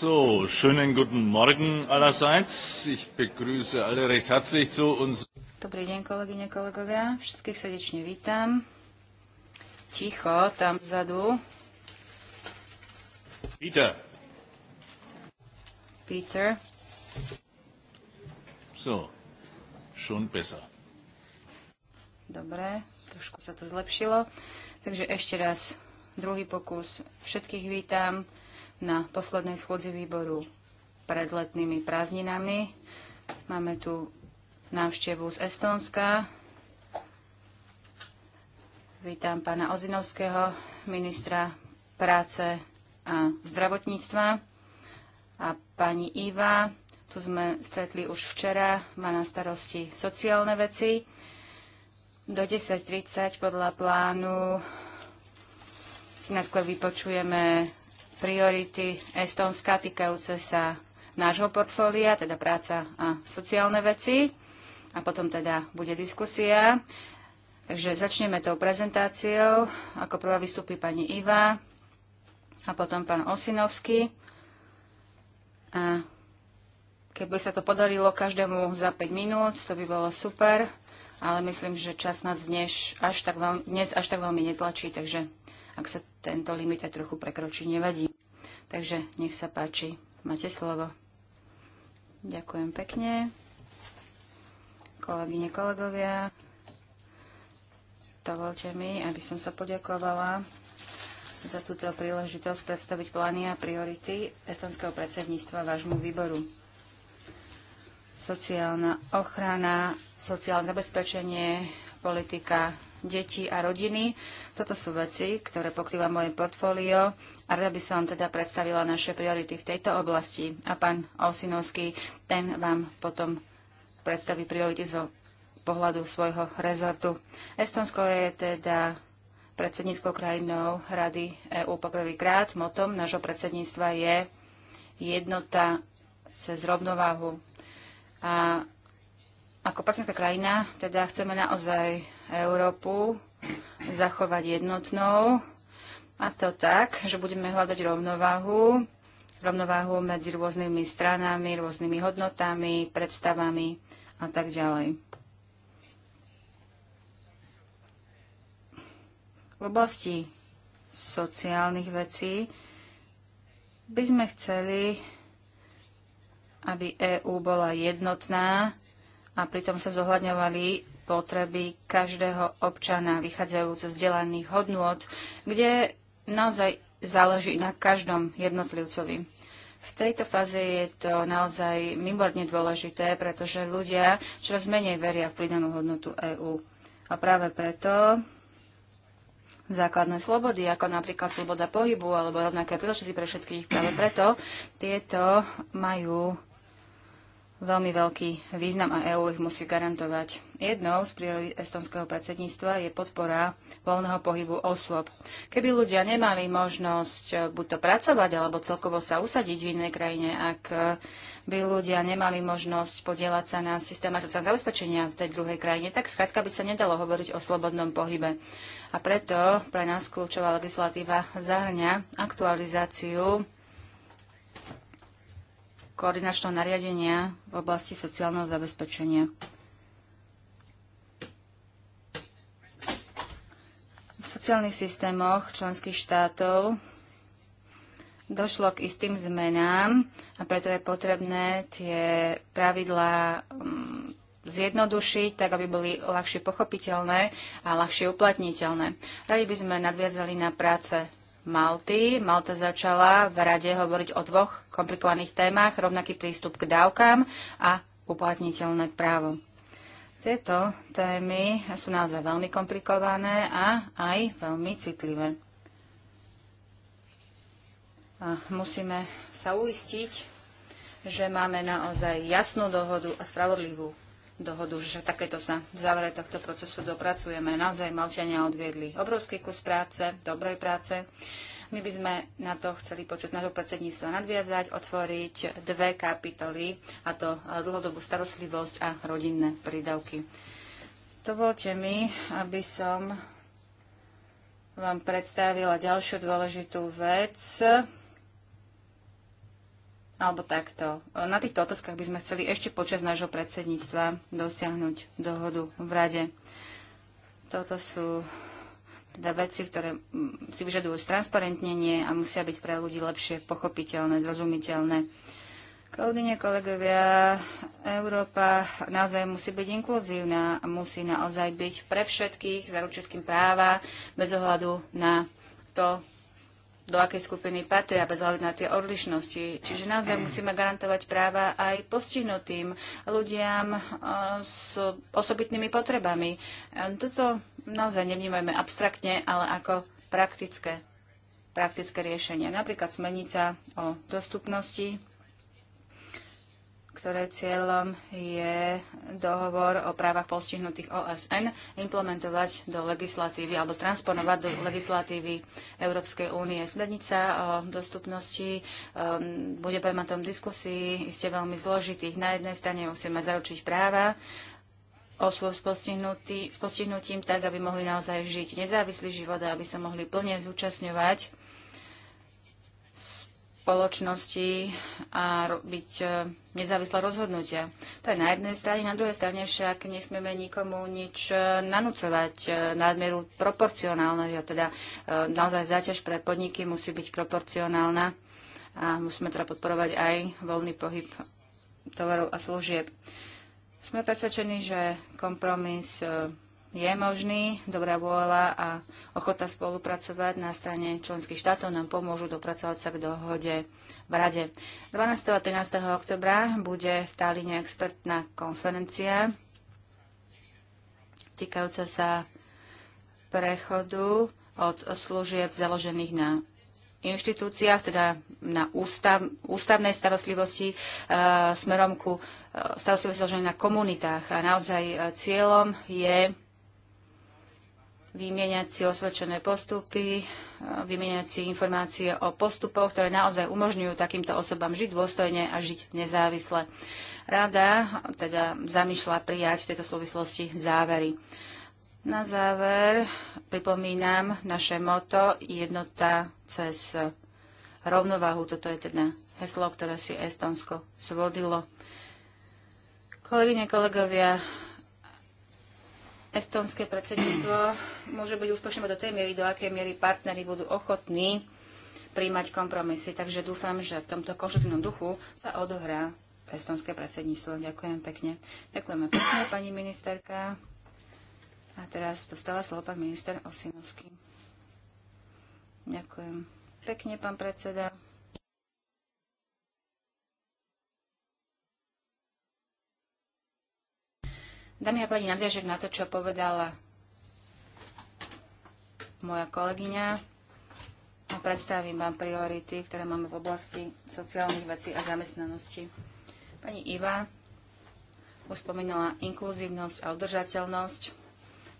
So, schönen guten Morgen allerseits. Ich begrüße alle recht herzlich zu uns. Dobrý deň, kolegyne, kolegovia. Všetkých srdečne vítam. Ticho, tam vzadu. Peter. Peter. So, schon besser. Dobre, trošku sa to zlepšilo. Takže ešte raz druhý pokus. Všetkých vítam na poslednej schôdzi výboru pred letnými prázdninami. Máme tu návštevu z Estónska. Vítam pána Ozinovského, ministra práce a zdravotníctva a pani Iva. Tu sme stretli už včera, má na starosti sociálne veci. Do 10.30 podľa plánu si najskôr vypočujeme priority Estónska týkajúce sa nášho portfólia, teda práca a sociálne veci. A potom teda bude diskusia. Takže začneme tou prezentáciou. Ako prvá vystúpi pani Iva a potom pán Osinovský. A keby sa to podarilo každému za 5 minút, to by bolo super, ale myslím, že čas nás dnes až tak veľmi, dnes až tak veľmi netlačí, takže ak sa tento limit aj trochu prekročí, nevadí. Takže nech sa páči, máte slovo. Ďakujem pekne. Kolegyne, kolegovia, dovolte mi, aby som sa poďakovala za túto príležitosť predstaviť plány a priority estonského predsedníctva vášmu výboru. Sociálna ochrana, sociálne zabezpečenie, politika detí a rodiny. Toto sú veci, ktoré pokrýva moje portfólio a rada by som vám teda predstavila naše priority v tejto oblasti. A pán Olsinovský, ten vám potom predstaví priority zo pohľadu svojho rezortu. Estonsko je teda predsedníckou krajinou Rady EÚ poprvýkrát. Motom nášho predsedníctva je jednota cez rovnováhu. A ako partnerská krajina teda chceme naozaj Európu, zachovať jednotnou. A to tak, že budeme hľadať rovnováhu, rovnováhu medzi rôznymi stranami, rôznymi hodnotami, predstavami a tak ďalej. V oblasti sociálnych vecí by sme chceli, aby EÚ bola jednotná a pritom sa zohľadňovali potreby každého občana vychádzajúc zo vzdelaných hodnôt, kde naozaj záleží na každom jednotlivcovi. V tejto fáze je to naozaj mimorne dôležité, pretože ľudia čoraz menej veria v pridanú hodnotu EÚ. A práve preto základné slobody, ako napríklad sloboda pohybu alebo rovnaké príležitosti pre všetkých. Práve preto tieto majú veľmi veľký význam a EÚ ich musí garantovať. Jednou z priorít estonského predsedníctva je podpora voľného pohybu osôb. Keby ľudia nemali možnosť eh, buď to pracovať, alebo celkovo sa usadiť v inej krajine, ak eh, by ľudia nemali možnosť podielať sa na systéme sociálneho zabezpečenia v tej druhej krajine, tak skrátka by sa nedalo hovoriť o slobodnom pohybe. A preto pre nás kľúčová legislatíva zahrňa aktualizáciu koordinačného nariadenia v oblasti sociálneho zabezpečenia. V sociálnych systémoch členských štátov došlo k istým zmenám a preto je potrebné tie pravidlá mm, zjednodušiť, tak aby boli ľahšie pochopiteľné a ľahšie uplatniteľné. Radi by sme nadviazali na práce Malty. Malta začala v rade hovoriť o dvoch komplikovaných témach, rovnaký prístup k dávkám a uplatniteľné právo. Tieto témy sú naozaj veľmi komplikované a aj veľmi citlivé. A musíme sa uistiť, že máme naozaj jasnú dohodu a spravodlivú dohodu, že takéto sa v závere tohto procesu dopracujeme. Naozaj Malčania odviedli obrovský kus práce, dobrej práce. My by sme na to chceli počas nášho predsedníctva nadviazať, otvoriť dve kapitoly, a to dlhodobú starostlivosť a rodinné prídavky. Dovolte mi, aby som vám predstavila ďalšiu dôležitú vec, alebo takto. E, na týchto otázkach by sme chceli ešte počas nášho predsedníctva dosiahnuť dohodu v Rade. Toto sú teda veci, ktoré si vyžadujú stransparentnenie a musia byť pre ľudí lepšie pochopiteľné, zrozumiteľné. Kolegyne, kolegovia, Európa naozaj musí byť inkluzívna a musí naozaj byť pre všetkých, za všetkým práva, bez ohľadu na to, do akej skupiny patria, bez hľadu na tie odlišnosti. Čiže naozaj musíme garantovať práva aj postihnutým ľudiam eh, s osobitnými potrebami. Ehm, toto naozaj nevnímajme abstraktne, ale ako praktické, praktické riešenie. Napríklad smernica o dostupnosti ktoré cieľom je dohovor o právach postihnutých OSN implementovať do legislatívy alebo transponovať do legislatívy Európskej únie. Smernica o dostupnosti um, bude predmetom diskusii iste veľmi zložitých. Na jednej strane musíme zaručiť práva osôb s, s postihnutím tak, aby mohli naozaj žiť nezávislý život a aby sa mohli plne zúčastňovať spoločnosti a robiť e, nezávislé rozhodnutia. To je na jednej strane, na druhej strane však nesmieme nikomu nič e, nanúcovať e, nadmeru proporcionálne, teda naozaj záťaž pre podniky musí byť proporcionálna a musíme teda podporovať aj voľný pohyb tovarov a služieb. Sme presvedčení, že kompromis je možný. Dobrá vôľa a ochota spolupracovať na strane členských štátov nám pomôžu dopracovať sa k dohode v Rade. 12. a 13. oktobra bude v Talíne expertná konferencia týkajúca sa prechodu od služieb založených na inštitúciách, teda na ústav, ústavnej starostlivosti e, smerom ku e, starostlivosti založenej na komunitách. A naozaj e, cieľom je vymieňať si osvedčené postupy, e, vymieňať si informácie o postupoch, ktoré naozaj umožňujú takýmto osobám žiť dôstojne a žiť nezávisle. Rada teda zamýšľa prijať v tejto súvislosti závery. Na záver pripomínam naše moto jednota cez rovnováhu. Toto je teda heslo, ktoré si Estonsko zvodilo. Kolegyne, kolegovia, estonské predsedníctvo môže byť úspešné do tej miery, do akej miery partnery budú ochotní príjmať kompromisy. Takže dúfam, že v tomto konštruktívnom duchu sa odohrá estonské predsedníctvo. Ďakujem pekne. Ďakujeme pekne, pani ministerka. A teraz dostáva slovo pán minister Osinovský. Ďakujem pekne, pán predseda. Dámy a páni, nadviažem na to, čo povedala moja kolegyňa a predstavím vám priority, ktoré máme v oblasti sociálnych vecí a zamestnanosti. Pani Iva už spomínala inkluzívnosť a udržateľnosť,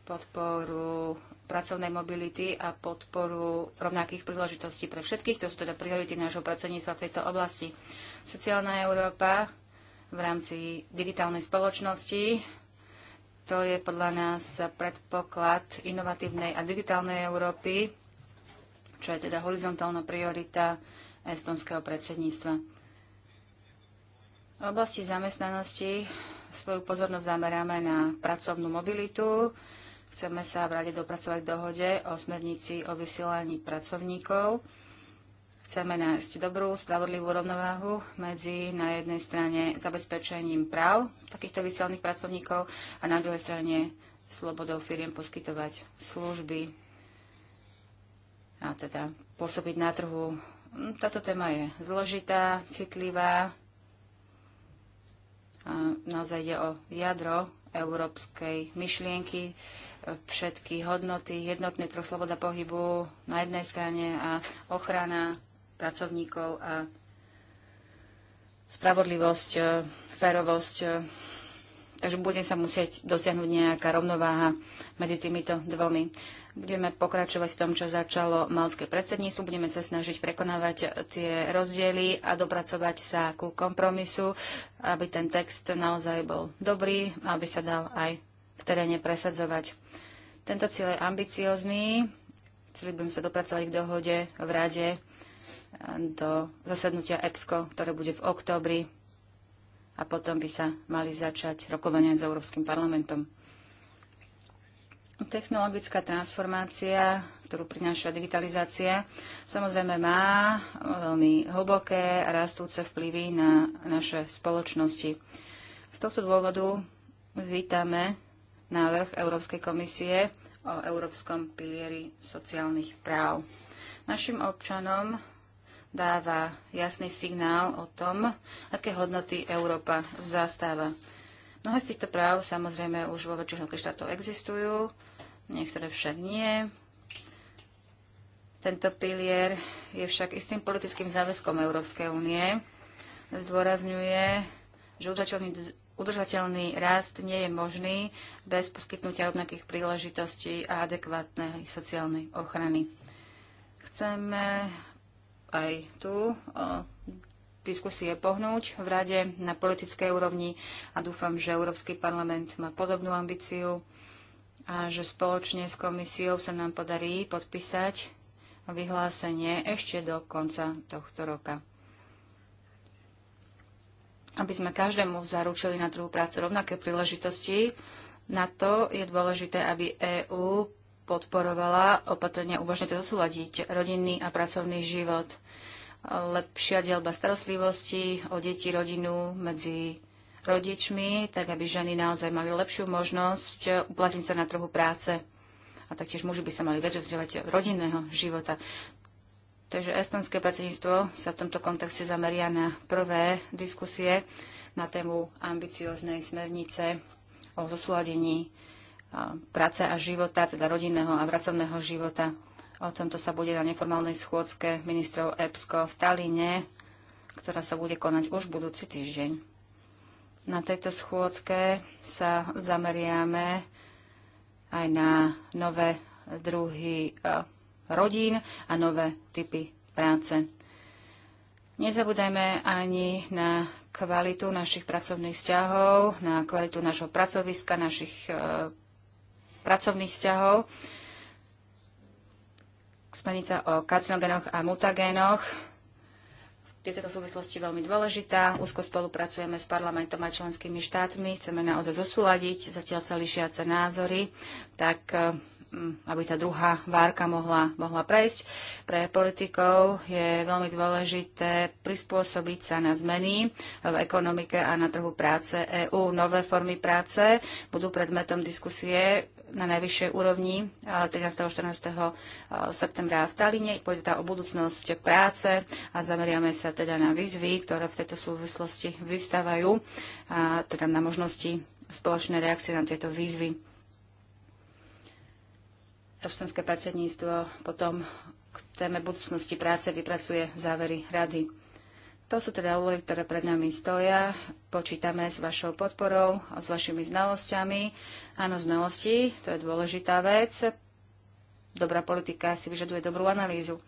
podporu pracovnej mobility a podporu rovnakých príležitostí pre všetkých. To sú teda priority nášho pracovníctva v tejto oblasti. Sociálna Európa v rámci digitálnej spoločnosti to je podľa nás predpoklad inovatívnej a digitálnej Európy, čo je teda horizontálna priorita estonského predsedníctva. V oblasti zamestnanosti svoju pozornosť zameráme na pracovnú mobilitu. Chceme sa v rade dopracovať k dohode o smernici o vysielaní pracovníkov Chceme nájsť dobrú, spravodlivú rovnováhu medzi na jednej strane zabezpečením práv takýchto vysielných pracovníkov a na druhej strane slobodou firiem poskytovať služby a teda pôsobiť na trhu. Hm, táto téma je zložitá, citlivá a naozaj ide o jadro európskej myšlienky, všetky hodnoty, jednotný trh, sloboda pohybu na jednej strane a ochrana pracovníkov a spravodlivosť, e, férovosť. E, Takže bude sa musieť dosiahnuť nejaká rovnováha medzi týmito dvomi. Budeme pokračovať v tom, čo začalo malské predsedníctvo. Budeme sa snažiť prekonávať tie rozdiely a dopracovať sa ku kompromisu, aby ten text naozaj bol dobrý, aby sa dal aj v teréne presadzovať. Tento cieľ je ambiciózny. Chceli by sme sa dopracovať k dohode v rade do zasadnutia EPSCO, ktoré bude v októbri a potom by sa mali začať rokovania s Európskym parlamentom. Technologická transformácia, ktorú prináša digitalizácia, samozrejme má e, veľmi hlboké a rastúce vplyvy na naše spoločnosti. Z tohto dôvodu vítame návrh Európskej komisie o Európskom pilieri sociálnych práv. Našim občanom dáva jasný signál o tom, aké hodnoty Európa zastáva. Mnohé z týchto práv samozrejme už vo väčšine štátov existujú, niektoré však nie. Tento pilier je však istým politickým záväzkom Európskej únie. Zdôrazňuje, že udržateľný, udržateľný rast nie je možný bez poskytnutia rovnakých príležitostí a adekvátnej sociálnej ochrany. Chceme aj tu e, diskusie pohnúť v rade na politickej úrovni a dúfam, že Európsky parlament má podobnú ambíciu a že spoločne s komisiou sa nám podarí podpísať vyhlásenie ešte do konca tohto roka. Aby sme každému zaručili na trhu práce rovnaké príležitosti, na to je dôležité, aby EÚ podporovala opatrenia umožňujúce zosúľadiť rodinný a pracovný život. Lepšia dielba starostlivosti o deti, rodinu medzi rodičmi, tak aby ženy naozaj mali lepšiu možnosť uplatniť sa na trhu práce. A taktiež muži by sa mali viac vzdelávať rodinného života. Takže estonské predsedníctvo sa v tomto kontexte zameria na prvé diskusie na tému ambicioznej smernice o zosúladení práce a života, teda rodinného a pracovného života. O tomto sa bude na neformálnej schôdzke ministrov EPSCO v Taline, ktorá sa bude konať už budúci týždeň. Na tejto schôdzke sa zameriame aj na nové druhy e, rodín a nové typy práce. Nezabúdajme ani na kvalitu našich pracovných vzťahov, na kvalitu našho pracoviska, našich e, pracovných vzťahov. Smernica o karcinogénoch a mutagénoch. V tejto súvislosti veľmi dôležitá. Úzko spolupracujeme s parlamentom a členskými štátmi. Chceme naozaj zosúľadiť zatiaľ sa lišiace názory. Tak mm, aby tá druhá várka mohla, mohla prejsť. Pre politikov je veľmi dôležité prispôsobiť sa na zmeny v ekonomike a na trhu práce EÚ. Nové formy práce budú predmetom diskusie na najvyššej úrovni 13. a 14. septembra v Taline. Pôjde tá o budúcnosť práce a zameriame sa teda na výzvy, ktoré v tejto súvislosti vyvstávajú, a teda na možnosti spoločnej reakcie na tieto výzvy. Európske predsedníctvo potom k téme budúcnosti práce vypracuje závery rady. To sú teda úlohy, ktoré pred nami stoja. Počítame s vašou podporou, s vašimi znalosťami. Áno, znalosti, to je dôležitá vec. Dobrá politika si vyžaduje dobrú analýzu.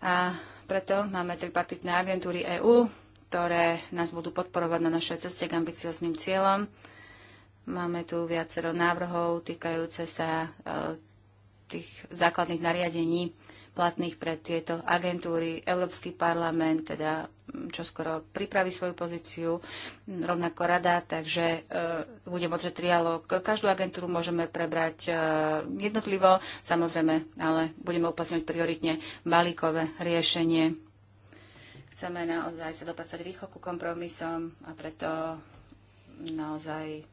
A preto máme tripartitné agentúry EÚ, ktoré nás budú podporovať na našej ceste k ambiciozným cieľom. Máme tu viacero návrhov týkajúce sa e, tých základných nariadení platných pre tieto agentúry. Európsky parlament teda mm, čo skoro pripraví svoju pozíciu, mm, rovnako rada, takže e, budem môcť trialog. Každú agentúru môžeme prebrať e, jednotlivo, samozrejme, ale budeme uplatňovať prioritne balíkové riešenie. Chceme naozaj sa dopracovať rýchlo ku kompromisom a preto naozaj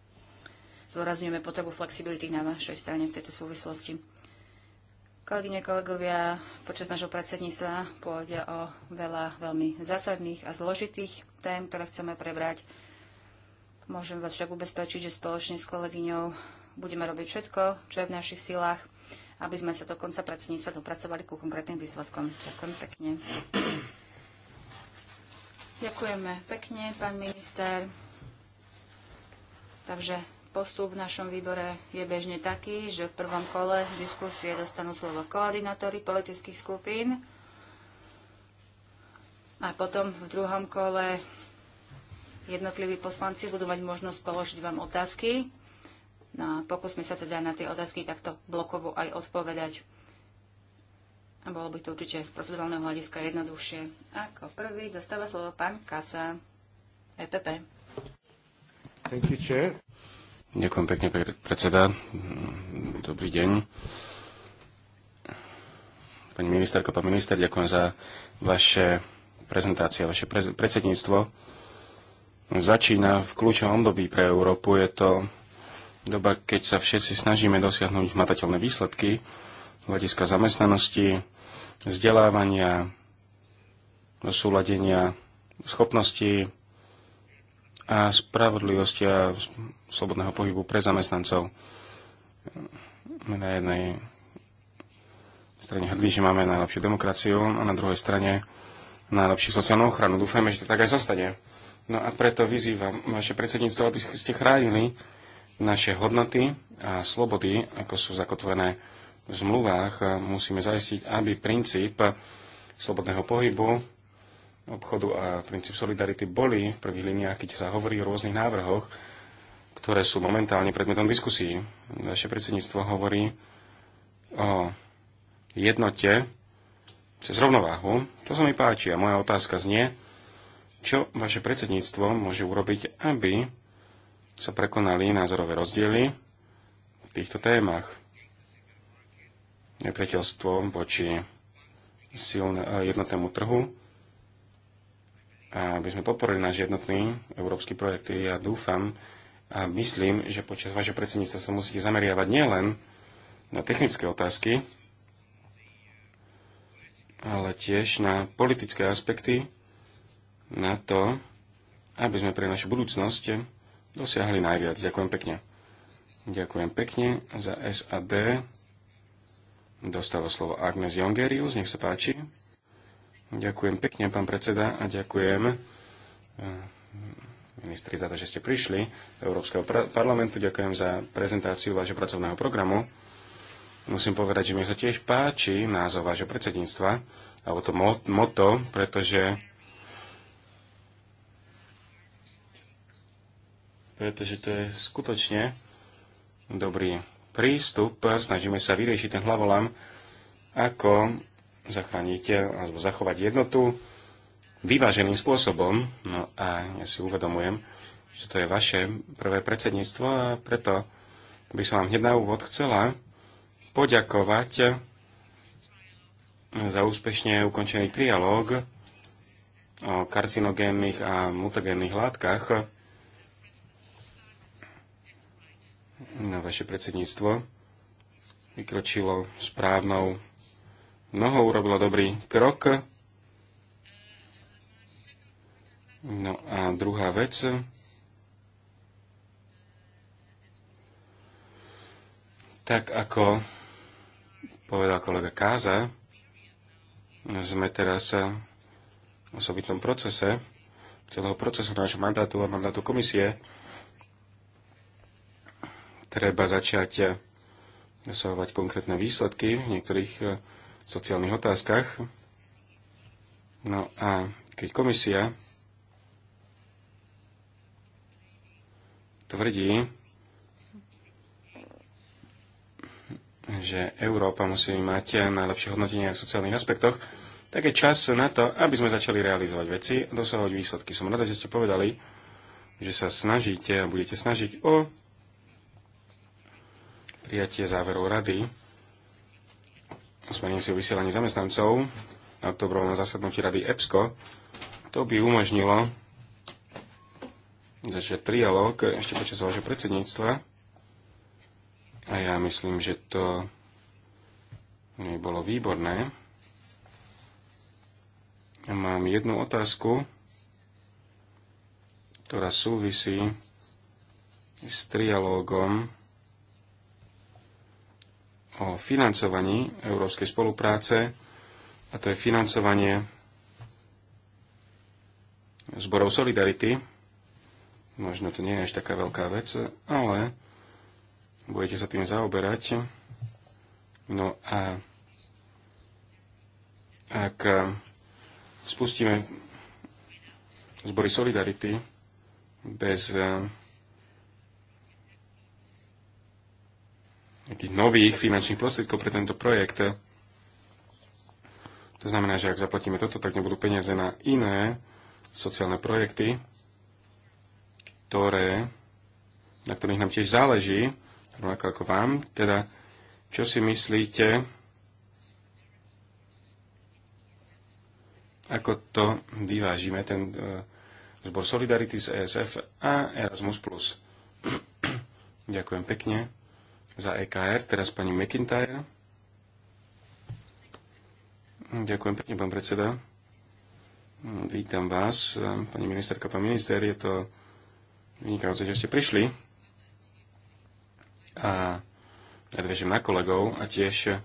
zdôrazňujeme potrebu flexibility na vašej strane v tejto súvislosti. Kolegyne, kolegovia, počas nášho predsedníctva pôjde o veľa veľmi zásadných a zložitých tém, ktoré chceme prebrať. Môžem vás však ubezpečiť, že spoločne s kolegyňou budeme robiť všetko, čo je v našich silách, aby sme sa do konca predsedníctva dopracovali ku konkrétnym výsledkom. Ďakujem pekne. Ďakujeme pekne, pán minister. Takže postup v našom výbore je bežne taký, že v prvom kole diskusie dostanú slovo koordinátory politických skupín a potom v druhom kole jednotliví poslanci budú mať možnosť položiť vám otázky. No, pokúsme sa teda na tie otázky takto blokovo aj odpovedať. A bolo by to určite z procedurálneho hľadiska jednoduchšie. Ako prvý dostáva slovo pán Kasa, EPP. Thank you, Chair. Ďakujem pekne, predseda. Dobrý deň. Pani ministerka, pán minister, ďakujem za vaše prezentácie, vaše predsedníctvo. Začína v kľúčovom období pre Európu. Je to doba, keď sa všetci snažíme dosiahnuť matateľné výsledky hľadiska zamestnanosti, vzdelávania, súladenia schopností, a spravodlivosti a slobodného pohybu pre zamestnancov. My na jednej strane hrdí, že máme najlepšiu demokraciu a na druhej strane najlepšiu sociálnu ochranu. Dúfajme, že to tak aj zostane. No a preto vyzývam vaše predsedníctvo, aby ste chránili naše hodnoty a slobody, ako sú zakotvené v zmluvách. Musíme zaistiť, aby princíp slobodného pohybu obchodu a princíp solidarity boli v prvých liniách, keď sa hovorí o rôznych návrhoch, ktoré sú momentálne predmetom diskusí. Naše predsedníctvo hovorí o jednote cez rovnováhu. To sa mi páči a moja otázka znie, čo vaše predsedníctvo môže urobiť, aby sa prekonali názorové rozdiely v týchto témach. Nepriateľstvo voči silné, jednotnému trhu a aby sme podporili náš jednotný európsky projekt. Ja dúfam a myslím, že počas vašho predsedníctva sa musíte zameriavať nielen na technické otázky, ale tiež na politické aspekty, na to, aby sme pre našu budúcnosť dosiahli najviac. Ďakujem pekne. Ďakujem pekne za SAD. Dostalo slovo Agnes Jongerius, nech sa páči. Ďakujem pekne, pán predseda, a ďakujem e, ministri za to, že ste prišli do Európskeho parlamentu. Ďakujem za prezentáciu vášho pracovného programu. Musím povedať, že mi sa tiež páči názov vášho predsedníctva, alebo to moto, pretože pretože to je skutočne dobrý prístup. Snažíme sa vyriešiť ten hlavolam, ako zachrániť eh, alebo zachovať jednotu vyváženým spôsobom. No a ja si uvedomujem, že to je vaše prvé predsedníctvo a preto by som vám hneď na úvod chcela poďakovať eh, za úspešne ukončený trialóg o karcinogénnych a mutagénnych látkach na vaše predsedníctvo vykročilo správnou mnoho, urobilo dobrý krok. No a druhá vec, tak ako povedal kolega Káza, sme teraz v osobitnom procese, celého procesu nášho mandátu a mandátu komisie. Treba začať dosahovať konkrétne výsledky v niektorých sociálnych otázkach. No a keď komisia tvrdí, že Európa musí mať najlepšie hodnotenie v sociálnych aspektoch, tak je čas na to, aby sme začali realizovať veci a dosahovať výsledky. Som rada, že ste povedali, že sa snažíte a budete snažiť o prijatie záverov rady smernici o vysielaní zamestnancov na oktobrovom zasadnutí rady EPSCO, to by umožnilo začať trialóg ešte počas vášho predsedníctva. A ja myslím, že to by bolo výborné. Mám jednu otázku, ktorá súvisí s trialógom o financovaní európskej spolupráce, a to je financovanie zborov Solidarity. Možno to nie je až taká veľká vec, ale budete sa tým zaoberať. No a ak spustíme zbory Solidarity bez tých nových finančných prostriedkov pre tento projekt. To znamená, že ak zaplatíme toto, tak nebudú peniaze na iné sociálne projekty, ktoré, na ktorých nám tiež záleží, rovnako ako vám. Teda, čo si myslíte, ako to vyvážime, ten e, zbor Solidarity z ESF a Erasmus+. Ďakujem pekne za EKR, teraz pani McIntyre. Ďakujem pekne, pán predseda. Vítam vás, pani ministerka, pán minister. Je to vynikajúce, že ste prišli. A nadviežem na kolegov a tiež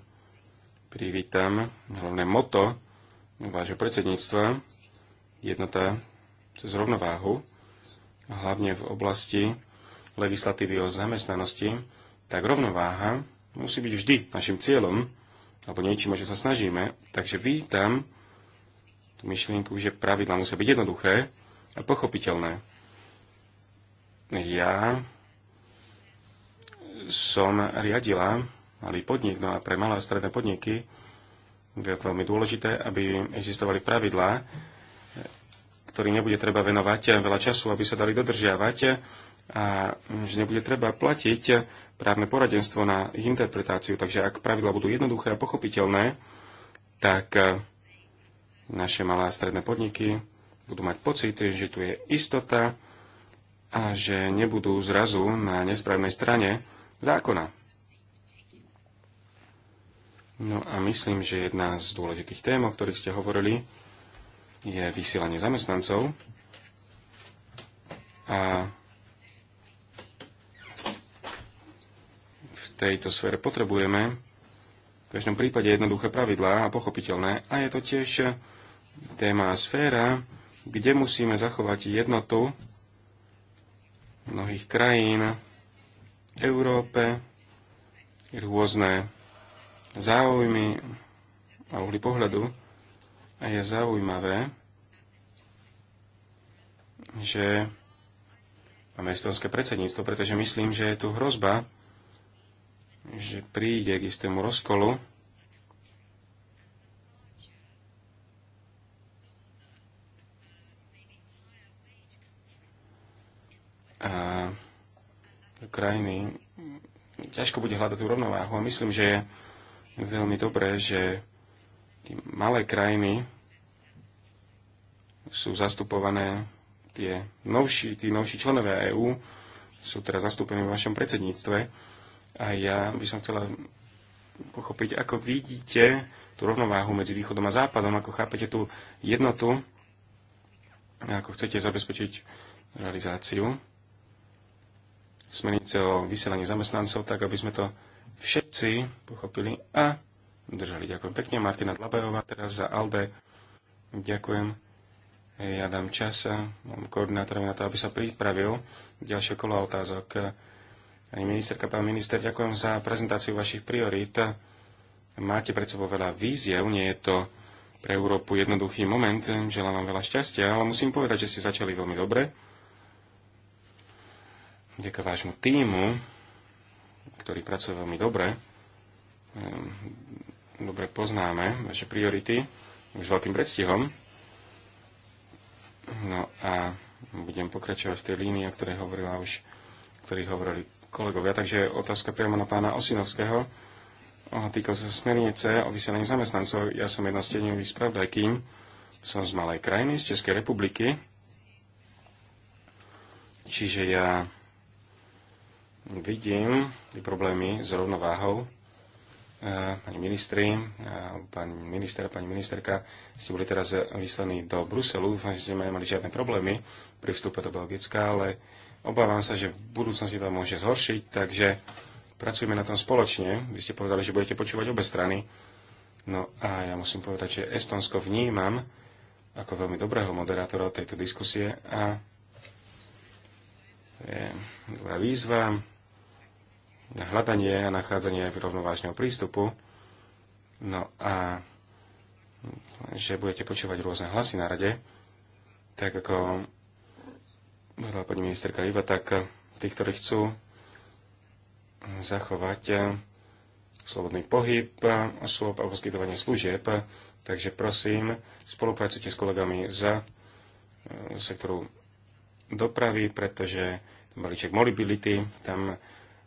privítam hlavné moto vášho predsedníctva, jednota cez rovnováhu, hlavne v oblasti legislatívy o zamestnanosti tak rovnováha musí byť vždy našim cieľom, alebo niečím, o čo sa snažíme. Takže vítam tú myšlienku, že pravidla musia byť jednoduché a pochopiteľné. Ja som riadila malý podnik, no a pre malé a stredné podniky je veľmi dôležité, aby existovali pravidlá, ktorým nebude treba venovať veľa času, aby sa dali dodržiavať a že nebude treba platiť právne poradenstvo na ich interpretáciu. Takže ak pravidla budú jednoduché a pochopiteľné, tak e, naše malé a stredné podniky budú mať pocit, že tu je istota a že nebudú zrazu na nesprávnej strane zákona. No a myslím, že jedna z dôležitých tém, o ktorých ste hovorili, je vysielanie zamestnancov. A tejto sfére potrebujeme v každom prípade jednoduché pravidlá a pochopiteľné. A je to tiež téma a sféra, kde musíme zachovať jednotu mnohých krajín, Európe, rôzne záujmy a uhly pohľadu. A je zaujímavé, že máme estonské predsedníctvo, pretože myslím, že je tu hrozba, že príde k istému rozkolu a krajiny ťažko bude hľadať tú rovnováhu. A myslím, že je veľmi dobré, že tie malé krajiny sú zastupované tie novší, tí novší členovia EÚ sú teraz zastúpení v vašom predsedníctve a ja by som chcela pochopiť, ako vidíte tú rovnováhu medzi východom a západom, ako chápete tú jednotu, ako chcete zabezpečiť realizáciu smernice o vyselení zamestnancov, tak aby sme to všetci pochopili a držali. Ďakujem pekne. Martina Dlabajová teraz za Albe. Ďakujem. Ja dám čas koordinátorovi na to, aby sa pripravil ďalšie kolo otázok. Pani ministerka, pán minister, ďakujem za prezentáciu vašich priorít. Máte pred sebou veľa víziev, nie je to pre Európu jednoduchý moment. Želám vám veľa šťastia, ale musím povedať, že ste začali veľmi dobre. Ďakujem vášmu týmu, ktorý pracuje veľmi dobre, ehm, dobre poznáme vaše priority, už veľkým predstihom. No a budem pokračovať v tej línii, o ktorej hovorila už, ktorí hovorili kolegovia. Takže otázka priamo na pána Osinovského. Týka sa smernice o vysielaní zamestnancov. Ja som jedna z tieňových spravodajkým. Som z malej krajiny, z Českej republiky. Čiže ja vidím problémy s rovnováhou. E, pani ministri, e, pani minister, pani ministerka, ste boli teraz vyslaní do Bruselu, že vlastne sme nemali žiadne problémy pri vstupe do Belgicka, ale Obávam sa, že v budúcnosti to môže zhoršiť, takže pracujeme na tom spoločne. Vy ste povedali, že budete počúvať obe strany. No a ja musím povedať, že Estonsko vnímam ako veľmi dobrého moderátora tejto diskusie a je dobrá výzva na hľadanie a nachádzanie rovnovážneho prístupu. No a že budete počúvať rôzne hlasy na rade, tak ako bola pani ministerka Iva, tak eh, tí, ktorí chcú eh, zachovať eh, slobodný pohyb osôb a poskytovanie služieb, takže prosím, spolupracujte s kolegami za sektoru dopravy, pretože balíček mobility, tam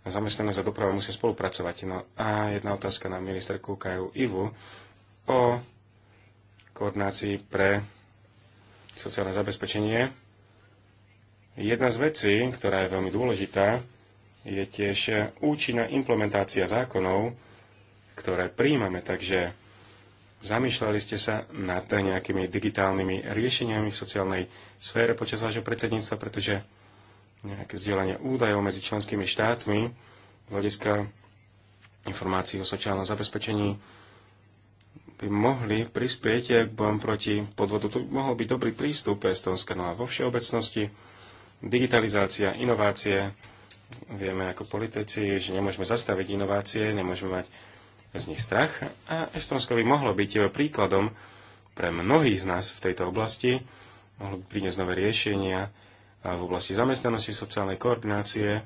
zamestnané za doprava musia spolupracovať. No a jedna otázka na ministerku Kaju Ivu o koordinácii pre sociálne zabezpečenie Jedna z vecí, ktorá je veľmi dôležitá, je tiež účinná implementácia zákonov, ktoré príjmame. Takže zamýšľali ste sa nad nejakými digitálnymi riešeniami v sociálnej sfére počas vášho predsedníctva, pretože nejaké zdieľanie údajov medzi členskými štátmi z hľadiska informácií o sociálnom zabezpečení by mohli prispieť k bojom proti podvodu. To by mohol byť dobrý prístup Estonska. No a vo všeobecnosti digitalizácia, inovácie. Vieme ako politici, že nemôžeme zastaviť inovácie, nemôžeme mať z nich strach. A Estonsko by mohlo byť príkladom pre mnohých z nás v tejto oblasti. Mohlo by priniesť nové riešenia v oblasti zamestnanosti, sociálnej koordinácie.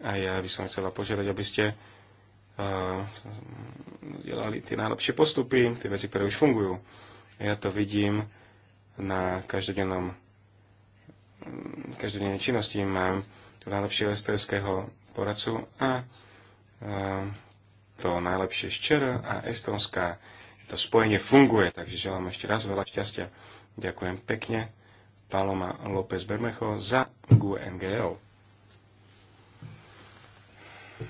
A ja by som chcela požiadať, aby ste delali tie najlepšie postupy, tie veci, ktoré už fungujú. Ja to vidím na každodennom Mm, každodenné činnosti. Mám tu najlepšieho estonského poradcu a e, to najlepšie z ČR a Estonska. To spojenie funguje, takže želám ešte raz veľa šťastia. Ďakujem pekne Paloma López Bermejo za GUNGL.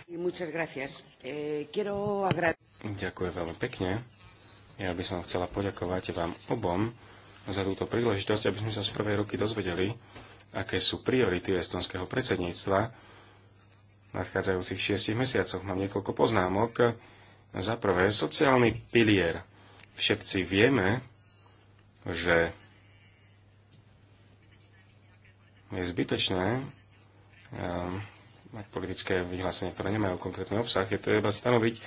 Eh, Ďakujem veľmi pekne. Ja by som chcela poďakovať vám obom za túto príležitosť, aby sme sa z prvej ruky dozvedeli, aké sú priority estonského predsedníctva v nadchádzajúcich šiestich mesiacoch. Mám niekoľko poznámok. Za prvé, sociálny pilier. Všetci vieme, že je zbytočné ehm, mať politické vyhlásenie, ktoré nemajú konkrétny obsah. Je treba stanoviť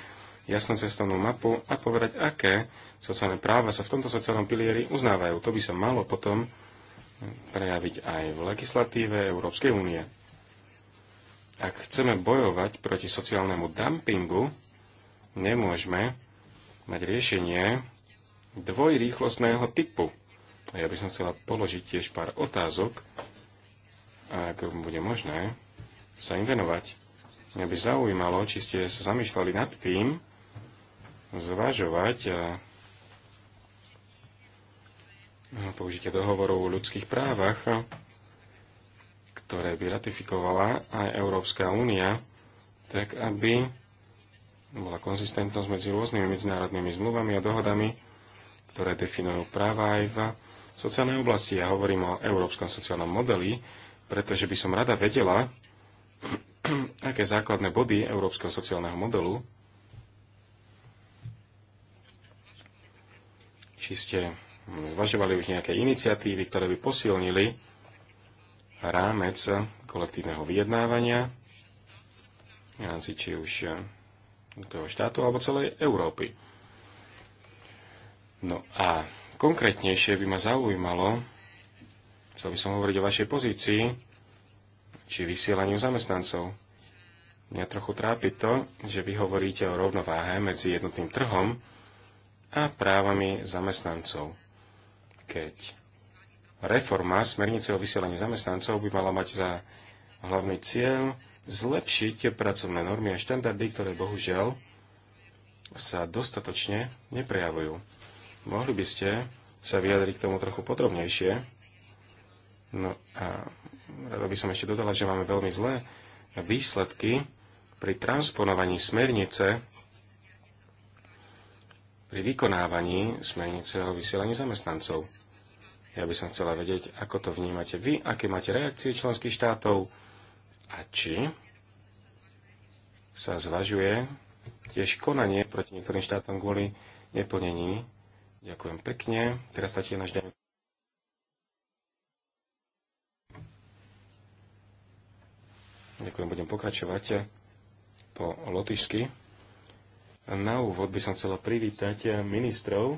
jasnú cestovnú mapu a povedať, aké sociálne práva sa v tomto sociálnom pilieri uznávajú. To by sa malo potom prejaviť aj v legislatíve Európskej únie. Ak chceme bojovať proti sociálnemu dumpingu, nemôžeme mať riešenie dvojrýchlostného typu. A ja by som chcela položiť tiež pár otázok, ak bude možné, sa im venovať. Mňa by zaujímalo, či ste sa zamýšľali nad tým, zvažovať použitie dohovoru o ľudských právach, ktoré by ratifikovala aj Európska únia, tak aby bola konzistentnosť medzi rôznymi medzinárodnými zmluvami a dohodami, ktoré definujú práva aj v sociálnej oblasti. Ja hovorím o európskom sociálnom modeli, pretože by som rada vedela, aké základné body európskeho sociálneho modelu či ste zvažovali už nejaké iniciatívy, ktoré by posilnili rámec kolektívneho vyjednávania v rámci či už eh, toho štátu alebo celej Európy. No a konkrétnejšie by ma zaujímalo, chcel by som hovoriť o vašej pozícii, či vysielaniu zamestnancov. Mňa trochu trápi to, že vy hovoríte o rovnováhe medzi jednotným trhom a právami zamestnancov. Keď reforma smernice o vysielaní zamestnancov by mala mať za hlavný cieľ zlepšiť pracovné normy a štandardy, ktoré bohužiaľ sa dostatočne neprejavujú. Mohli by ste sa vyjadriť k tomu trochu podrobnejšie. No a rada by som ešte dodala, že máme veľmi zlé výsledky pri transponovaní smernice pri vykonávaní smerniceho o zamestnancov. Ja by som chcela vedieť, ako to vnímate vy, aké máte reakcie členských štátov a či sa zvažuje tiež konanie proti niektorým štátom kvôli neplnení. Ďakujem pekne. Teraz stačí náš deň. Ďakujem, budem pokračovať po lotyšsky. Na úvod by som chcela privítať eh, ministrov,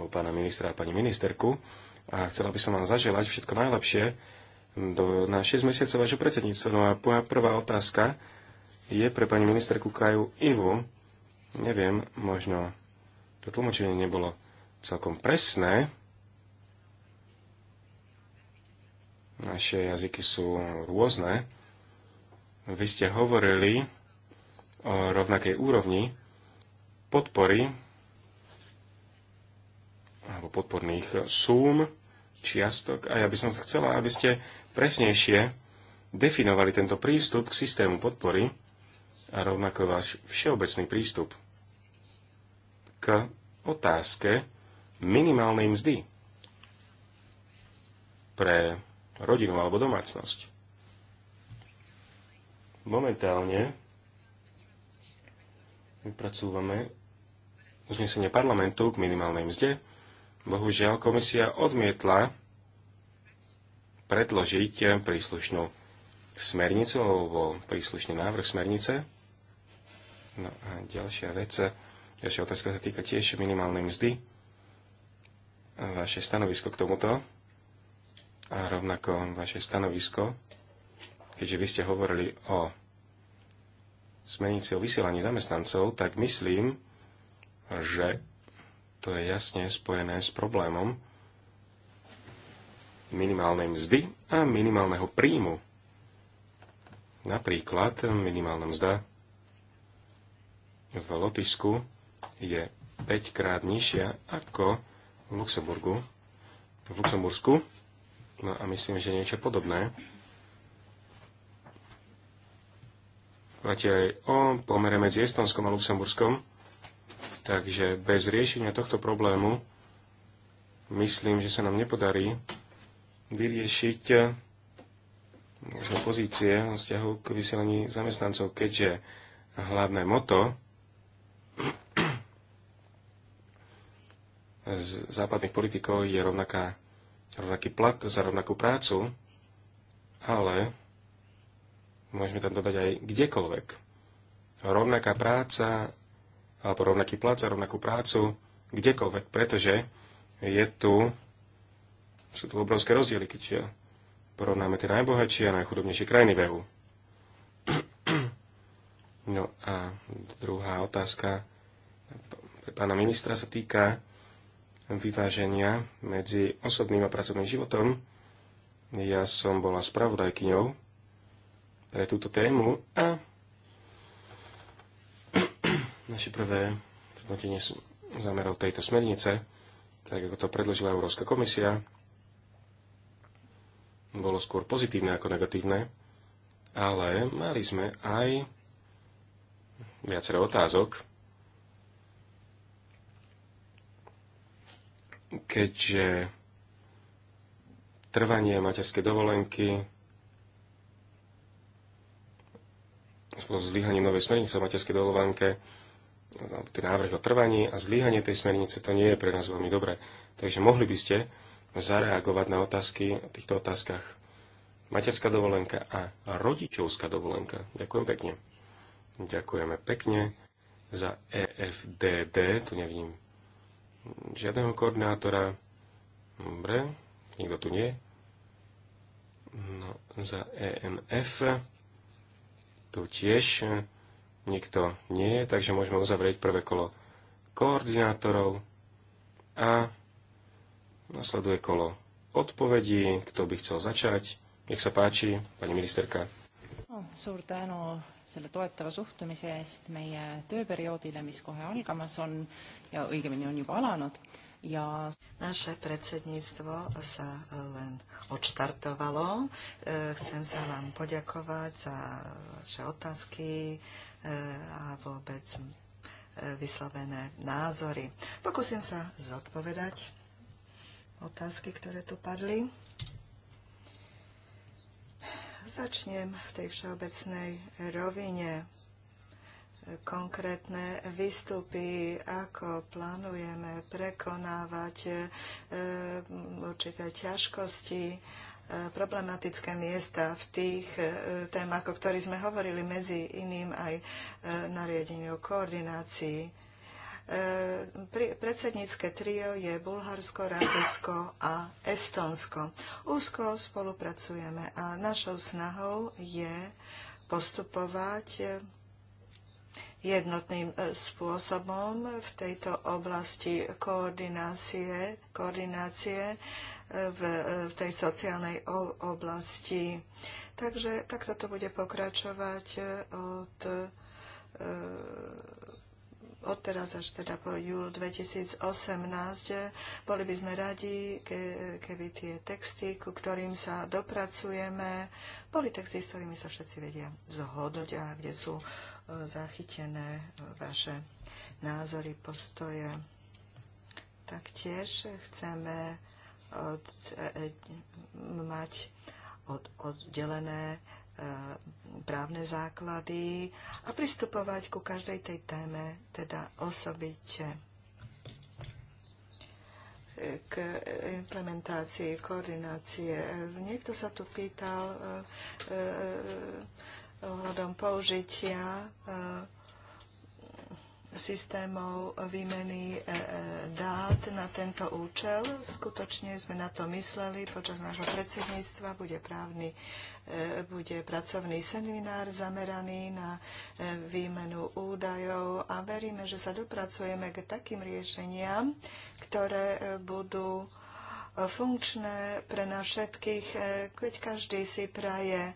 no, pána ministra a pani ministerku, a chcela by som vám zaželať všetko najlepšie do, na 6 mesiacov vašho predsedníctva. No a moja prvá otázka je pre pani ministerku Kaju Ivu. Neviem, možno to tlmočenie nebolo celkom presné. Naše jazyky sú rôzne. Vy ste hovorili o rovnakej úrovni podpory alebo podporných súm, čiastok. A ja by som sa chcela, aby ste presnejšie definovali tento prístup k systému podpory a rovnako váš všeobecný prístup k otázke minimálnej mzdy pre rodinu alebo domácnosť. Momentálne vypracúvame uznesenie parlamentu k minimálnej mzde. Bohužiaľ, komisia odmietla predložiť príslušnú smernicu alebo príslušný návrh smernice. No a ďalšia vec, ďalšia otázka sa týka tiež minimálnej mzdy. Vaše stanovisko k tomuto a rovnako vaše stanovisko, keďže vy ste hovorili o smernici o vysielaní zamestnancov, tak myslím, že to je jasne spojené s problémom minimálnej mzdy a minimálneho príjmu. Napríklad minimálna mzda v Lotyšsku je 5 krát nižšia ako v Luxemburgu. V Luxembursku. No a myslím, že niečo podobné. Platí aj o pomere medzi Estonskom a Luxemburskom Takže bez riešenia tohto problému myslím, že sa nám nepodarí vyriešiť možno pozície o vzťahu k vysielaní zamestnancov, keďže hlavné moto z západných politikov je rovnaká, rovnaký plat za rovnakú prácu, ale môžeme tam dodať aj kdekoľvek. Rovnaká práca alebo rovnaký plat za rovnakú prácu, kdekoľvek, pretože je tu, sú tu obrovské rozdiely, keď eh, porovnáme tie najbohatšie a najchudobnejšie krajiny v EU. No a druhá otázka pre pána ministra sa týka vyváženia medzi osobným a pracovným životom. Ja som bola spravodajkyňou pre túto tému a naše prvé zhodnotenie zámerov tejto smernice, tak ako to predložila Európska komisia, bolo skôr pozitívne ako negatívne, ale mali sme aj viacero otázok, keďže trvanie materskej dovolenky spolu s zlyhaním novej smernice o materskej dovolenke tie návrh o trvaní a zlíhanie tej smernice, to nie je pre nás veľmi dobré. Takže mohli by ste zareagovať na otázky o týchto otázkach materská dovolenka a rodičovská dovolenka. Ďakujem pekne. Ďakujeme pekne za EFDD. Tu nevidím žiadneho koordinátora. Dobre, nikto tu nie. No, za ENF tu tiež Nikto nie, takže môžeme uzavrieť prvé kolo koordinátorov a nasleduje kolo odpovedí, kto by chcel začať. Nech sa páči, pani ministerka. No, suur tänu selle toetava suhtumise eest meie tööperioodile, mis kohe algamas on ja õigemini on juba alanud ja... Naše predsedníctvo sa e, len odštartovalo. E, chcem sa vám poďakovať za vaše otázky, E, a vôbec e, vyslovené názory. Pokúsim sa zodpovedať otázky, ktoré tu padli. Začnem v tej všeobecnej rovine konkrétne výstupy, ako plánujeme prekonávať e, určité ťažkosti problematické miesta v tých e, témach, o ktorých sme hovorili, medzi iným aj e, nariadeniu o koordinácii. E, predsednícke trio je Bulharsko, Rakúsko a Estonsko. Úzko spolupracujeme a našou snahou je postupovať jednotným spôsobom v tejto oblasti koordinácie, koordinácie v, tej sociálnej oblasti. Takže takto to bude pokračovať e, od, e, od teraz až teda po júl 2018. Boli by sme radi, keby tie texty, ku ktorým sa dopracujeme, boli texty, s ktorými sa všetci vedia zhodnúť a kde sú e, zachytené vaše názory, postoje. Taktiež chceme od, e, e, mať od, oddelené e, právne základy a pristupovať ku každej tej téme, teda osobite k implementácii, koordinácie. Niekto sa tu pýtal ohľadom použitia systémov výmeny e, e, dát na tento účel. Skutočne sme na to mysleli. Počas nášho predsedníctva bude, právny, e, bude pracovný seminár zameraný na výmenu údajov a veríme, že sa dopracujeme k takým riešeniam, ktoré budú funkčné pre nás všetkých, keď každý si praje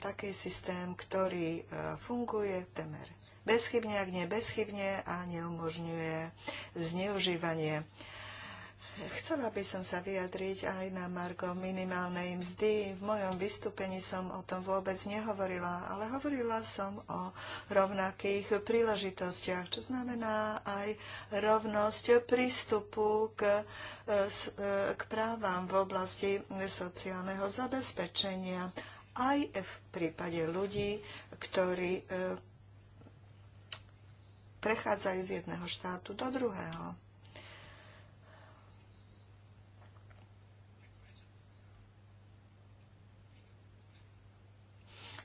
taký systém, ktorý funguje temer bezchybne, ak nie bezchybne a neumožňuje zneužívanie. Chcela by som sa vyjadriť aj na Margo minimálnej mzdy. V mojom vystúpení som o tom vôbec nehovorila, ale hovorila som o rovnakých príležitostiach, čo znamená aj rovnosť prístupu k, e, e, k právam v oblasti sociálneho zabezpečenia aj v prípade ľudí, ktorí e, prechádzajú z jedného štátu do druhého.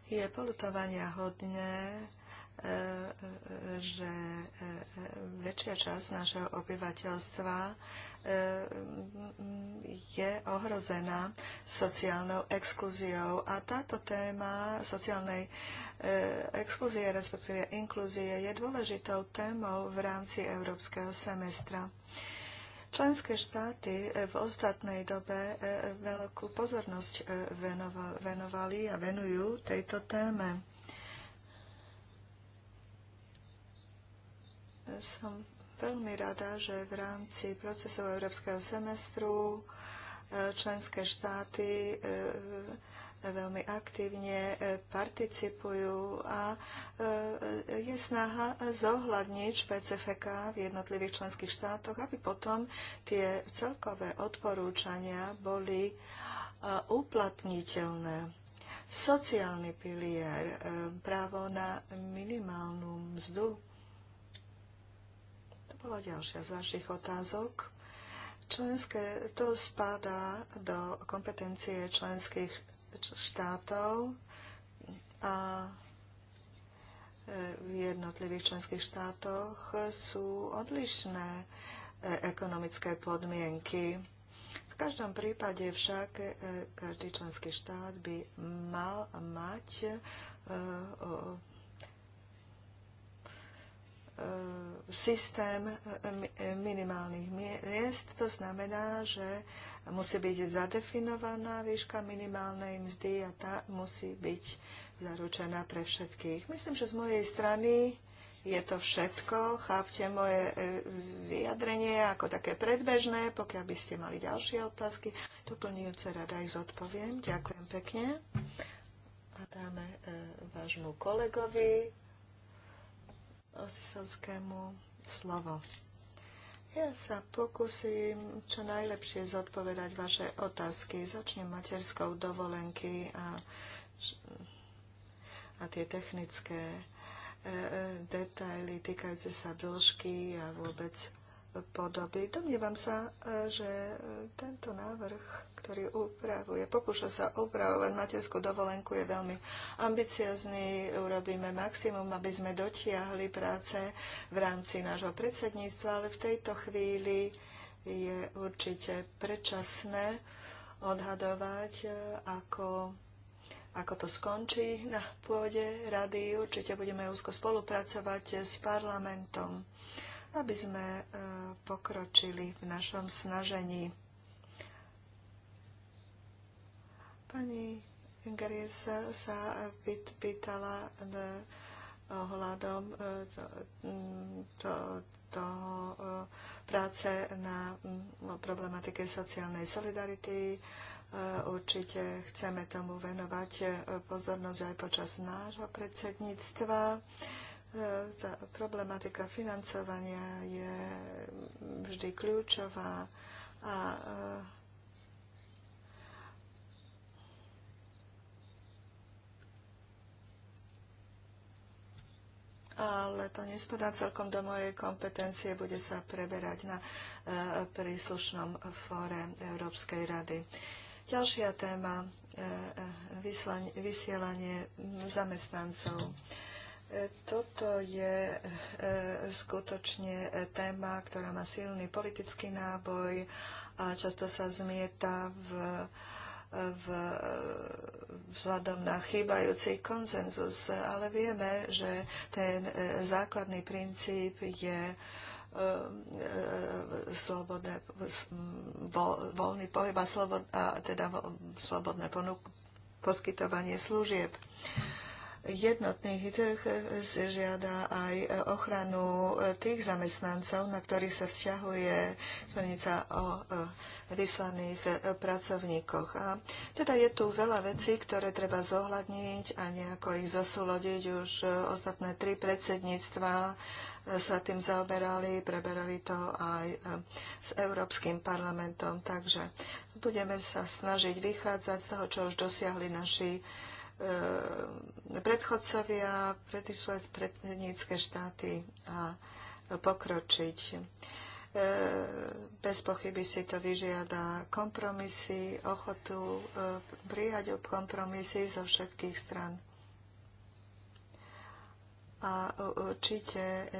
Je polutovania hodné, že e, e, väčšia časť našeho obyvateľstva e, je ohrozená sociálnou exkluziou. A táto téma sociálnej exkluzie, respektíve inklúzie, je dôležitou témou v rámci európskeho semestra. Členské štáty v ostatnej dobe veľkú pozornosť venovali a venujú tejto téme. Som veľmi rada, že v rámci procesov európskeho semestru e, členské štáty e, e, veľmi aktívne participujú a je snaha zohľadniť špecifika v jednotlivých členských štátoch, aby potom tie celkové odporúčania boli uplatniteľné. Sociálny pilier, právo na minimálnu mzdu, bola ďalšia z vašich otázok. Členské, to spadá do kompetencie členských štátov a e, v jednotlivých členských štátoch sú odlišné e, ekonomické podmienky. V každom prípade však e, každý členský štát by mal mať E, systém e, e, minimálnych miest. To znamená, že musí byť zadefinovaná výška minimálnej mzdy a tá musí byť zaručená pre všetkých. Myslím, že z mojej strany je to všetko. Chápte moje vyjadrenie ako také predbežné. Pokiaľ by ste mali ďalšie otázky, doplňujúce rada ich zodpoviem. Ďakujem pekne. A dáme vášmu kolegovi sisonskému slovo. Ja sa pokúsim čo najlepšie zodpovedať vaše otázky. Začnem materskou dovolenky a, a tie technické e, e, detaily týkajúce sa dĺžky a vôbec podoby. Domnievam sa, e, že e, tento návrh, ktorý upravuje, pokúša sa upravovať materskú dovolenku, je veľmi ambiciozný. Urobíme maximum, aby sme dotiahli práce v rámci nášho predsedníctva, ale v tejto chvíli je určite predčasné odhadovať, e, ako ako to skončí na pôde rady. Určite budeme úzko spolupracovať s parlamentom aby sme e, pokročili v našom snažení. Pani Ingeries sa pýtala e, ohľadom e, to, to, toho práce na problematike sociálnej solidarity. Určite chceme tomu venovať pozornosť aj počas nášho predsedníctva. E, tá problematika financovania je vždy kľúčová a e, ale to nespadá celkom do mojej kompetencie, bude sa preberať na e, príslušnom fóre Európskej rady. Ďalšia téma vysielanie zamestnancov. Toto je eh, skutočne eh, téma, ktorá má silný politický náboj a často sa zmieta v, eh, v, vzhľadom na chýbajúci konsenzus. Ale vieme, že ten základný princíp je slobodné, voľný pohyb a, slobod, a teda slobodné poskytovanie služieb. Uh, jednotný trh žiada aj ochranu tých zamestnancov, na ktorých sa vzťahuje smernica o e, vyslaných e, pracovníkoch. A teda je tu veľa vecí, ktoré treba zohľadniť a nejako ich zosúlodiť. Už e, ostatné tri predsedníctva sa tým zaoberali, preberali to aj s Európskym parlamentom. Takže budeme sa snažiť vychádzať z toho, čo už dosiahli naši E, predchodcovia, predišle prednícke štáty a pokročiť. E, bez pochyby si to vyžiada kompromisy, ochotu e, prijať kompromisy zo všetkých stran. A určite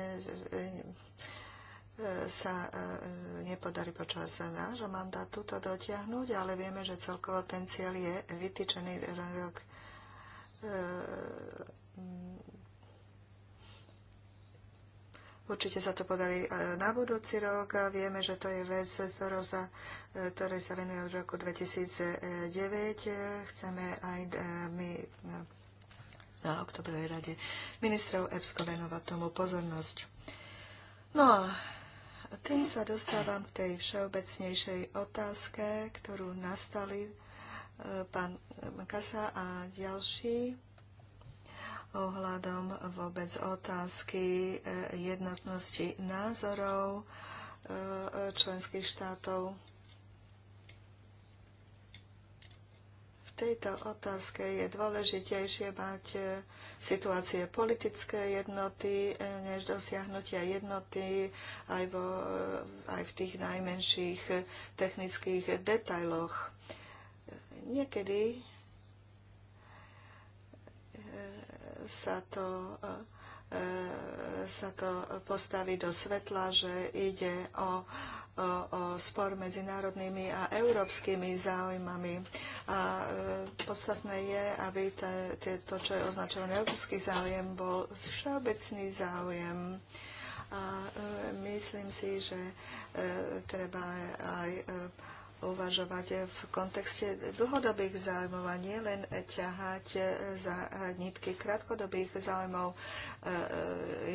sa nepodarí počas nášho mandátu to dotiahnuť, ale vieme, že celkovo ten cieľ je vytýčený rok E, určite sa to podarí e, na budúci rok a vieme, že to je vec, z e, ktorej sa venuje od roku 2009. Chceme aj my na oktobrovej rade ministrov EPSCO venovať tomu pozornosť. No a tým sa dostávam k tej všeobecnejšej otázke, ktorú nastali pán Kasa a ďalší ohľadom vôbec otázky eh, jednotnosti názorov eh, členských štátov. V tejto otázke je dôležitejšie mať eh, situácie politické jednoty, než dosiahnutia jednoty aj, vo, aj v tých najmenších technických detailoch Niekedy eh, sa to, eh, sa to postaví do svetla, že ide o, o, o spor medzi národnými a európskymi záujmami. A eh, podstatné je, aby to, čo je označované európsky záujem, bol všeobecný záujem a myslím si, že treba aj uvažovať v kontexte dlhodobých záujmov a nie len ťahať za nitky krátkodobých záujmov eh,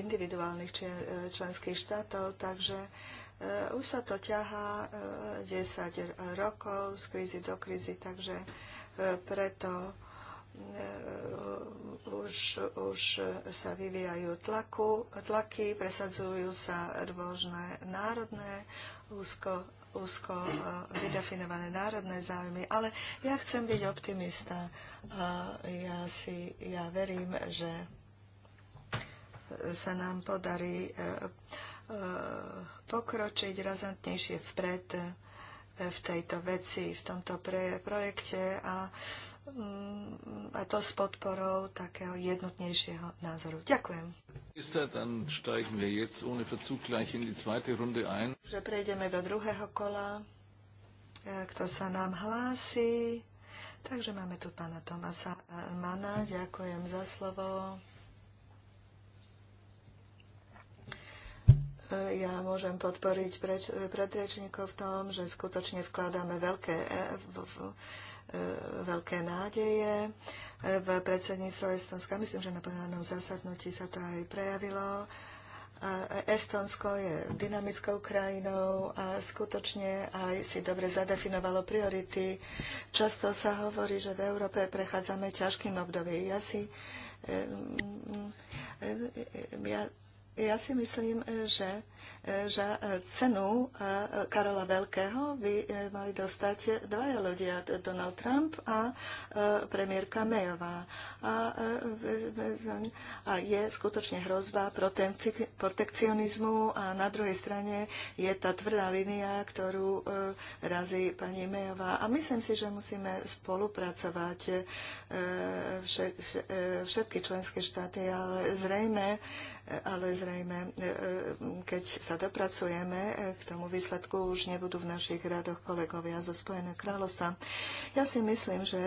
individuálnych eh, členských štátov. Takže eh, už sa to ťahá 10 rokov z krízy do krízy, takže preto už, už sa vyvíjajú tlaku, tlaky, presadzujú sa rôzne národné úzko úzko e, vydefinované národné záujmy, ale ja chcem byť optimista a e, ja, si, ja verím, že sa nám podarí e, pokročiť razantnejšie vpred v tejto veci, v tomto projekte a Mm, a to s podporou takého jednotnejšieho názoru. Ďakujem. Že prejdeme do druhého kola. E, kto sa nám hlási? Takže máme tu pána Tomasa Mana. Ďakujem za slovo. E, ja môžem podporiť predrečníkov v tom, že skutočne vkladáme veľké e, veľké nádeje v predsedníctve Estonska. Myslím, že na plenárnom zasadnutí sa to aj prejavilo. Estonsko je dynamickou krajinou a skutočne aj si dobre zadefinovalo priority. Často sa hovorí, že v Európe prechádzame ťažkým obdobím. Ja si ja ja si myslím, že, že cenu e, Karola Veľkého by e, mali dostať dvaja ľudia, Donald Trump a e, premiérka Mayová. A, a je skutočne hrozba protekcionizmu a na druhej strane je tá tvrdá línia, ktorú razí pani Mayová. A myslím si, že musíme spolupracovať všetky členské štáty, ale zrejme ale zrejme, e, e, keď sa dopracujeme e, k tomu výsledku, už nebudú v našich radoch kolegovia zo Spojeného kráľovstva. Ja si myslím, že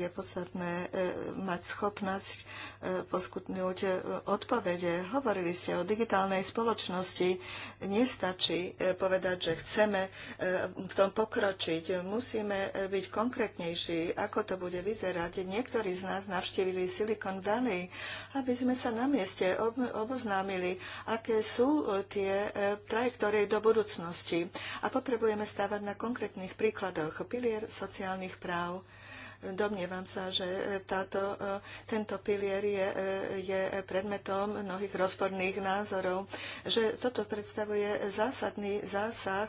je podstatné mať schopnosť poskutnúť odpovede. Hovorili ste o digitálnej spoločnosti. Nestačí povedať, že chceme v tom pokročiť. Musíme byť konkrétnejší, ako to bude vyzerať. Niektorí z nás navštívili Silicon Valley, aby sme sa na mieste ob- oboznámili, aké sú e, tie e, trajektórie do budúcnosti. A potrebujeme stávať na konkrétnych príkladoch pilier sociálnych práv Domnievam sa, že e, táto, e, tento pilier je, e, je predmetom mnohých rozporných názorov, že toto predstavuje zásadný zásah,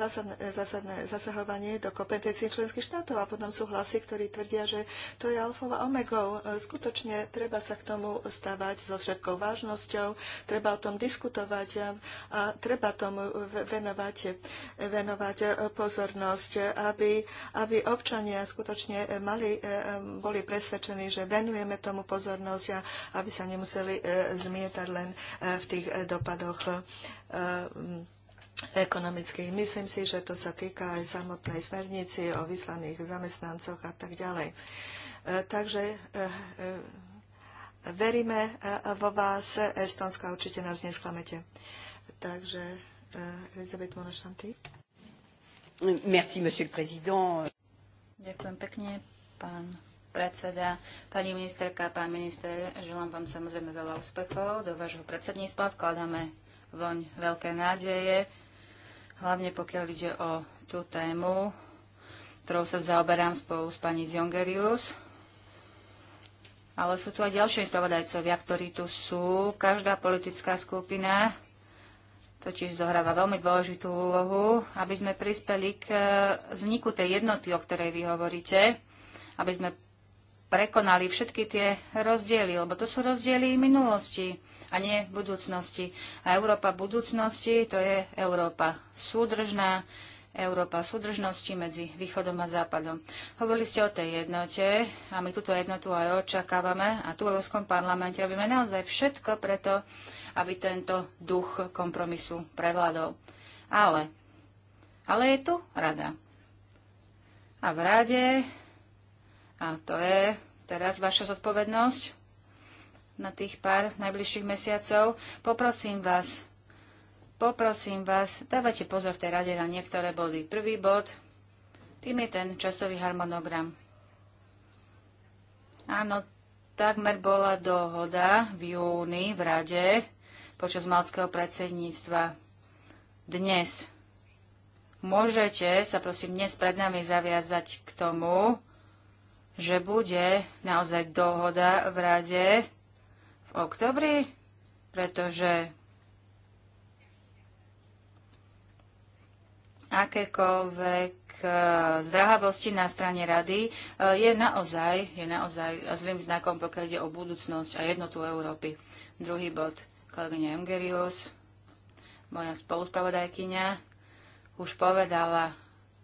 zásadné, zásadné zasahovanie do kompetencií členských štátov a potom sú hlasy, ktorí tvrdia, že to je alfova omegou. Skutočne treba sa k tomu stavať so všetkou vážnosťou, treba o tom diskutovať a treba tomu venovať, venovať pozornosť, aby, aby občania skutočne skutočne e, mali, e, e, boli presvedčení, že venujeme tomu pozornosť aby sa nemuseli zmietať len v tých dopadoch ekonomických. Myslím si, že to sa týka aj samotnej smernici o vyslaných zamestnancoch a tak ďalej. Takže veríme vo vás. Estonska určite nás nesklamete. Takže Elizabeth Monošanty. Merci, monsieur le président. Ďakujem pekne, pán predseda, pani ministerka, pán minister, želám vám samozrejme veľa úspechov do vášho predsedníctva. Vkladáme voň veľké nádeje, hlavne pokiaľ ide o tú tému, ktorou sa zaoberám spolu s pani Zjongerius. Ale sú tu aj ďalšie spravodajcovia, ktorí tu sú. Každá politická skupina totiž zohráva veľmi dôležitú úlohu, aby sme prispeli k e, vzniku tej jednoty, o ktorej vy hovoríte, aby sme prekonali všetky tie rozdiely, lebo to sú rozdiely minulosti a nie budúcnosti. A Európa budúcnosti to je Európa súdržná, Európa súdržnosti medzi východom a západom. Hovorili ste o tej jednote a my túto jednotu aj očakávame a tu v Európskom parlamente robíme naozaj všetko preto, aby tento duch kompromisu prevládol. Ale, ale je tu rada. A v rade, a to je teraz vaša zodpovednosť na tých pár najbližších mesiacov, poprosím vás, poprosím vás, dávajte pozor v tej rade na niektoré body. Prvý bod, tým je ten časový harmonogram. Áno, takmer bola dohoda v júni v rade počas malckého predsedníctva dnes. Môžete sa prosím dnes pred nami zaviazať k tomu, že bude naozaj dohoda v rade v oktobri, pretože akékoľvek eh, zdrahavosti na strane rady eh, je naozaj, je naozaj zlým znakom, pokiaľ ide o budúcnosť a jednotu Európy. Druhý bod – kolegyňa Jungerius, moja spoluspravodajkyňa, už povedala,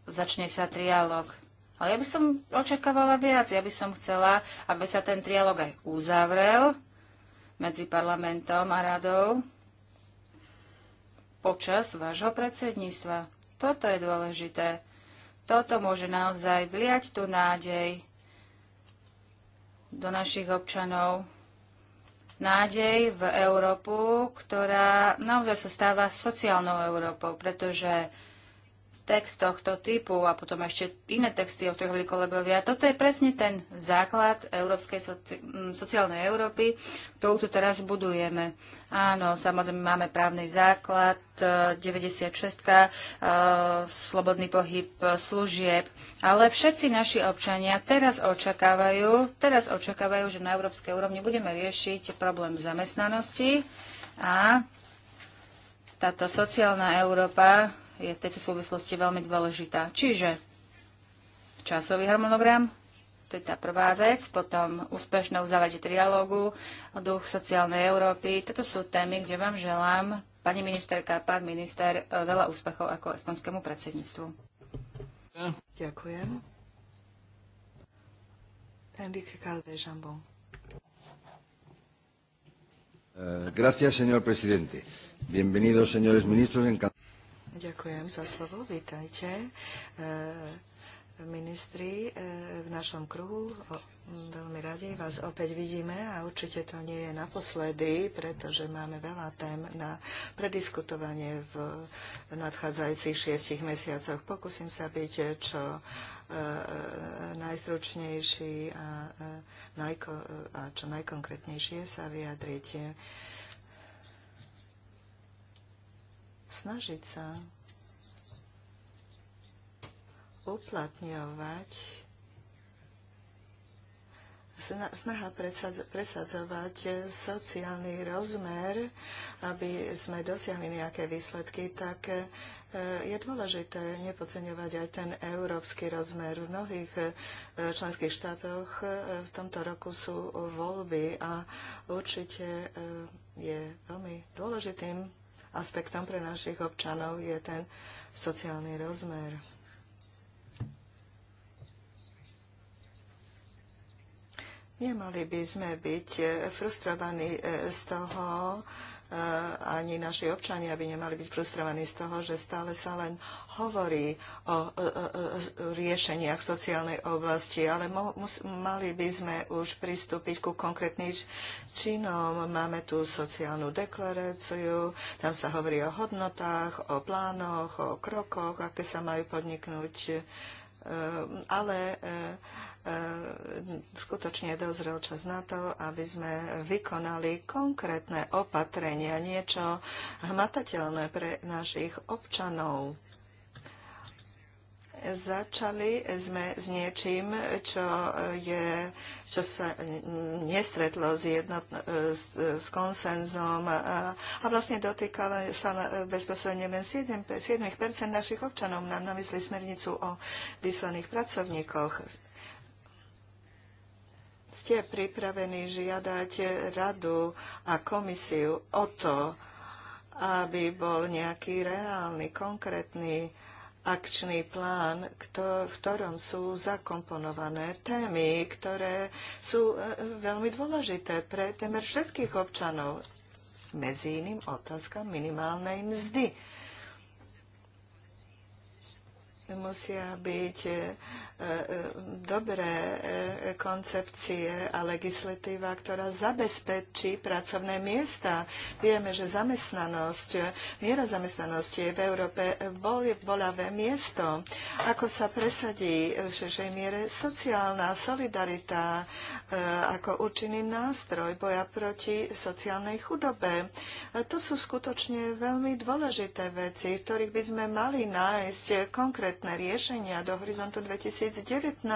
začne sa trialog. Ale ja by som očakávala viac. Ja by som chcela, aby sa ten trialog aj uzavrel medzi parlamentom a radou počas vášho predsedníctva. Toto je dôležité. Toto môže naozaj vliať tú nádej do našich občanov, nádej v Európu, ktorá naozaj sa stáva sociálnou Európou, pretože text tohto typu a potom ešte iné texty, o ktorých hovorili kolegovia. Toto je presne ten základ Európskej soci- sociálnej Európy, ktorú tu teraz budujeme. Áno, samozrejme máme právny základ, 96, eh, eh, slobodný pohyb služieb, ale všetci naši občania teraz očakávajú, teraz očakávajú, že na európskej úrovni budeme riešiť problém zamestnanosti a táto sociálna Európa je v tejto súvislosti veľmi dôležitá. Čiže časový harmonogram, to je tá prvá vec, potom úspešné uzavadie trialógu, duch sociálnej Európy. Toto sú témy, kde vám želám, pani ministerka, pán minister, veľa úspechov ako estonskému predsedníctvu. Ďakujem. Enrique Calvé Jambon. Uh, gracias, señor presidente. Bienvenidos, señores ministros. Ďakujem za slovo. Vítajte eh, ministri eh, v našom kruhu. Veľmi radi vás opäť vidíme a určite to nie je naposledy, pretože máme veľa tém na prediskutovanie v nadchádzajúcich šiestich mesiacoch. Pokúsim sa byť eh, čo najstručnejší a, najko, a čo najkonkrétnejšie sa vyjadriť. snažiť sa uplatňovať snaha presadzovať sociálny rozmer, aby sme dosiahli nejaké výsledky, tak e, je dôležité nepodceňovať aj ten európsky rozmer. V mnohých e, členských štátoch e, v tomto roku sú voľby a určite je veľmi dôležitým aspektom pre našich občanov je ten sociálny rozmer. Nemali by sme byť frustrovaní eh, z toho, ani naši občania by nemali byť frustrovaní z toho, že stále sa len hovorí o riešeniach sociálnej oblasti, ale mali by sme už pristúpiť ku konkrétnym činom. Máme tu sociálnu deklaráciu, tam sa hovorí o hodnotách, o plánoch, o krokoch, aké sa majú podniknúť Ehm, ale ehm, ehm, skutočne dozrel čas na to, aby sme vykonali konkrétne opatrenia, niečo hmatateľné pre našich občanov. Začali sme s niečím, čo, je, čo sa nestretlo s, jednot, s, s konsenzom a, a vlastne dotýkalo sa bezprostredne len 7, 7 našich občanov. Nám na mysli smernicu o vyslaných pracovníkoch. Ste pripravení žiadať radu a komisiu o to, aby bol nejaký reálny, konkrétny akčný plán, v ktorom sú zakomponované témy, ktoré sú e, veľmi dôležité pre temer všetkých občanov. Medzi iným otázka minimálnej mzdy musia byť e, e, dobré e, koncepcie a legislatíva, ktorá zabezpečí pracovné miesta. Vieme, že zamestnanosť, miera zamestnanosti v Európe je bolavé miesto. Ako sa presadí v šešej miere sociálna solidarita ako účinný nástroj boja proti sociálnej chudobe. To sú skutočne veľmi dôležité veci, v ktorých by sme mali nájsť konkrétne konkrétne riešenia do horizontu 2019,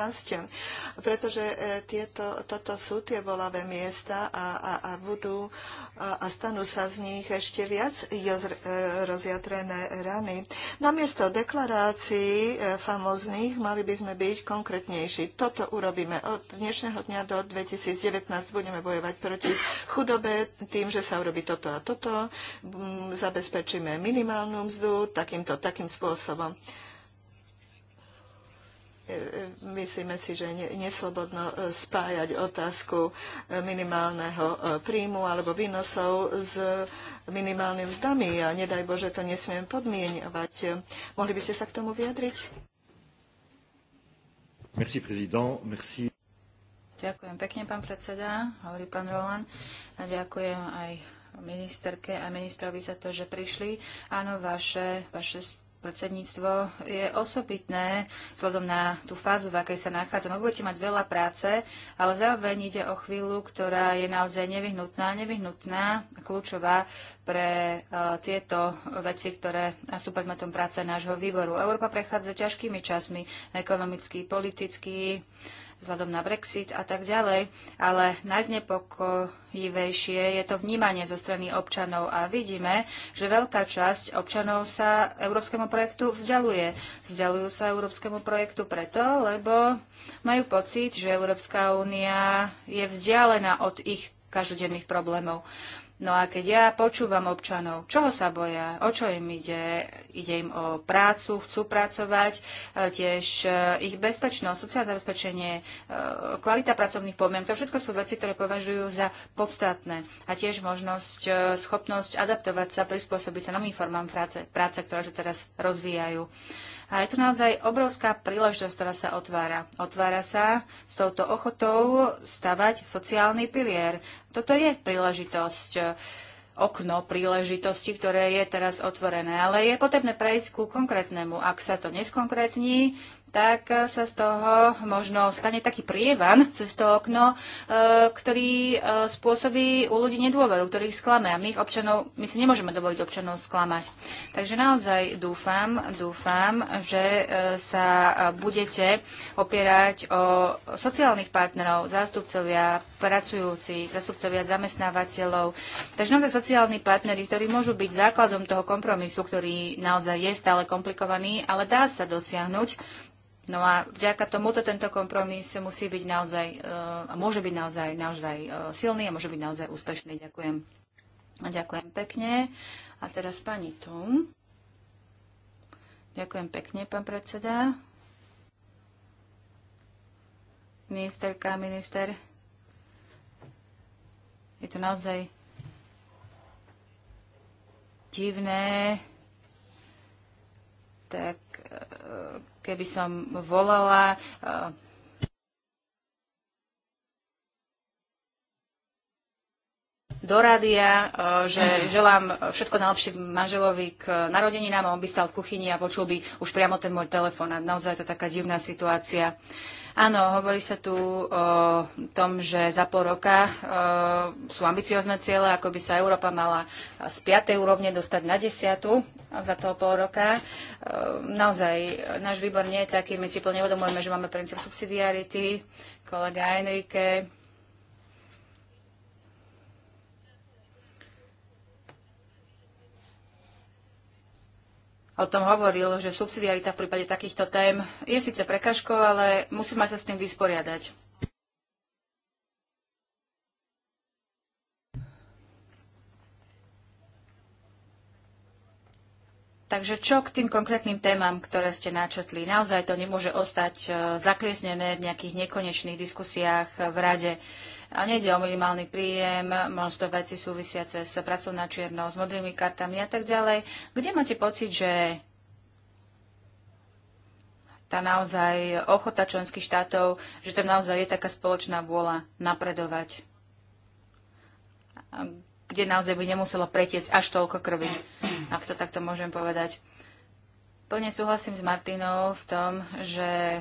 pretože e, tieto, toto sú tie volavé miesta a, a, a budú a, a stanú sa z nich ešte viac e, rozjatrené rany. Namiesto deklarácií e, famozných mali by sme byť konkrétnejší. Toto urobíme od dnešného dňa do 2019. Budeme bojovať proti chudobe tým, že sa urobí toto a toto. Zabezpečíme minimálnu mzdu takýmto takým spôsobom. Myslíme si, že neslobodno e, spájať otázku e, minimálneho e, príjmu alebo výnosov s minimálnym vzdami a nedaj Bože, to nesmiem podmienovať. Mohli by ste sa k tomu vyjadriť? Merci, prezident. Merci. Ďakujem pekne, pán predseda, hovorí pán Roland. A ďakujem aj ministerke a ministrovi za to, že prišli. Áno, vaše, vaše predsedníctvo je osobitné vzhľadom na tú fázu, v akej sa nachádzame. Budete mať veľa práce, ale zároveň ide o chvíľu, ktorá je naozaj nevyhnutná, nevyhnutná, kľúčová pre e, tieto veci, ktoré sú predmetom práce nášho výboru. Európa prechádza ťažkými časmi, ekonomicky, politicky, vzhľadom na Brexit a tak ďalej, ale najznepokojivejšie je to vnímanie zo strany občanov a vidíme, že veľká časť občanov sa európskemu projektu vzdialuje. Vzdialujú sa európskemu projektu preto, lebo majú pocit, že Európska únia je vzdialená od ich každodenných problémov. No a keď ja počúvam občanov, čoho sa boja, o čo im ide, ide im o prácu, chcú pracovať, e, tiež e, ich bezpečnosť, sociálne zabezpečenie, e, kvalita pracovných podmien, to všetko sú veci, ktoré považujú za podstatné. A tiež možnosť, schopnosť adaptovať sa, prispôsobiť sa novým formám práce, práce ktoré sa teraz rozvíjajú. A je tu naozaj obrovská príležitosť, ktorá sa otvára. Otvára sa s touto ochotou stavať sociálny pilier. Toto je príležitosť, e, okno príležitosti, ktoré je teraz otvorené. Ale je potrebné prejsť ku konkrétnemu. Ak sa to neskonkrétní, tak sa z toho možno stane taký prievan cez to okno, e, ktorý e, spôsobí u ľudí nedôveru, ktorých sklame. A my ich občanov, my si nemôžeme dovoliť občanov sklamať. Takže naozaj dúfam, dúfam, že e, sa budete opierať o sociálnych partnerov, zástupcovia pracujúcich, zástupcovia zamestnávateľov. Takže naozaj sociálni partnery, ktorí môžu byť základom toho kompromisu, ktorý naozaj je stále komplikovaný, ale dá sa dosiahnuť No a vďaka tomuto tento kompromis musí byť naozaj, eh, a môže byť naozaj, naozaj eh, silný a môže byť naozaj úspešný. Ďakujem. Ďakujem pekne. A teraz pani Tum. Ďakujem pekne, pán predseda. Ministerka, minister. Je to naozaj divné, tak eh, keby som volala do rádia, e, že želám všetko najlepšie manželovi k narodeninám nám, on by stal v kuchyni a počul by už priamo ten môj telefón. A naozaj je to taká divná situácia. Áno, hovorí sa tu o e, tom, že za pol roka e, sú ambiciozne ciele, ako by sa Európa mala z 5. úrovne dostať na 10. za toho pol roka. naozaj, náš výbor nie je taký, my si plne uvedomujeme, že máme princíp subsidiarity, kolega Enrique, o tom hovoril, že subsidiarita v prípade takýchto tém je síce prekažkou, ale musíme sa s tým vysporiadať. Takže čo k tým konkrétnym témam, ktoré ste načetli? Naozaj to nemôže ostať e, zakliesnené v nejakých nekonečných diskusiách v rade. A nejde o minimálny príjem, možno veci súvisiace s pracou na čierno, s modrými kartami a tak ďalej. Kde máte pocit, že tá naozaj ochota členských štátov, že tam naozaj je taká spoločná vôľa napredovať, kde naozaj by nemuselo pretiec až toľko krvi, ak to takto môžem povedať. Plne súhlasím s Martinou v tom, že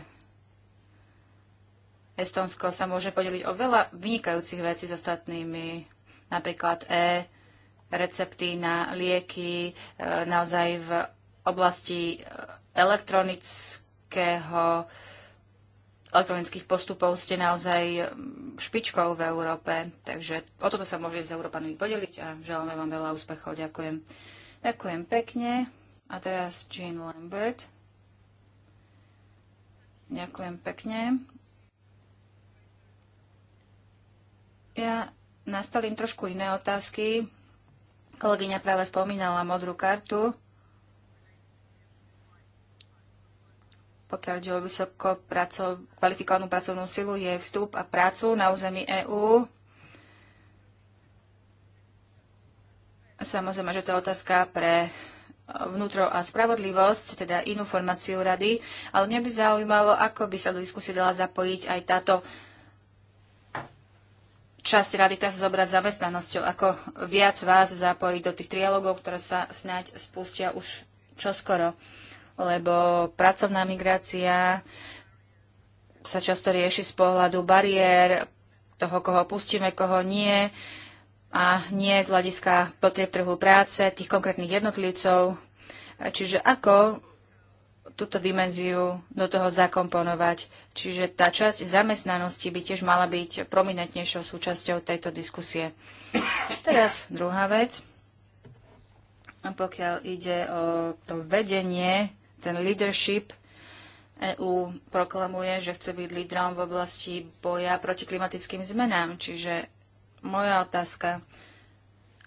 Estonsko sa môže podeliť o veľa vynikajúcich vecí s ostatnými, napríklad E, recepty na lieky, e, naozaj v oblasti e, elektronického elektronických postupov ste naozaj e, špičkou v Európe. Takže o toto sa môžete s Európanmi podeliť a želáme vám veľa úspechov. Ďakujem. Ďakujem pekne. A teraz Jean Lambert. Ďakujem pekne. Ja nastavím trošku iné otázky. Kolegyňa práve spomínala modrú kartu. Pokiaľ ide o vysoko praco- kvalifikovanú pracovnú silu, je vstup a prácu na území EÚ. Samozrejme, že to je otázka pre vnútro a spravodlivosť, teda inú formáciu rady, ale mňa by zaujímalo, ako by sa do diskusie dala zapojiť aj táto časť rady tá sa zobrať zamestnanosťou, ako viac vás zapojiť do tých trialogov, ktoré sa snáď spustia už čoskoro. Lebo pracovná migrácia sa často rieši z pohľadu bariér, toho, koho pustíme, koho nie a nie z hľadiska potrieb trhu práce, tých konkrétnych jednotlivcov. Čiže ako túto dimenziu do toho zakomponovať. Čiže tá časť zamestnanosti by tiež mala byť prominentnejšou súčasťou tejto diskusie. Teraz druhá vec. A pokiaľ ide o to vedenie, ten leadership, EU proklamuje, že chce byť lídrom v oblasti boja proti klimatickým zmenám. Čiže moja otázka,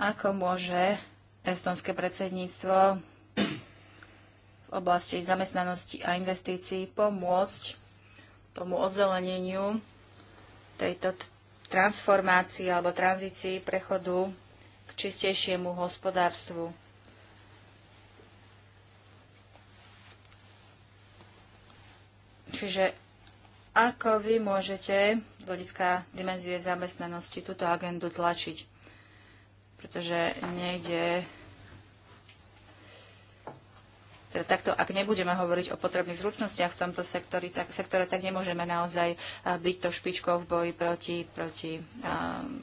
ako môže estonské predsedníctvo oblasti zamestnanosti a investícií pomôcť tomu ozeleneniu tejto transformácii alebo tranzícii prechodu k čistejšiemu hospodárstvu. Čiže ako vy môžete z hľadiska dimenzie zamestnanosti túto agendu tlačiť? Pretože nejde teda takto, ak nebudeme hovoriť o potrebných zručnostiach v tomto sektori, tak, sektore, tak nemôžeme naozaj eh, byť to špičkou v boji proti, proti um,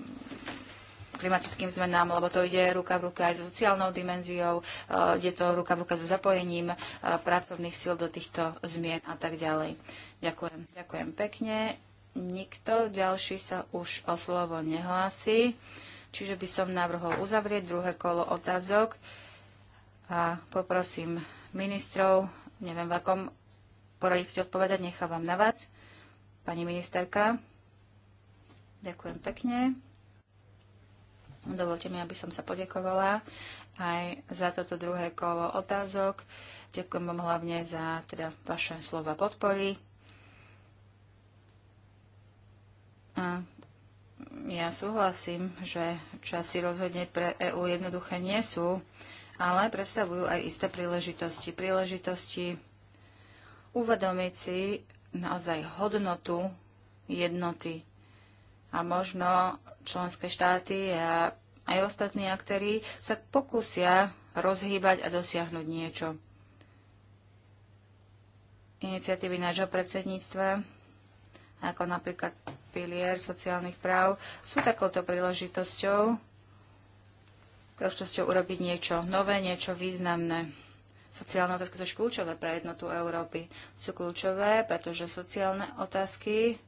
klimatickým zmenám, lebo to ide ruka v ruka aj so sociálnou dimenziou, eh, ide to ruka v ruka so zapojením pracovných síl do týchto zmien a tak ďalej. Ďakujem. Ďakujem pekne. Nikto ďalší sa už o slovo nehlási, čiže by som navrhol uzavrieť druhé kolo otázok a poprosím ministrov. Neviem, v akom poradí chcete odpovedať, nechávam na vás. Pani ministerka, ďakujem pekne. Dovolte mi, aby som sa podekovala aj za toto druhé kolo otázok. Ďakujem vám hlavne za teda vaše slova podpory. A ja súhlasím, že časy rozhodne pre EÚ jednoduché nie sú ale predstavujú aj isté príležitosti. Príležitosti uvedomiť si naozaj hodnotu jednoty. A možno členské štáty a aj ostatní aktéry sa pokúsia rozhýbať a dosiahnuť niečo. Iniciatívy nášho predsedníctva, ako napríklad pilier sociálnych práv, sú takouto príležitosťou, príležitosťou urobiť niečo nové, niečo významné. Sociálne otázky sú kľúčové pre jednotu Európy. Sú kľúčové, pretože sociálne otázky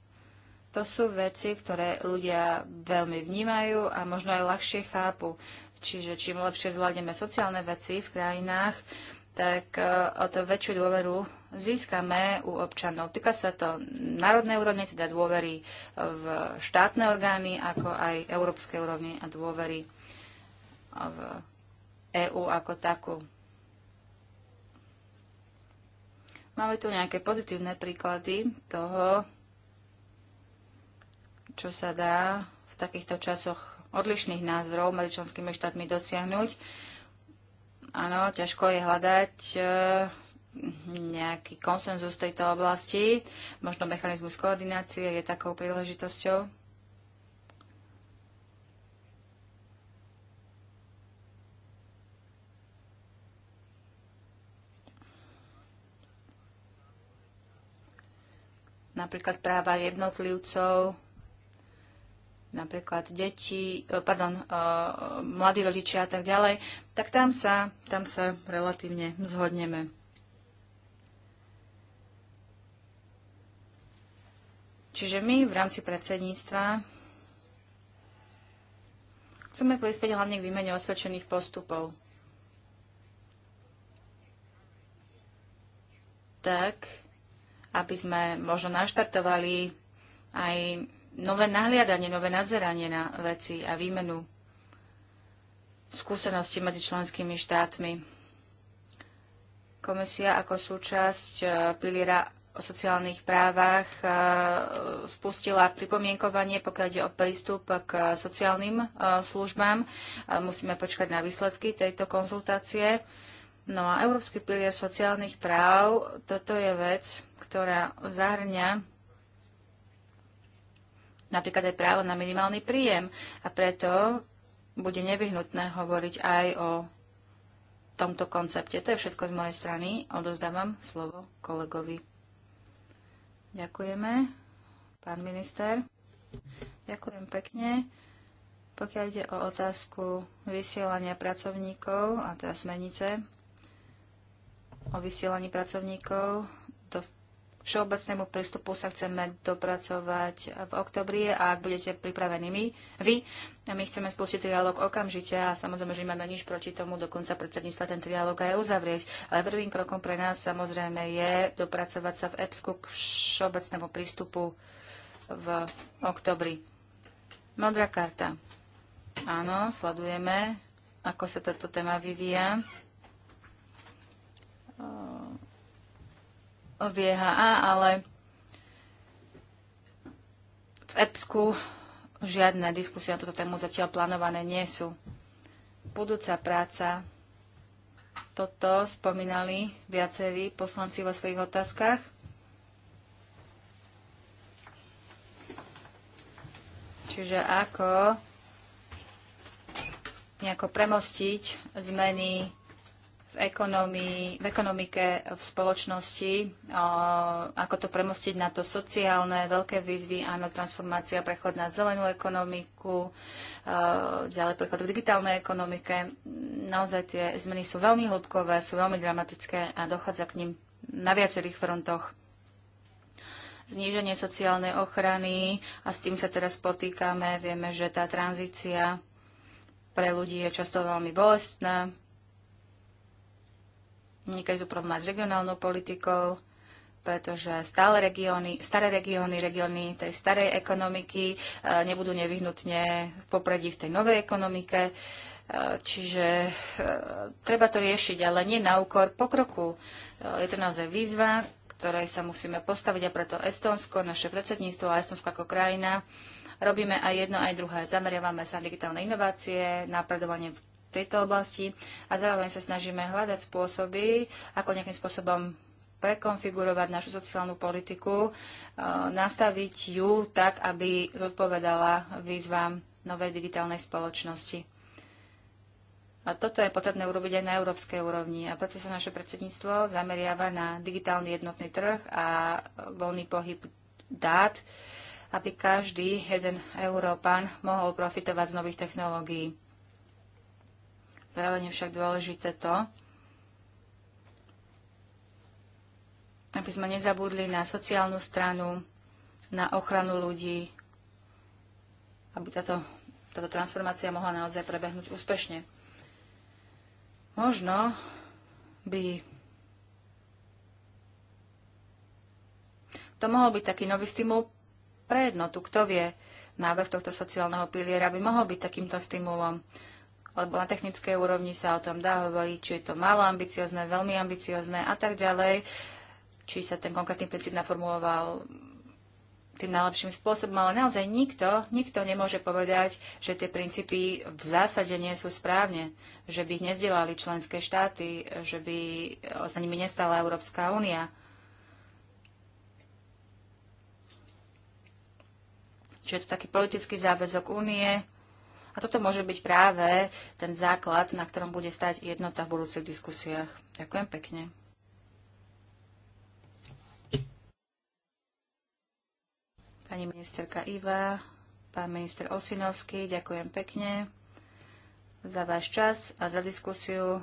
to sú veci, ktoré ľudia veľmi vnímajú a možno aj ľahšie chápu. Čiže čím lepšie zvládneme sociálne veci v krajinách, tak e, o to väčšiu dôveru získame u občanov. Týka sa to národnej úrovne, teda dôvery v štátne orgány, ako aj európskej úrovni a dôvery v EÚ ako takú. Máme tu nejaké pozitívne príklady toho, čo sa dá v takýchto časoch odlišných názorov medzi členskými štátmi dosiahnuť. Áno, ťažko je hľadať e, nejaký konsenzus v tejto oblasti. Možno mechanizmus koordinácie je takou príležitosťou. napríklad práva jednotlivcov, napríklad deti, e, pardon, e, mladí rodičia a tak ďalej, tak tam sa, tam sa relatívne zhodneme. Čiže my v rámci predsedníctva chceme prispieť hlavne k výmene osvedčených postupov. Tak, aby sme možno naštartovali aj nové nahliadanie, nové nazeranie na veci a výmenu skúsenosti medzi členskými štátmi. Komisia ako súčasť e, piliera o sociálnych právach e, spustila pripomienkovanie, pokiaľ ide o prístup k sociálnym e, službám. Musíme počkať na výsledky tejto konzultácie. No a Európsky pilier sociálnych práv, toto je vec, ktorá zahrňa napríklad aj právo na minimálny príjem. A preto bude nevyhnutné hovoriť aj o tomto koncepte. To je všetko z mojej strany. Odozdávam slovo kolegovi. Ďakujeme, pán minister. Ďakujem pekne. Pokiaľ ide o otázku vysielania pracovníkov a teda smernice o vysielaní pracovníkov, všeobecnému prístupu sa chceme dopracovať v oktobri a ak budete pripravení my, vy, my chceme spustiť trialóg okamžite a samozrejme, že nemáme nič proti tomu, dokonca predsedníctva ten trialóg aj uzavrieť. Ale prvým krokom pre nás samozrejme je dopracovať sa v EPSku k všeobecnému prístupu v oktobri. Modrá karta. Áno, sledujeme, ako sa táto téma vyvíja VHA, ale v EPSku žiadne diskusie na túto tému zatiaľ plánované nie sú. Budúca práca. Toto spomínali viacerí poslanci vo svojich otázkach. Čiže ako nejako premostiť zmeny v, ekonomii, v ekonomike, v spoločnosti, ako to premostiť na to sociálne, veľké výzvy, áno, transformácia, prechod na zelenú ekonomiku, ďalej prechod k digitálnej ekonomike. Naozaj tie zmeny sú veľmi hlubkové, sú veľmi dramatické a dochádza k ním na viacerých frontoch zníženie sociálnej ochrany a s tým sa teraz potýkame. Vieme, že tá tranzícia pre ľudí je často veľmi bolestná, Niekedy tu problém s regionálnou politikou, pretože stále regióny, staré regióny, regióny tej starej ekonomiky e, nebudú nevyhnutne v popredí v tej novej ekonomike. E, čiže e, treba to riešiť, ale nie na úkor pokroku. Je to naozaj výzva, ktorej sa musíme postaviť a preto Estonsko, naše predsedníctvo a Estonsko ako krajina robíme aj jedno, aj druhé. Zameriavame sa na digitálne inovácie, napredovanie v tejto oblasti a zároveň sa snažíme hľadať spôsoby, ako nejakým spôsobom prekonfigurovať našu sociálnu politiku, e, nastaviť ju tak, aby zodpovedala výzvam novej digitálnej spoločnosti. A toto je potrebné urobiť aj na európskej úrovni. A preto sa naše predsedníctvo zameriava na digitálny jednotný trh a voľný pohyb dát, aby každý jeden Európan mohol profitovať z nových technológií. Zároveň je však dôležité to, aby sme nezabudli na sociálnu stranu, na ochranu ľudí, aby táto, táto transformácia mohla naozaj prebehnúť úspešne. Možno by to mohol byť taký nový stimul pre jednotu. Kto vie, návrh tohto sociálneho piliera by mohol byť takýmto stimulom lebo na technickej úrovni sa o tom dá hovoriť, či je to málo ambiciozne, veľmi ambiciozne a tak ďalej, či sa ten konkrétny princíp naformuloval tým najlepším spôsobom, ale naozaj nikto, nikto nemôže povedať, že tie princípy v zásade nie sú správne, že by ich nezdielali členské štáty, že by za nimi nestala Európska únia. Čiže je to taký politický záväzok únie, a toto môže byť práve ten základ, na ktorom bude stať jednota v budúcich diskusiách. Ďakujem pekne. Pani ministerka Iva, pán minister Osinovský, ďakujem pekne za váš čas a za diskusiu.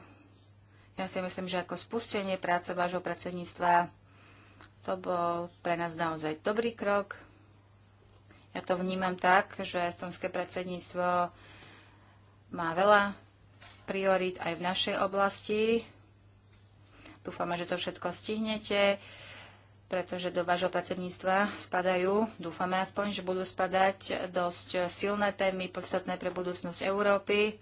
Ja si myslím, že ako spustenie práce vášho predsedníctva to bol pre nás naozaj dobrý krok. Ja to vnímam tak, že estonské predsedníctvo má veľa priorít aj v našej oblasti. Dúfame, že to všetko stihnete, pretože do vášho predsedníctva spadajú, dúfame aspoň, že budú spadať dosť silné témy, podstatné pre budúcnosť Európy.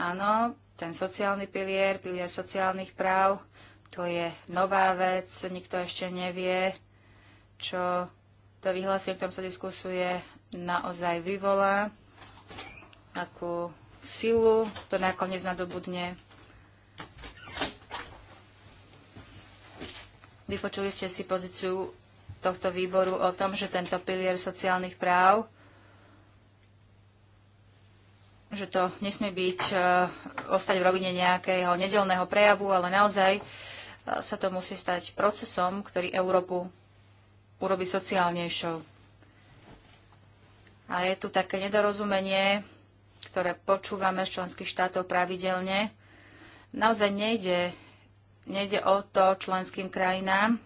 Áno, ten sociálny pilier, pilier sociálnych práv, to je nová vec, nikto ešte nevie, čo to vyhlásenie, o ktorom sa diskusuje, naozaj vyvolá, takú silu to nakoniec nadobudne. Vypočuli ste si pozíciu tohto výboru o tom, že tento pilier sociálnych práv, že to nesmie byť, e, ostať v rovine nejakého nedelného prejavu, ale naozaj e, sa to musí stať procesom, ktorý Európu urobiť sociálnejšou. A je tu také nedorozumenie, ktoré počúvame z členských štátov pravidelne. Naozaj nejde, nejde o to členským krajinám,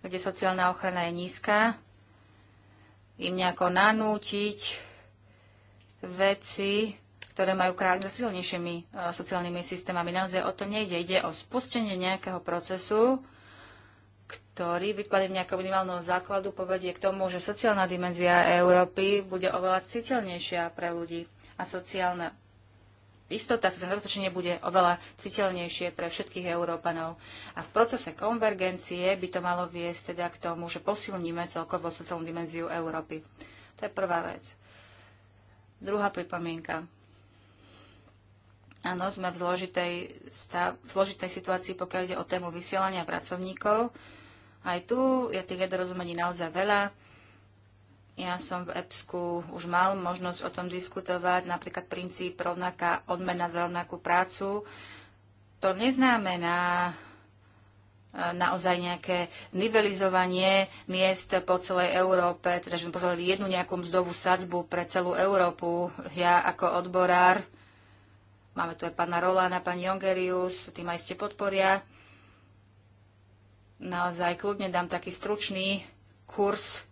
kde sociálna ochrana je nízka, im nejako nanútiť veci, ktoré majú krajiny silnejšími e, sociálnymi systémami. Naozaj o to nejde. Ide o spustenie nejakého procesu, ktorý vytvorením nejakého minimálneho základu povedie k tomu, že sociálna dimenzia Európy bude oveľa citeľnejšia pre ľudí a sociálna istota, sa zabezpečenie bude oveľa citeľnejšie pre všetkých Európanov. A v procese konvergencie by to malo viesť teda k tomu, že posilníme celkovo sociálnu dimenziu Európy. To je prvá vec. Druhá pripomienka. Áno, sme v zložitej, stav, v zložitej situácii, pokiaľ ide o tému vysielania pracovníkov. Aj tu je tých nedorozumení naozaj veľa. Ja som v EPSku už mal možnosť o tom diskutovať, napríklad princíp rovnaká odmena za rovnakú prácu. To neznamená e, naozaj nejaké nivelizovanie miest po celej Európe, teda že by požadovali jednu nejakú mzdovú sadzbu pre celú Európu. Ja ako odborár, máme tu aj pána Rolána, pani Jongerius, tým aj ste podporia, naozaj kľudne dám taký stručný kurz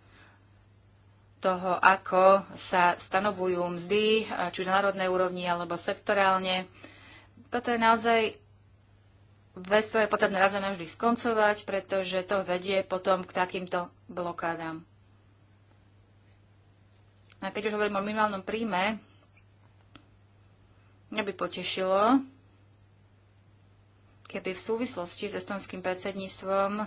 toho, ako sa stanovujú mzdy, či na národnej úrovni alebo sektorálne. Toto je naozaj vec, ktoré je potrebné raz a navždy skoncovať, pretože to vedie potom k takýmto blokádám. A keď už hovorím o minimálnom príjme, mňa by potešilo, keby v súvislosti s estonským predsedníctvom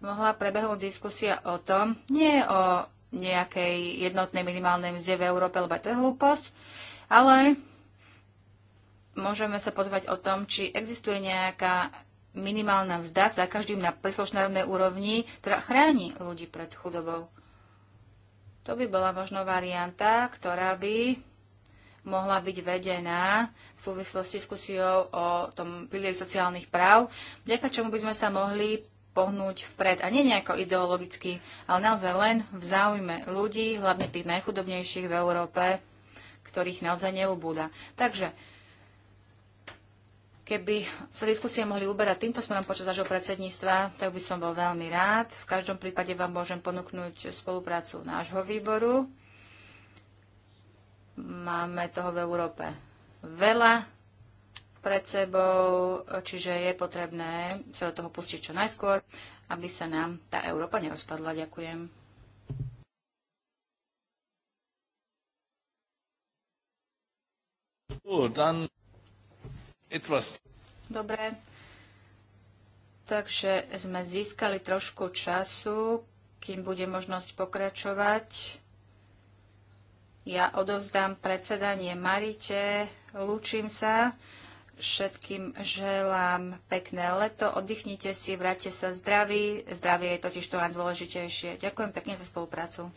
mohla prebehnúť diskusia o tom, nie o nejakej jednotnej minimálnej mzde v Európe, lebo to je hlúposť, ale môžeme sa pozvať o tom, či existuje nejaká minimálna mzda za každým na príslušnej úrovni, ktorá chráni ľudí pred chudobou. To by bola možno varianta, ktorá by mohla byť vedená v súvislosti s diskusiou o tom pilieri sociálnych práv, vďaka čomu by sme sa mohli pohnúť vpred. A nie nejako ideologicky, ale naozaj len v záujme ľudí, hlavne tých najchudobnejších v Európe, ktorých naozaj neubúda. Takže keby sa diskusie mohli uberať týmto smerom počas nášho predsedníctva, tak by som bol veľmi rád. V každom prípade vám môžem ponúknuť spoluprácu nášho výboru Máme toho v Európe veľa pred sebou, čiže je potrebné sa do toho pustiť čo najskôr, aby sa nám tá Európa nerozpadla. Ďakujem. Oh, Dobre. Takže sme získali trošku času, kým bude možnosť pokračovať. Ja odovzdám predsedanie Marite, lúčim sa, všetkým želám pekné leto, oddychnite si, vráťte sa zdraví, zdravie je totiž to najdôležitejšie. Ďakujem pekne za spoluprácu.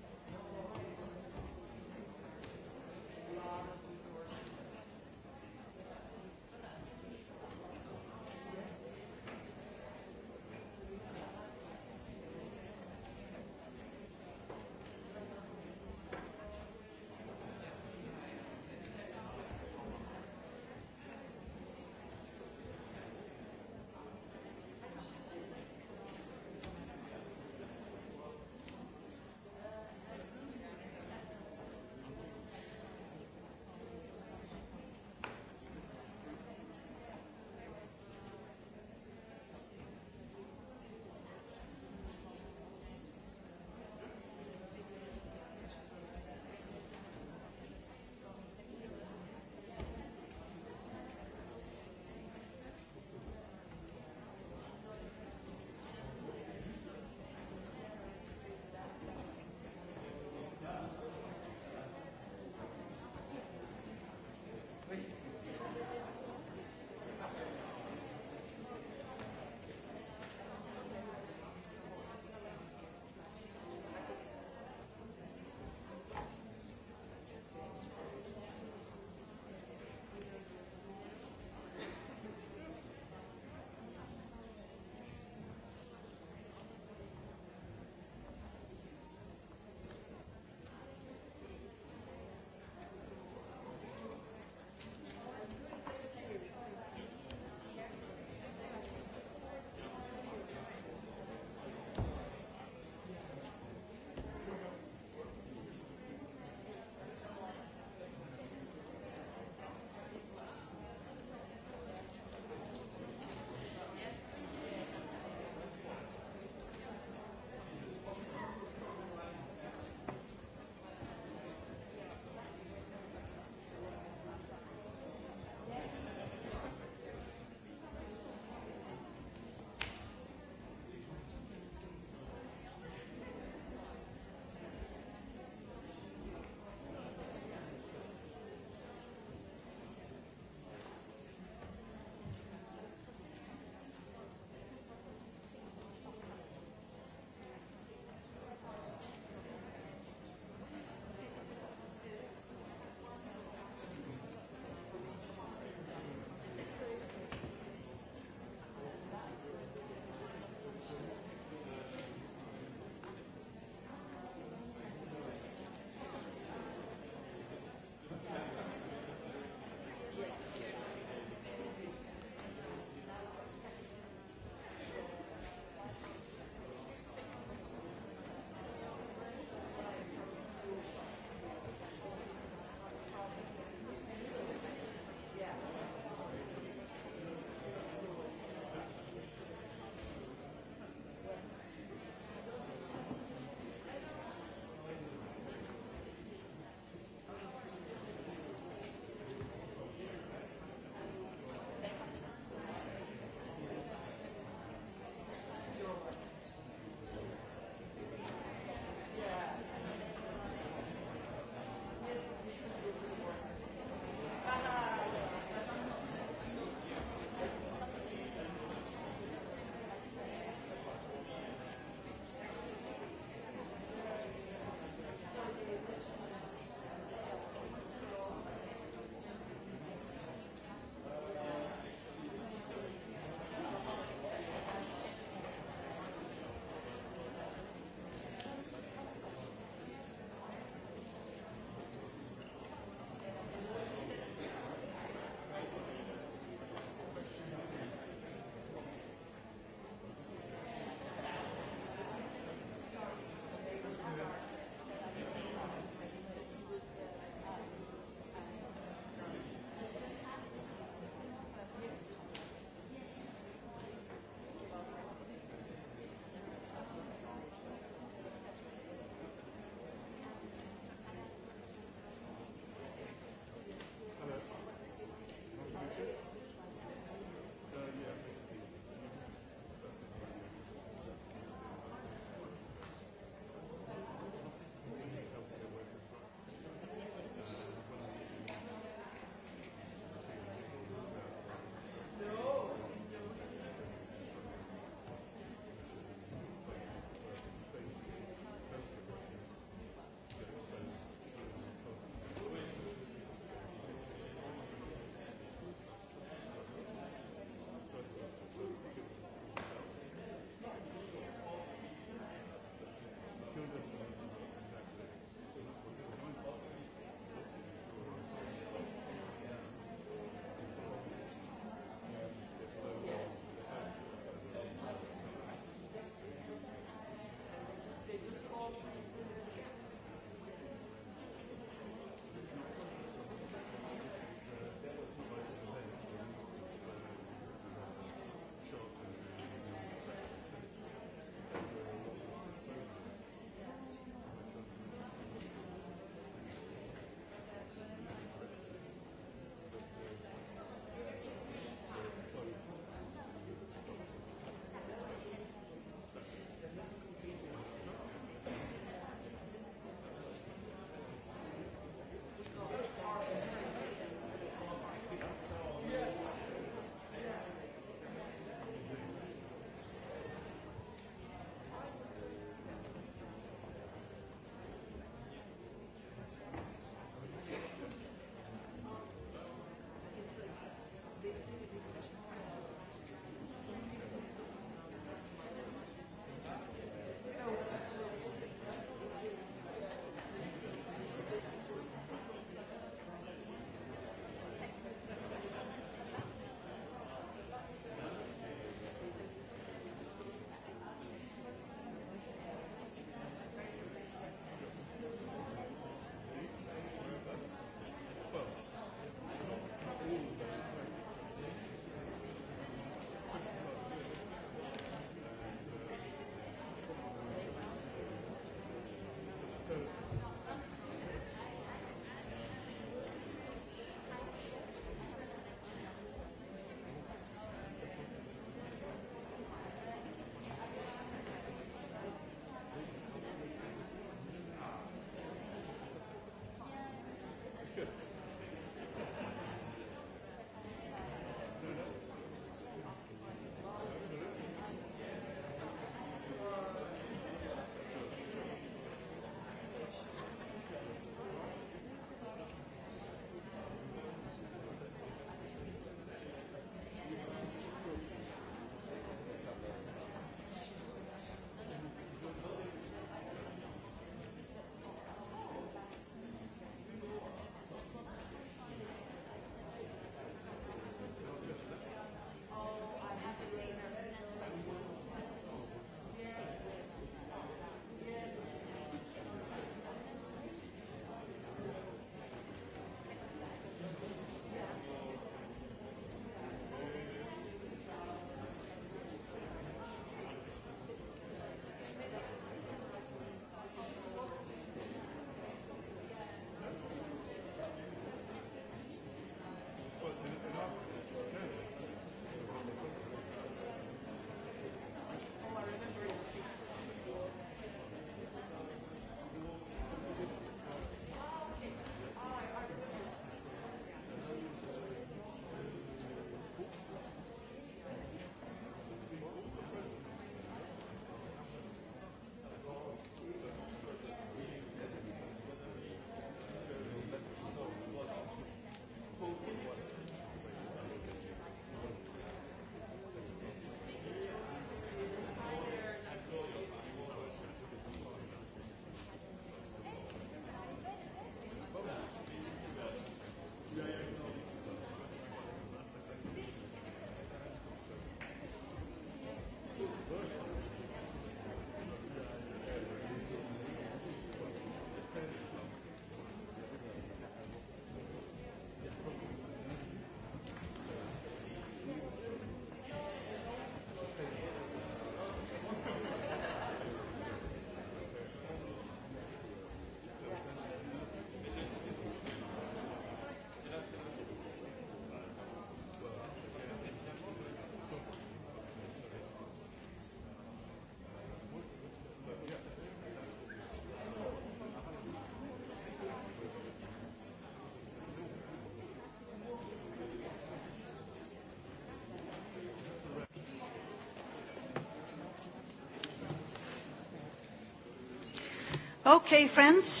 Okay, friends.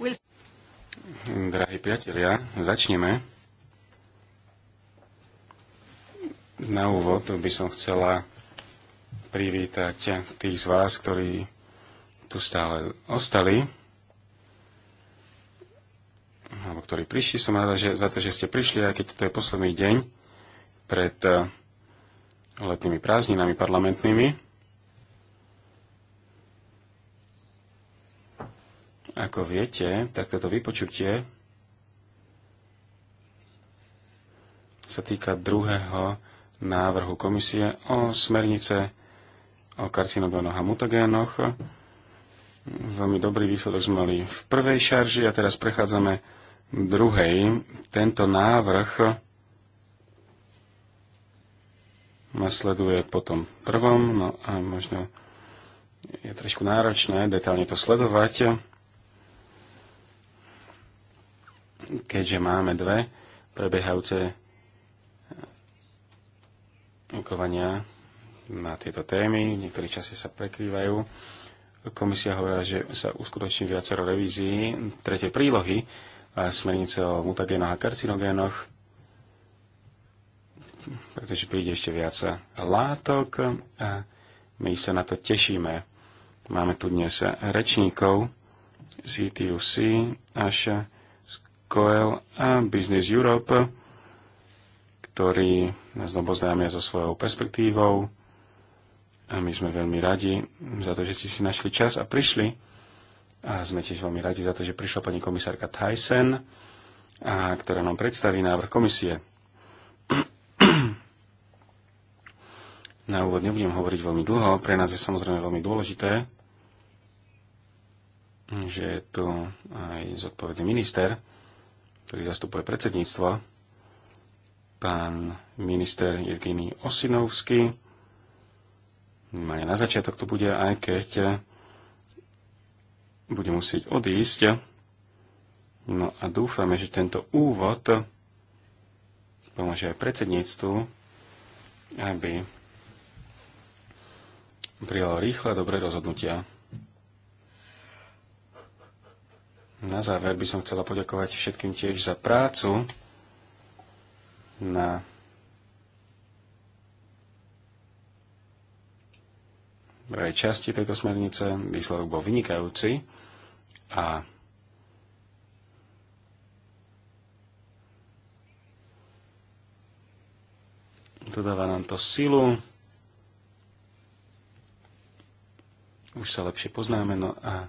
We'll... Drahí priatelia, začneme. Na úvod by som chcela privítať tých z vás, ktorí tu stále ostali, alebo ktorí prišli. Som rada že, za to, že ste prišli, aj keď toto je posledný deň pred letnými prázdninami parlamentnými. Ako viete, tak toto vypočutie sa týka druhého návrhu komisie o smernice o karcinogénoch a mutagénoch. Veľmi dobrý výsledok sme mali v prvej šarži a teraz prechádzame druhej. Tento návrh nasleduje potom prvom, no a možno je trošku náročné detálne to sledovať. keďže máme dve prebiehajúce rokovania na tieto témy, v niektorých čase sa prekrývajú. Komisia hovorila, že sa uskutoční viacero revízií tretej prílohy a smernice o mutagénoch a karcinogénoch, pretože príde ešte viac látok a my sa na to tešíme. Máme tu dnes rečníkov CTUC až Coel a Business Europe, ktorí nás oboznámia so svojou perspektívou a my sme veľmi radi za to, že ste si našli čas a prišli. A sme tiež veľmi radi za to, že prišla pani komisárka Tyson, a ktorá nám predstaví návrh komisie. Na úvod nebudem hovoriť veľmi dlho, pre nás je samozrejme veľmi dôležité, že je tu aj zodpovedný minister, ktorý zastupuje predsedníctvo, pán minister Evgeny Osinovský. Minimálne no na začiatok to bude, aj keď bude musieť odísť. No a dúfame, že tento úvod pomôže aj predsedníctvu, aby prijalo rýchle dobré rozhodnutia. Na záver by som chcela poďakovať všetkým tiež za prácu na prvej časti tejto smernice. Výsledok bol vynikajúci a dodáva nám to silu. Už sa lepšie poznáme, no a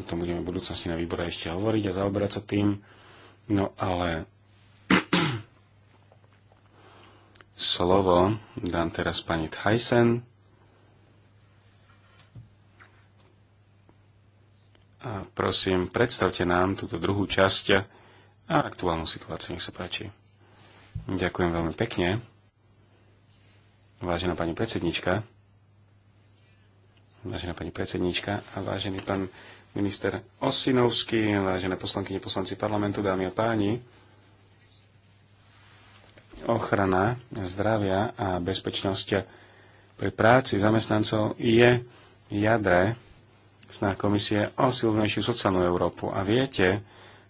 o tom budeme v budúcnosti na výbore ešte hovoriť a zaoberať sa tým. No ale slovo dám teraz pani Thyssen. A prosím, predstavte nám túto druhú časť a aktuálnu situáciu. Nech sa páči. Ďakujem veľmi pekne. Vážená pani predsednička, vážená pani predsednička a vážený pán minister Osinovský, vážené poslankyne, poslanci parlamentu, dámy a páni. Ochrana zdravia a bezpečnosť pri práci zamestnancov je jadre sná komisie o silnejšiu sociálnu Európu. A viete,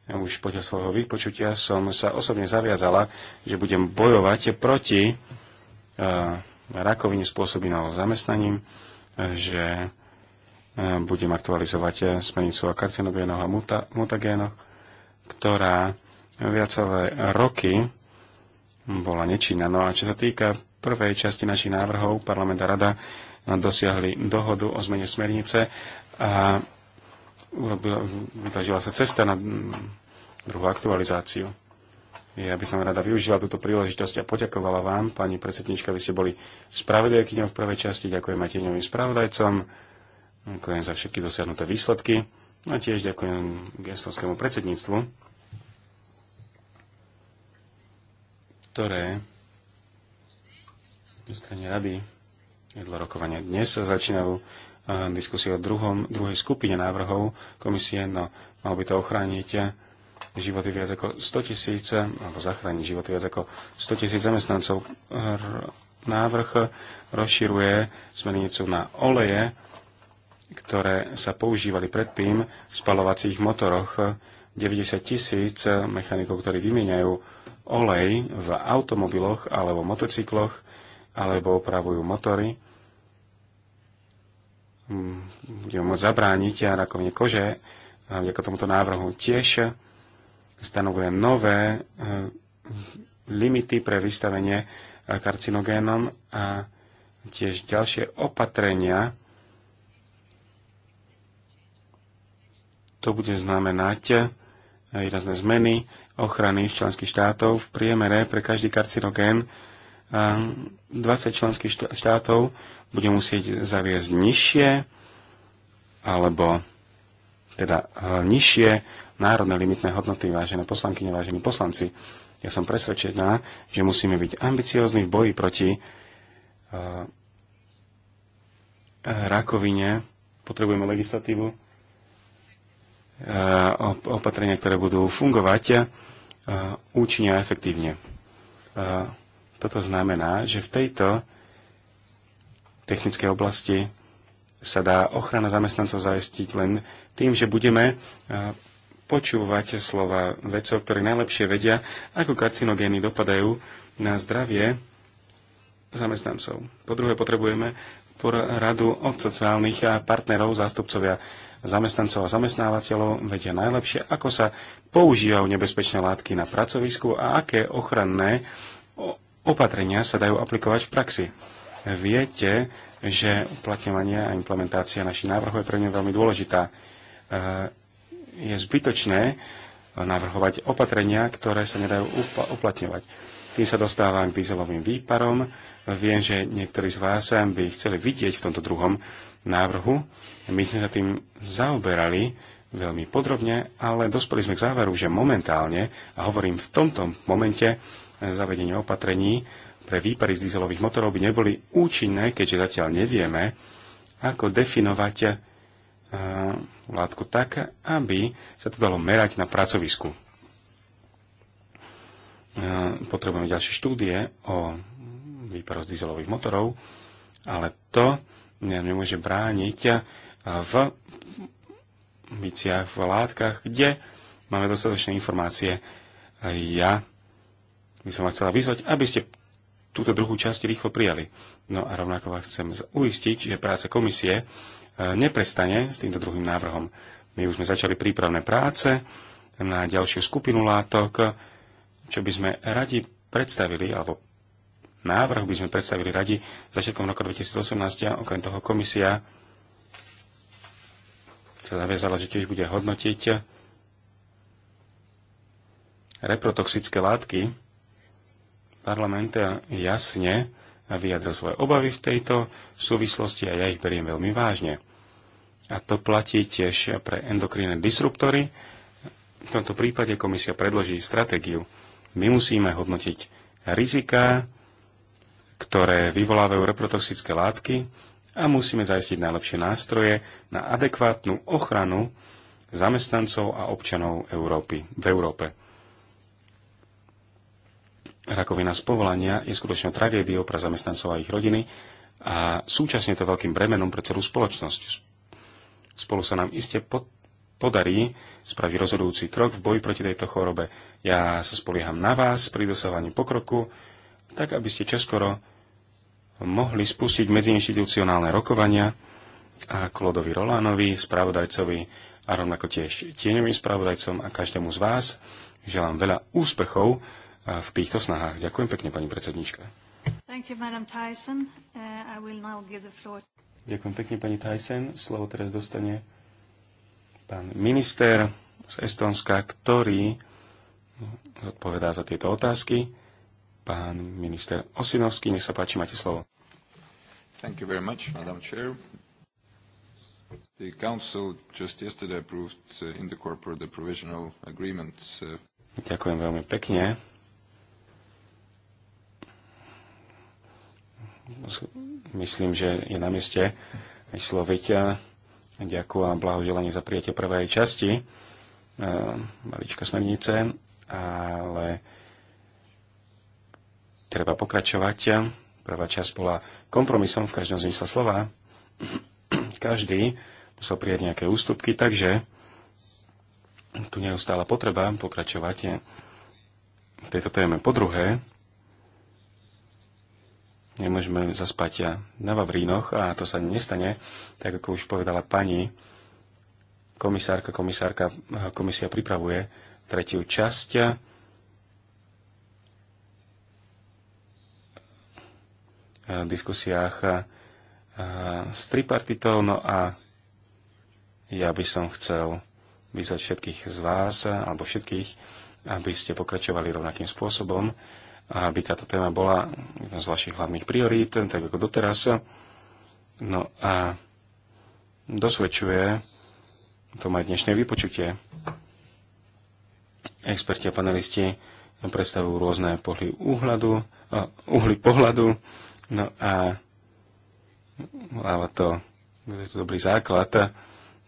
už počas svojho vypočutia som sa osobne zaviazala, že budem bojovať proti uh, rakovine spôsobenou zamestnaním, eh, že budem aktualizovať eh, smernicu o karcinogénoch a muta, mutagénoch, ktorá viacelé roky bola nečinná. No a čo sa týka prvej časti našich návrhov, parlament a rada dosiahli dohodu o zmene smernice a vytlažila sa cesta na mm, druhú aktualizáciu. Ja by som rada využila túto príležitosť a poďakovala vám, pani predsednička, vy ste boli spravodajkyňou v prvej časti, ďakujem aj tieňovým spravodajcom Ďakujem za všetky dosiahnuté výsledky a tiež ďakujem gestonskému predsedníctvu, ktoré v strane rady jedlo rokovania. Dnes sa začínajú eh, diskusie o druhom, druhej skupine návrhov komisie, no malo by to ochrániť životy viac ako 100 tisíc, alebo zachrániť životy viac ako 100 tisíc zamestnancov. R- návrh rozširuje smernicu na oleje ktoré sa používali predtým v spalovacích motoroch. 90 tisíc mechanikov, ktorí vymieňajú olej v automobiloch alebo motocykloch, alebo opravujú motory, mm, budeme môcť zabrániť a rakovne kože a vďaka tomuto návrhu tiež stanovuje nové eh, limity pre vystavenie karcinogénom a tiež ďalšie opatrenia, to bude znamenať eh, výrazné zmeny ochrany členských štátov. V priemere pre každý karcinogén 20 členských štátov bude musieť zaviesť nižšie alebo teda eh, nižšie národné limitné hodnoty, vážené poslankyne, vážení poslanci. Ja som presvedčená, že musíme byť ambiciozní v boji proti eh, rakovine. Potrebujeme legislatívu, Eh, opatrenia, ktoré budú fungovať eh, účinne a efektívne. Eh, toto znamená, že v tejto technickej oblasti sa dá ochrana zamestnancov zaistiť len tým, že budeme počúvať slova vedcov, ktorí najlepšie vedia, ako karcinogény dopadajú na zdravie zamestnancov. Po druhé, potrebujeme radu od sociálnych partnerov, zástupcovia zamestnancov a zamestnávateľov vedia najlepšie, ako sa používajú nebezpečné látky na pracovisku a aké ochranné opatrenia sa dajú aplikovať v praxi. Viete, že uplatňovanie a implementácia našich návrhov je pre mňa veľmi dôležitá. E, je zbytočné navrhovať opatrenia, ktoré sa nedajú uplatňovať. Tým sa dostávam k dýzelovým výparom, Viem, že niektorí z vás by chceli vidieť v tomto druhom návrhu. My sme sa tým zaoberali veľmi podrobne, ale dospeli sme k záveru, že momentálne, a hovorím v tomto momente, zavedenie opatrení pre výpary z dieselových motorov by neboli účinné, keďže zatiaľ nevieme, ako definovať eh, látku tak, aby sa to dalo merať na pracovisku. Eh, potrebujeme ďalšie štúdie o výparov z dizelových motorov, ale to nám nemôže brániť eh, v miciach, v látkach, kde máme dostatočné informácie. Ja by som vás chcela vyzvať, aby ste túto druhú časť rýchlo prijali. No a rovnako vás chcem uistiť, že práca komisie eh, neprestane s týmto druhým návrhom. My už sme začali prípravné práce na ďalšiu skupinu látok, eh, čo by sme radi predstavili alebo návrh by sme predstavili radi začiatkom roku 2018 a okrem toho komisia sa zaviazala, že tiež bude hodnotiť reprotoxické látky. Parlament jasne vyjadril svoje obavy v tejto súvislosti a ja ich beriem veľmi vážne. A to platí tiež pre endokrinné disruptory. V tomto prípade komisia predloží stratégiu. My musíme hodnotiť rizika ktoré vyvolávajú reprotoxické látky a musíme zajistiť najlepšie nástroje na adekvátnu ochranu zamestnancov a občanov Európy, v Európe. Rakovina z povolania je skutočne tragédiou pre zamestnancov a ich rodiny a súčasne to veľkým bremenom pre celú spoločnosť. Spolu sa nám iste pod, podarí spraviť rozhodujúci krok v boji proti tejto chorobe. Ja sa spolieham na vás pri dosahovaní pokroku tak aby ste čoskoro mohli spustiť medziinštitucionálne rokovania a Klodovi Rolánovi, spravodajcovi a rovnako tiež tieňovým spravodajcom a každému z vás želám veľa úspechov v týchto snahách. Ďakujem pekne, pani predsednička. You, uh, Ďakujem pekne, pani Tyson. Slovo teraz dostane pán minister z Estonska, ktorý zodpovedá za tieto otázky pán minister Osinovský. Nech sa páči, máte slovo. Thank you very much, Madam Chair. The Council just yesterday approved uh, in the corporate the provisional agreements. Uh, ďakujem veľmi pekne. Myslím, že je na mieste vysloviť uh, ďakujem a blahoželanie za prijatie prvej časti uh, balíčka smernice, ale treba pokračovať. Prvá časť bola kompromisom v každom zmysle slova. Každý musel prijať nejaké ústupky, takže tu neustála potreba pokračovať v tejto téme. Po druhé, nemôžeme zaspať na Vavrínoch a to sa nestane, tak ako už povedala pani komisárka, komisárka, komisia pripravuje tretiu časť diskusiách s tripartitou. No a ja by som chcel vyzvať všetkých z vás, alebo všetkých, aby ste pokračovali rovnakým spôsobom, aby táto téma bola jednou z vašich hlavných priorít, tak ako doteraz. No a dosvedčuje to aj dnešné vypočutie. Experti a panelisti predstavujú rôzne pohľady uhľadu, uh, uhly pohľadu, No a dáva to, je to dobrý základ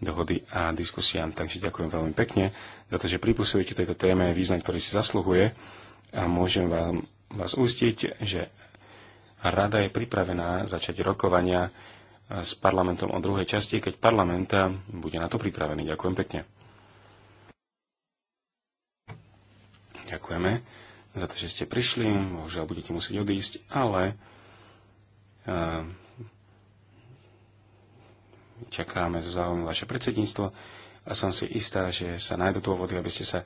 dohody a diskusiám. Takže ďakujem veľmi pekne za to, že pripusujete tejto téme význam, ktorý si zasluhuje a môžem vám, vás ustiť, že rada je pripravená začať rokovania s parlamentom o druhej časti, keď parlament bude na to pripravený. Ďakujem pekne. Ďakujeme za to, že ste prišli. Bohužiaľ budete musieť odísť, ale Čakáme so záujmom vaše predsedníctvo a som si istá, že sa nájdú dôvody, aby ste sa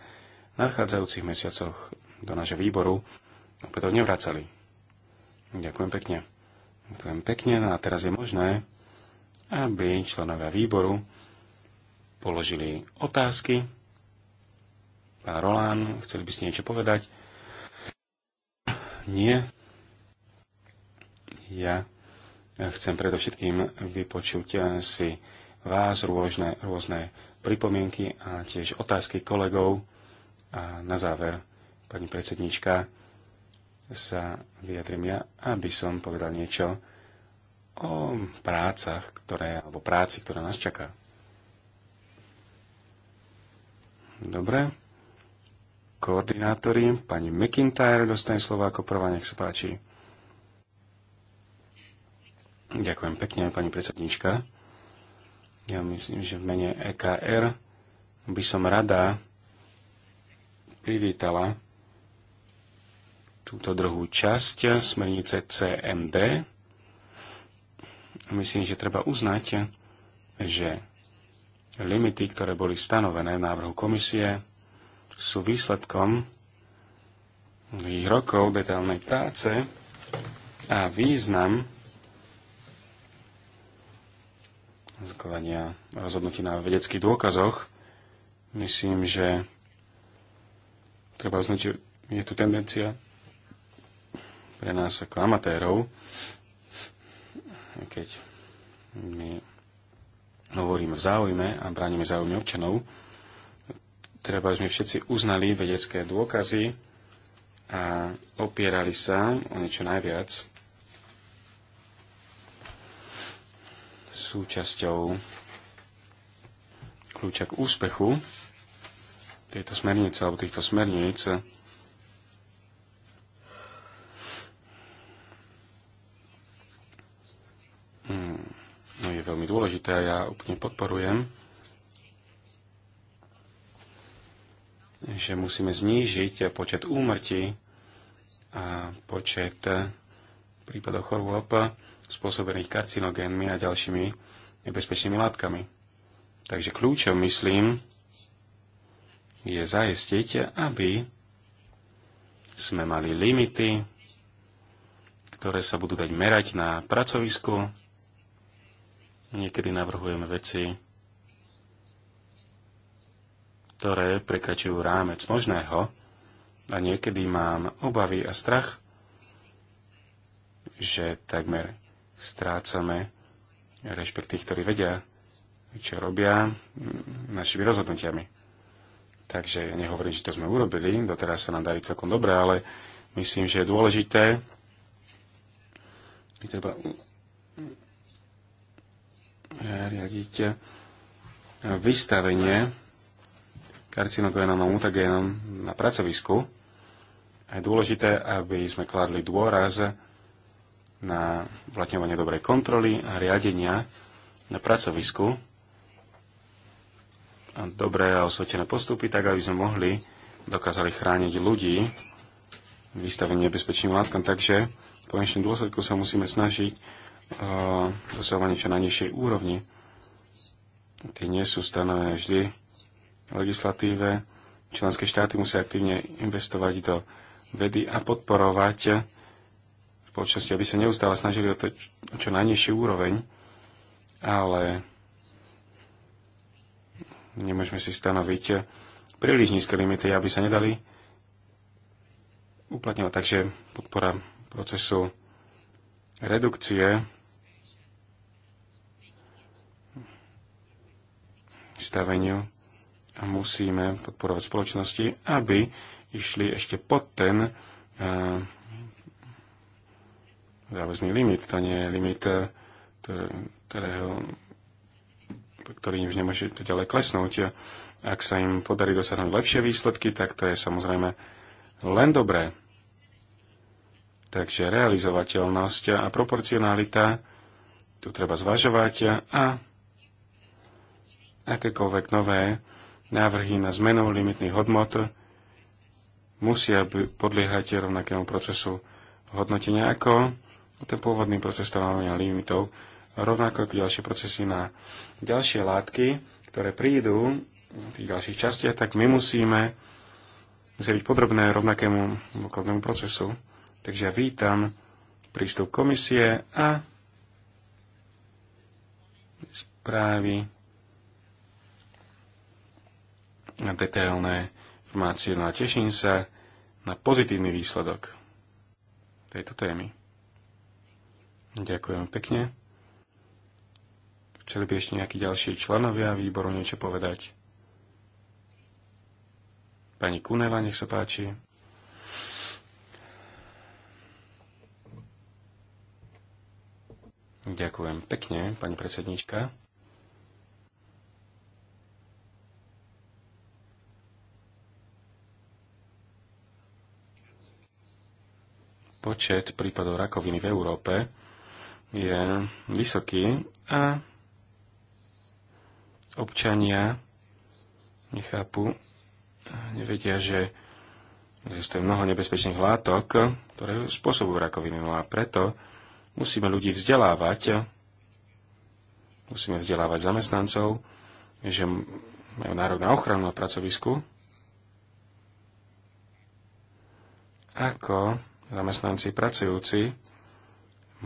v nachádzajúcich mesiacoch do nášho výboru opätovne vracali. Ďakujem pekne. Ďakujem pekne no a teraz je možné, aby členovia výboru položili otázky. Pán Rolán, chceli by ste niečo povedať? Nie. Ja chcem predovšetkým vypočuť eh, si vás, rôzne, rôzne pripomienky a tiež otázky kolegov. A na záver, pani predsednička, sa vyjadrím ja, aby som povedal niečo o prácach, ktoré, alebo práci, ktorá nás čaká. Dobre. Koordinátori, pani McIntyre dostane slovo ako prvá, nech sa páči. Ďakujem pekne, pani predsednička. Ja myslím, že v mene EKR by som rada privítala túto druhú časť smernice CMD. Myslím, že treba uznať, že limity, ktoré boli stanovené v návrhu komisie, sú výsledkom dlhých rokov detailnej práce a význam zaklania rozhodnutí na vedeckých dôkazoch, myslím, že treba uznať, že je tu tendencia pre nás ako amatérov, keď my hovoríme v záujme a bránime záujme občanov, treba sme všetci uznali vedecké dôkazy a opierali sa o niečo najviac súčasťou kľúča k úspechu tejto smernice alebo týchto smerníc hmm, no je veľmi dôležité a ja úplne podporujem, že musíme znížiť počet úmrtí a počet prípadov chorôb spôsobených karcinogénmi a ďalšími nebezpečnými látkami. Takže kľúčom, myslím, je zajistiť, aby sme mali limity, ktoré sa budú dať merať na pracovisku. Niekedy navrhujeme veci, ktoré prekračujú rámec možného a niekedy mám obavy a strach, že takmer strácame rešpekt tých, ktorí vedia, čo robia našimi rozhodnutiami. Takže ja nehovorím, že to sme urobili, doteraz sa nám darí celkom dobre, ale myslím, že je dôležité, že treba riadiť vystavenie karcinogénom a mutagénom na pracovisku. A je dôležité, aby sme kladli dôraz na vlatňovanie dobrej kontroly a riadenia na pracovisku a dobré a osvetené postupy, tak aby sme mohli dokázali chrániť ľudí vystavení nebezpečným látkom. Takže v konečnom dôsledku sa musíme snažiť zasahovať eh, dosahovanie čo nižšej úrovni. Tie nie sú stanovené vždy v legislatíve. Členské štáty musia aktívne investovať do vedy a podporovať spoločnosti, aby sa neustále snažili o, to, čo, čo najnižší úroveň, ale nemôžeme si stanoviť príliš nízke limity, aby sa nedali uplatňovať. Takže podpora procesu redukcie staveniu a musíme podporovať spoločnosti, aby išli ešte pod ten eh, záväzný limit. To nie je limit, eh, ktorého, ktorý už nemôže to ďalej klesnúť. Ak sa im podarí dosiahnuť lepšie výsledky, tak to je samozrejme len dobré. Takže realizovateľnosť a proporcionalita tu treba zvažovať a akékoľvek nové návrhy na zmenu limitných hodnot musia podliehať rovnakému procesu hodnotenia ako ten pôvodný proces stanovenia limitov, rovnako ako ďalšie procesy na ďalšie látky, ktoré prídu v tých ďalších častiach, tak my musíme zjaviť podrobné rovnakému dôkladnému procesu. Takže ja vítam prístup komisie a správy na detailné informácie. No a teším sa na pozitívny výsledok tejto témy. Ďakujem pekne. Chceli by ešte nejakí ďalší členovia výboru niečo povedať? Pani Kuneva, nech sa páči. Ďakujem pekne, pani predsednička. Počet prípadov rakoviny v Európe je vysoký a občania nechápu, nevedia, že existuje mnoho nebezpečných látok, ktoré spôsobujú rakoviny. No a preto musíme ľudí vzdelávať, musíme vzdelávať zamestnancov, že majú nárok na ochranu na pracovisku, ako zamestnanci pracujúci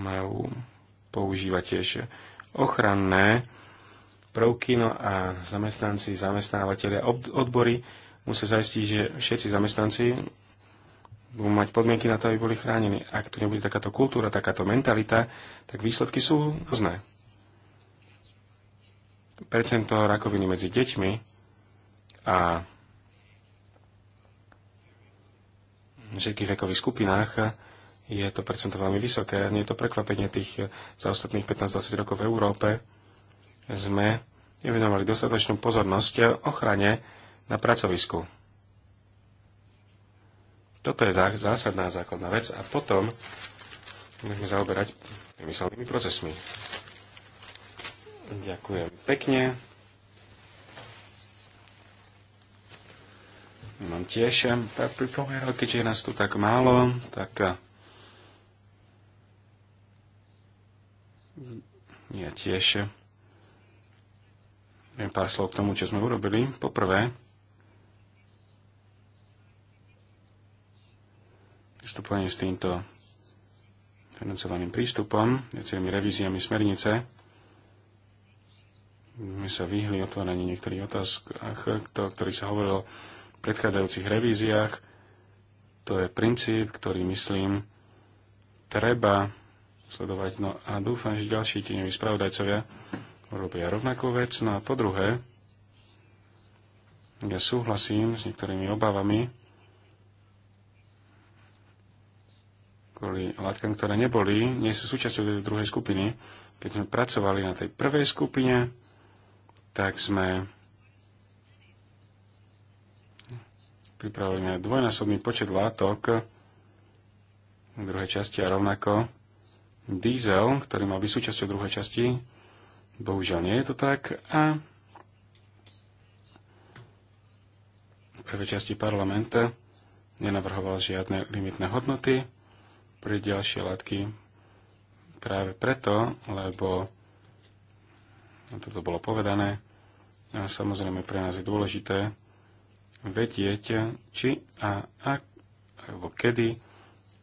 majú používa tiež ochranné prvky, no a zamestnanci, zamestnávateľe, odbory musia zaistiť, že všetci zamestnanci budú mať podmienky na to, aby boli chránení. Ak tu nebude takáto kultúra, takáto mentalita, tak výsledky sú rôzne. Percento rakoviny medzi deťmi a v všetkých vekových skupinách je to percento veľmi vysoké. Nie je to prekvapenie tých eh, za ostatných 15-20 rokov v Európe. Sme nevenovali dostatočnú pozornosť eh, ochrane na pracovisku. Toto je zásadná základná vec a potom môžeme zaoberať priemyselnými procesmi. Ďakujem pekne. Mám tiež eh, pár pripomienok, keďže je nás tu tak málo, tak Ja tiež viem pár slov k tomu, čo sme urobili. Poprvé, vstupujeme s týmto financovaným prístupom, viacerými revíziami smernice. My sa vyhli otvorení niektorých otázkach, o ktorých sa hovorilo v predchádzajúcich revíziách. To je princíp, ktorý, myslím, treba sledovať. No a dúfam, že ďalší tieňoví spravodajcovia robia rovnakú vec. No a po druhé, ja súhlasím s niektorými obavami kvôli látkam, ktoré neboli, nie sú súčasťou tej druhej skupiny. Keď sme pracovali na tej prvej skupine, tak sme pripravili na dvojnásobný počet látok v druhej časti a rovnako diesel, ktorý mal byť súčasťou druhej časti. Bohužiaľ nie je to tak. A v prvej časti parlamenta nenavrhoval žiadne limitné hodnoty pre ďalšie látky. Práve preto, lebo no, toto bolo povedané, a samozrejme pre nás je dôležité vedieť, či a ak, alebo kedy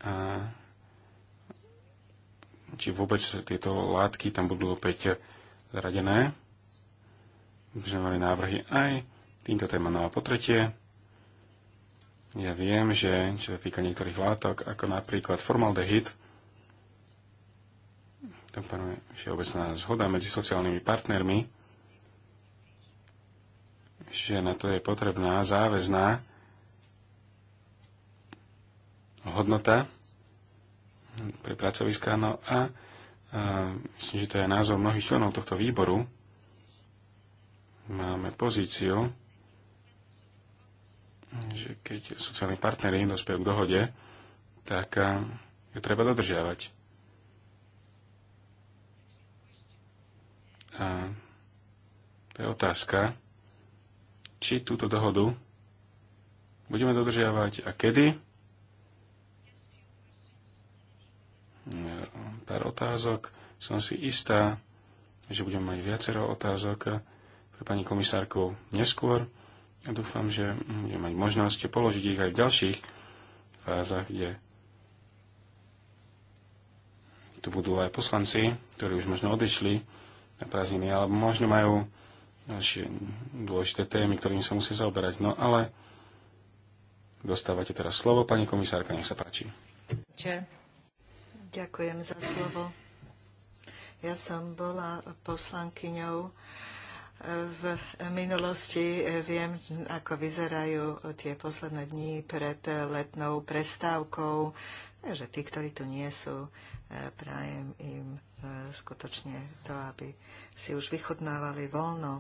a či vôbec tieto látky tam budú opäť zaradené. My sme mali návrhy aj týmto témam. No a po tretie, ja viem, že čo sa týka niektorých látok, ako napríklad formaldehyd, tam panuje všeobecná zhoda medzi sociálnymi partnermi, že na to je potrebná záväzná hodnota pre pracoviská. No a, a myslím, že to je názor mnohých členov tohto výboru. Máme pozíciu, že keď sociálni partnery dospejú k dohode, tak ju treba dodržiavať. A to je otázka, či túto dohodu budeme dodržiavať a kedy pár otázok. Som si istá, že budem mať viacero otázok pre pani komisárku neskôr. A dúfam, že budem mať možnosť položiť ich aj v ďalších fázach, kde tu budú aj poslanci, ktorí už možno odišli na prázdniny, alebo možno majú ďalšie dôležité témy, ktorým sa musí zaoberať. No ale dostávate teraz slovo, pani komisárka, nech sa páči. Čer. Ďakujem za slovo. Ja som bola poslankyňou e, v minulosti. E, viem, ako vyzerajú tie posledné dni pred letnou prestávkou. Takže tí, ktorí tu nie sú, e, prajem im skutočne to, aby si už vychodnávali voľno.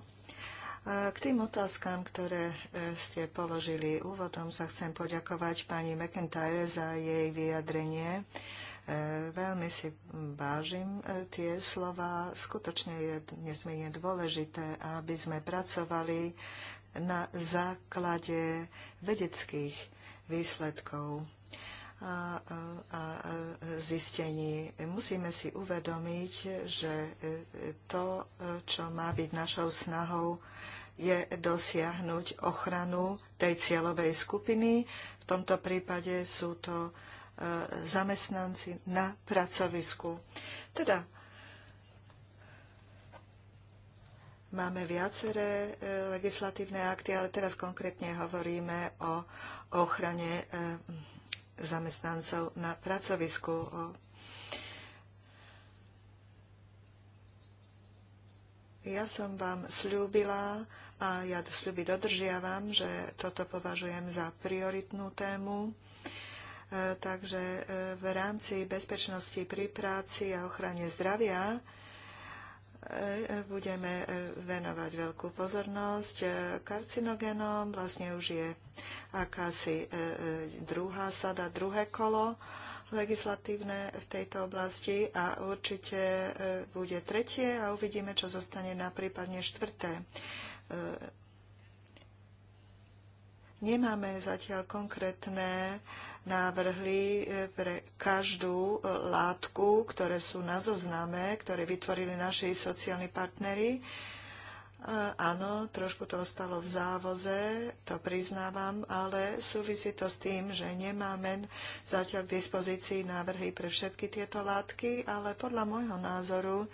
K tým otázkam, ktoré ste položili úvodom, sa chcem poďakovať pani McIntyre za jej vyjadrenie. E, veľmi si vážim e, tie slova. Skutočne je nesmierne dôležité, aby sme pracovali na základe vedeckých výsledkov a, a, a zistení. Musíme si uvedomiť, že e, to, čo má byť našou snahou, je dosiahnuť ochranu tej cieľovej skupiny. V tomto prípade sú to E, zamestnanci na pracovisku. Teda máme viaceré e, legislatívne akty, ale teraz konkrétne hovoríme o ochrane e, zamestnancov na pracovisku, Ja som vám slúbila a ja sľuby dodržiavam, že toto považujem za prioritnú tému. E, takže e, v rámci bezpečnosti pri práci a ochrane zdravia e, budeme venovať veľkú pozornosť karcinogenom, Vlastne už je akási druhá sada, druhé kolo legislatívne v tejto oblasti a určite bude tretie a uvidíme, čo zostane na prípadne štvrté Nemáme zatiaľ konkrétne návrhy eh, pre každú eh, látku, ktoré sú na zozname, ktoré vytvorili naši sociálni partnery. Eh, áno, trošku to ostalo v závoze, to priznávam, ale súvisí to s tým, že nemáme zatiaľ k dispozícii návrhy pre všetky tieto látky, ale podľa môjho názoru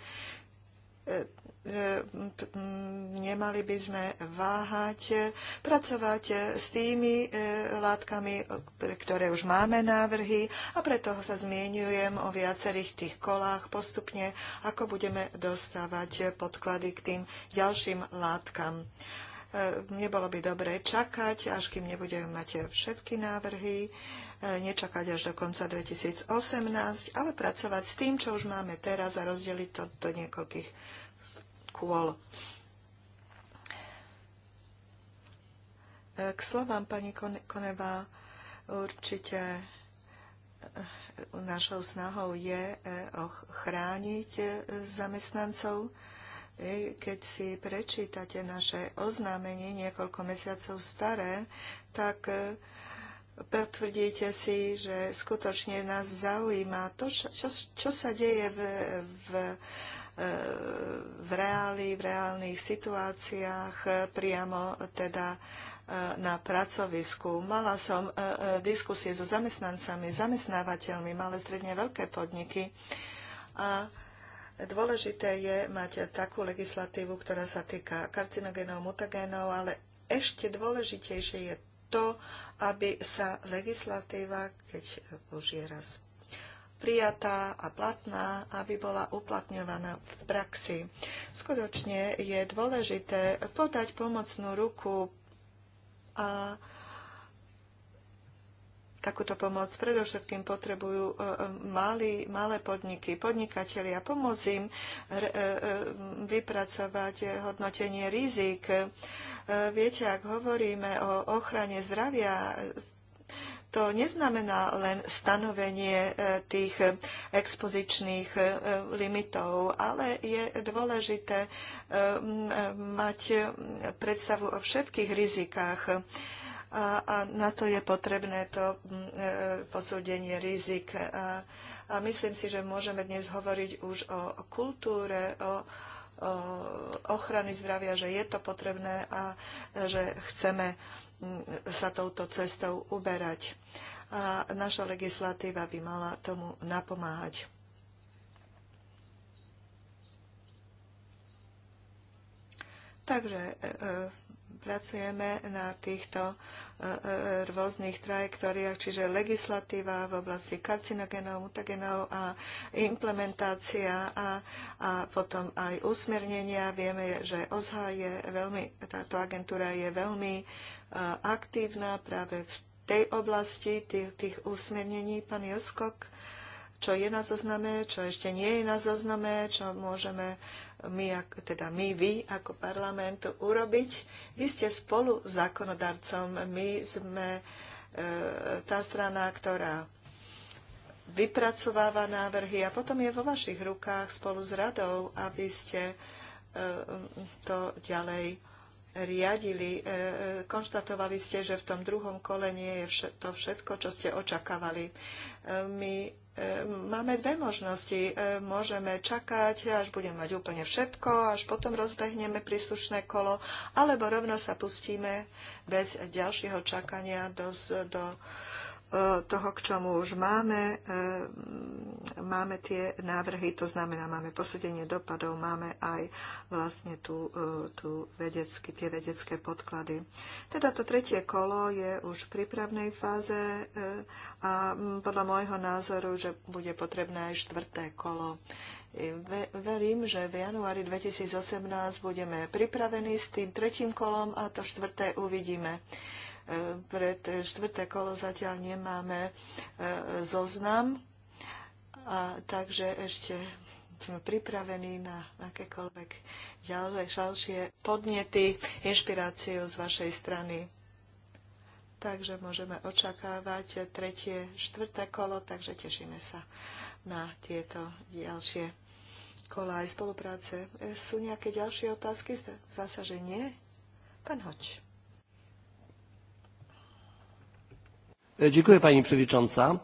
E, nemali by sme váhať pracovať s tými e, látkami, e, ktoré už máme návrhy a preto sa zmienujem o viacerých tých kolách postupne, ako budeme dostávať podklady k tým ďalším látkam. Nebolo by dobre čakať, až kým nebudeme mať všetky návrhy nečakať až do konca 2018, ale pracovať s tým, čo už máme teraz a rozdeliť to do niekoľkých škôl. E, k slovám pani koneva, určite e, našou snahou je e, chrániť zamestnancov. Keď si prečítate naše oznámenie niekoľko mesiacov staré, tak potvrdíte si, že skutočne nás zaujíma to, čo, čo, čo sa deje v, v v reáli, v reálnych situáciách, priamo teda e, na pracovisku. Mala som e, e, diskusie so zamestnancami, zamestnávateľmi, malé stredne veľké podniky a dôležité je mať takú legislatívu, ktorá sa týka karcinogénov, mutagénov, ale ešte dôležitejšie je to, aby sa legislatíva, keď už je raz prijatá a platná, aby bola uplatňovaná v praxi. Skutočne je dôležité podať pomocnú ruku a Takúto pomoc predovšetkým potrebujú e, e, malí, malé podniky, podnikatelia. Pomôcť im e, vypracovať hodnotenie rizik. Viete, ak hovoríme o ochrane zdravia, v to neznamená len stanovenie e, tých e, expozičných e, limitov, ale je dôležité mať predstavu o všetkých rizikách a, na to je potrebné to posúdenie rizik. A, myslím si, že môžeme dnes hovoriť už o kultúre, o ochrany zdravia, že je to potrebné a že chceme sa touto cestou uberať. A naša legislatíva by mala tomu napomáhať. Takže e, e, pracujeme na týchto e, e, rôznych trajektóriách, čiže legislatíva v oblasti karcinogenov, mutagenov a implementácia a, a potom aj usmernenia. Vieme, že OSHA je veľmi, táto agentúra je veľmi e, aktívna práve v tej oblasti tých, tých usmernení. Pán Joskok čo je na zozname, čo ešte nie je na zozname, čo môžeme my, teda my, vy ako parlament urobiť. Vy ste spolu zákonodarcom, my sme e, tá strana, ktorá vypracováva návrhy a potom je vo vašich rukách spolu s radou, aby ste e, to ďalej riadili. E, konštatovali ste, že v tom druhom kole nie je to všetko, čo ste očakávali. My máme dve možnosti. E, môžeme čakať, až budeme mať úplne všetko, až potom rozbehneme príslušné kolo, alebo rovno sa pustíme bez ďalšieho čakania do, do, toho, k čomu už máme, eh, máme tie návrhy, to znamená, máme posedenie dopadov, máme aj vlastne tú, eh, tú vedecky, tie vedecké podklady. Teda to tretie kolo je už v prípravnej fáze eh, a mm, podľa môjho názoru, že bude potrebné aj štvrté kolo. Verím, že v januári 2018 budeme pripravení s tým tretím kolom a to štvrté uvidíme pred štvrté kolo zatiaľ nemáme e, zoznam, a takže ešte sme pripravení na akékoľvek ďalšie podnety, inšpiráciu z vašej strany. Takže môžeme očakávať tretie, štvrté kolo, takže tešíme sa na tieto ďalšie kola aj spolupráce. E, sú nejaké ďalšie otázky? Zasa, že nie? Pán Hoč. E, pani previčanca.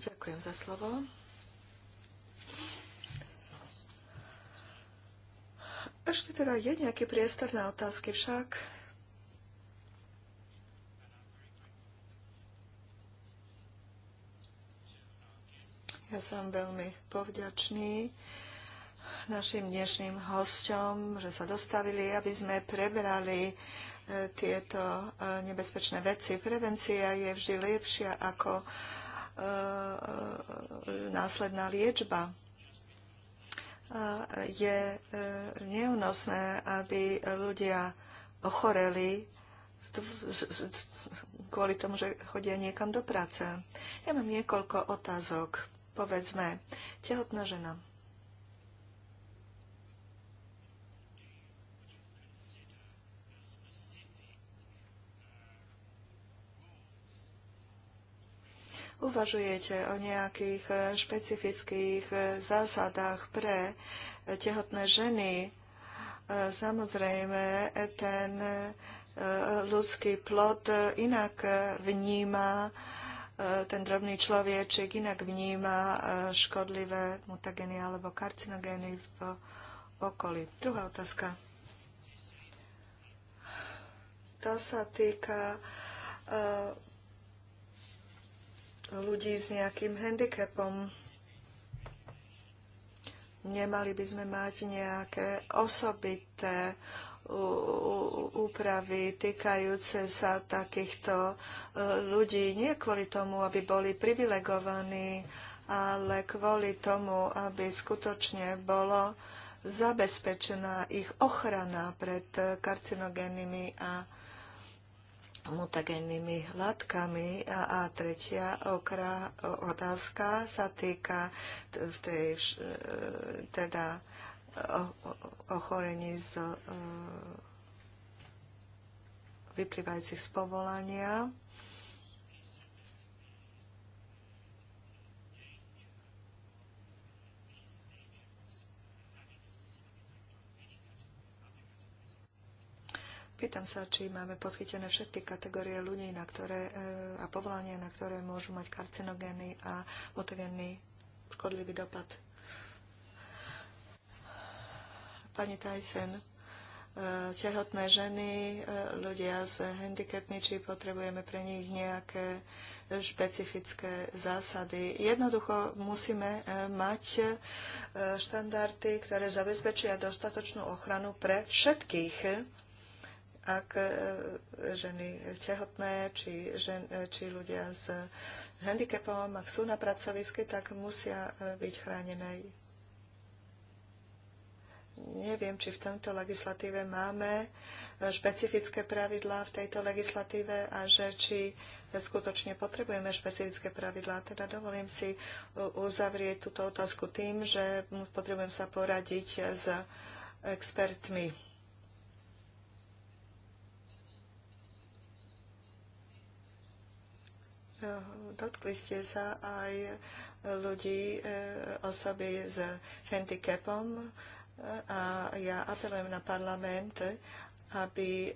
Ďakujem za slovo. Ešte teda je nejaký priestor na otázky však. Ja som veľmi povďačný našim dnešným hosťom, že sa dostavili, aby sme prebrali tieto e, nebezpečné veci. Prevencia je vždy lepšia ako e, e, následná liečba. je neúnosné, aby ľudia ochoreli kvôli tomu, že chodia niekam do práce. Ja mám niekoľko otázok. Povedzme, tehotná žena Uvažujete o nejakých eh, špecifických eh, zásadách pre tehotné ženy? Eh, samozrejme, ten ľudský plod inak vníma ten drobný človeček inak vníma škodlivé mutageny alebo karcinogény v okolí. Druhá otázka. To sa týka ľudí s nejakým handicapom. Nemali by sme mať nejaké osobité úpravy týkajúce sa takýchto e, ľudí. Nie kvôli tomu, aby boli privilegovaní, ale kvôli tomu, aby skutočne bolo zabezpečená ich ochrana pred karcinogénnymi a mutagennými látkami. A, a tretia okra, otázka sa týka v tej, e, teda ochorení z e, vyplývajúcich z povolania. Pýtam sa, či máme podchytené všetky kategórie ľudí na ktoré, e, a povolania, na ktoré môžu mať karcinogénny a mutagénny škodlivý dopad. Pani Tyson, e, tehotné ženy, e, ľudia s handicapmi, či potrebujeme pre nich nejaké špecifické zásady. Jednoducho musíme mať štandardy, ktoré zabezpečia dostatočnú ochranu pre všetkých ak e, ženy tehotné či, žen, e, či ľudia s handicapom, ak sú na pracovisku, tak musia e, byť chránené. Neviem, či v tomto legislatíve máme špecifické pravidlá v tejto legislatíve a že či skutočne potrebujeme špecifické pravidlá. Teda dovolím si uzavrieť túto otázku tým, že potrebujem sa poradiť s expertmi Eh, dotkli ste sa aj ľudí, eh, osoby s handicapom eh, a ja apelujem na parlament, aby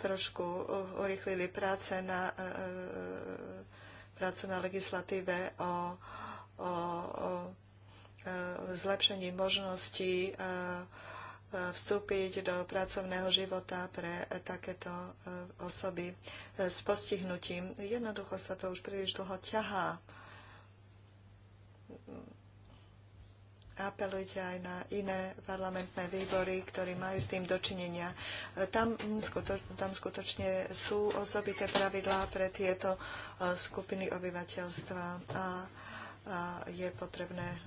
trošku urychlili práce na, prácu na legislatíve o, o, o zlepšení možností vstúpiť do pracovného života pre takéto e, osoby e, s postihnutím. Jednoducho sa to už príliš dlho ťahá. Apelujte aj na iné parlamentné výbory, ktorí majú s tým dočinenia. E, tam, skuto, tam skutočne sú osobité pravidlá pre tieto skupiny obyvateľstva. A a je potrebné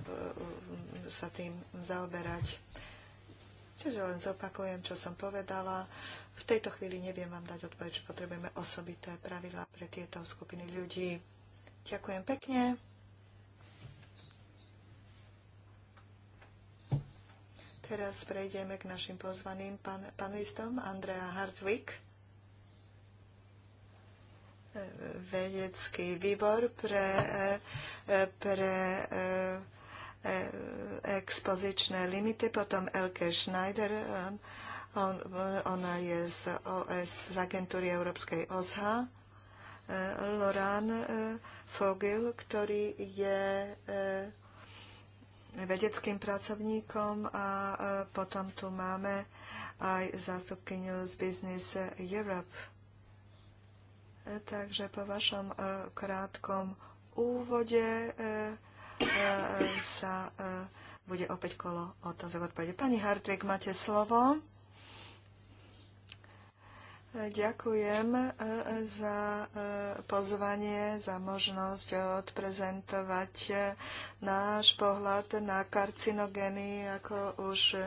sa tým zaoberať. Čiže len zopakujem, čo som povedala. V tejto chvíli neviem vám dať odpoveď, že potrebujeme osobité pravidlá pre tieto skupiny ľudí. Ďakujem pekne. Teraz prejdeme k našim pozvaným pan, panelistom Andrea Hartwig, e, e, vedecký výbor pre, e, pre E, expozičné limity, potom Elke Schneider, on, ona je z, OS, z agentúry Európskej OSHA, e, Loran e, Fogil, ktorý je vedeckým pracovníkom a potom tu máme aj zástupkyňu z Business Europe. Takže po vašom krátkom úvode E, e, sa e, bude opäť kolo otázok odpovede. Pani Hartvik, máte slovo. Ďakujem za pozvanie, za možnosť odprezentovať náš pohľad na karcinogény, ako už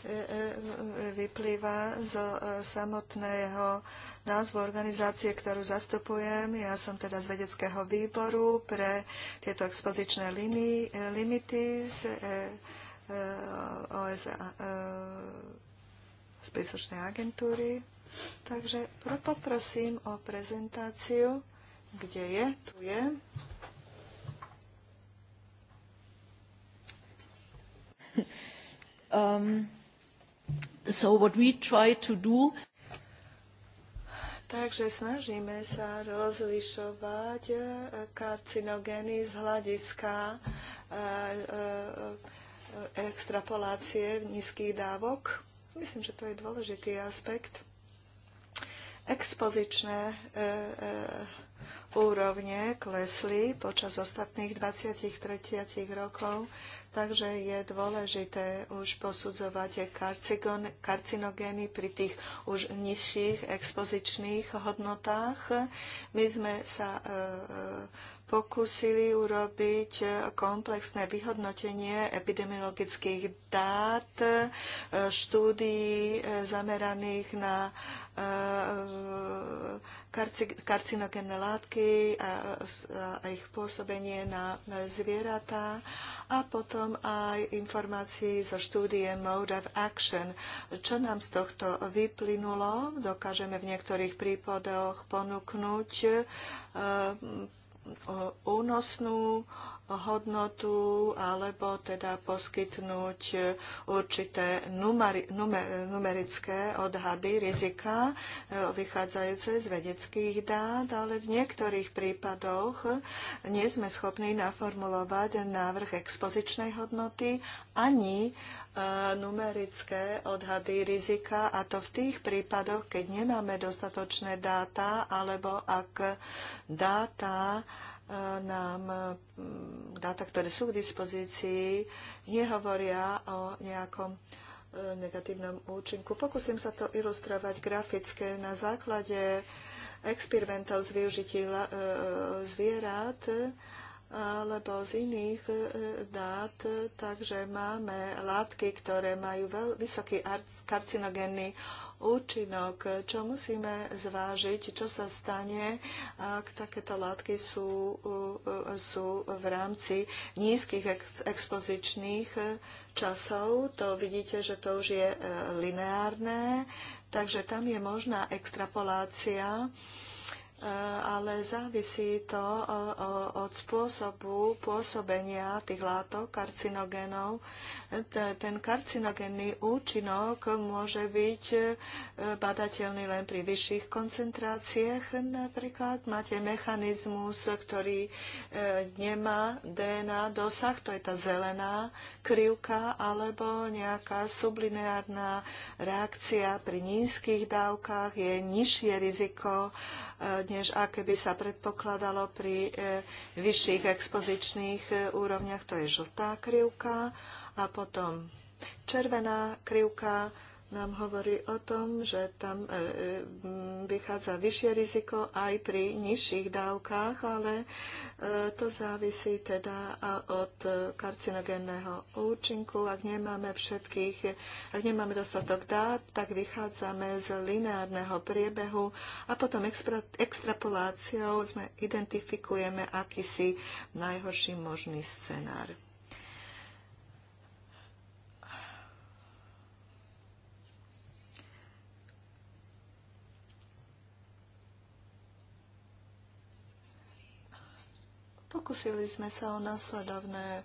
E, e, vyplýva z e, samotného názvu organizácie, ktorú zastupujem. Ja som teda z vedeckého výboru pre tieto expozičné liny, limity z OSA, z príslušnej agentúry. Takže poprosím o prezentáciu, kde je, tu je. Um, so what we try to do Takže snažíme sa rozlišovať eh, karcinogény z hľadiska eh, eh, extrapolácie v nízkych dávok. Myslím, že to je dôležitý aspekt. Expozičné úrovne klesli počas ostatných 20-30 rokov, takže je dôležité už posudzovať karcinogény pri tých už nižších expozičných hodnotách. My sme sa e, e, pokúsili urobiť e, komplexné vyhodnotenie epidemiologických dát, e, štúdií e, zameraných na karcinogénne látky a, ich pôsobenie na zvieratá a potom aj informácií zo štúdie Mode of Action. Čo nám z tohto vyplynulo, dokážeme v niektorých prípadoch ponúknuť únosnú hodnotu alebo teda poskytnúť určité numeri, numer, numerické odhady rizika e, vychádzajúce z vedeckých dát, ale v niektorých prípadoch nie sme schopní naformulovať návrh expozičnej hodnoty ani e, numerické odhady rizika a to v tých prípadoch, keď nemáme dostatočné dáta alebo ak dáta nám mm, dáta, ktoré sú k dispozícii, nehovoria o nejakom e, negatívnom účinku. Pokúsim sa to ilustrovať grafické na základe experimentov z využití e, e, zvierat alebo z iných dát, takže máme látky, ktoré majú vysoký karcinogénny účinok, čo musíme zvážiť, čo sa stane, ak takéto látky sú, e, sú v rámci nízkych ex- expozičných časov. To vidíte, že to už je e, lineárne, takže tam je možná extrapolácia ale závisí to od spôsobu pôsobenia tých látok, karcinogénov. Ten karcinogénny účinok môže byť e, badateľný len pri vyšších koncentráciách. Napríklad máte mechanizmus, ktorý e, nemá DNA dosah, to je tá zelená krivka, alebo nejaká sublineárna reakcia pri nízkych dávkach je nižšie riziko než aké by sa predpokladalo pri eh, vyšších expozičných eh, úrovniach. To je žltá krivka a potom červená krivka nám hovorí o tom, že tam e, e, vychádza vyššie riziko aj pri nižších dávkach, ale e, to závisí teda od karcinogénneho účinku. Ak nemáme všetkých, ak nemáme dostatok dát, tak vychádzame z lineárneho priebehu a potom extra, extrapoláciou sme identifikujeme akýsi najhorší možný scenár. Pokusili sme sa o následovné. E,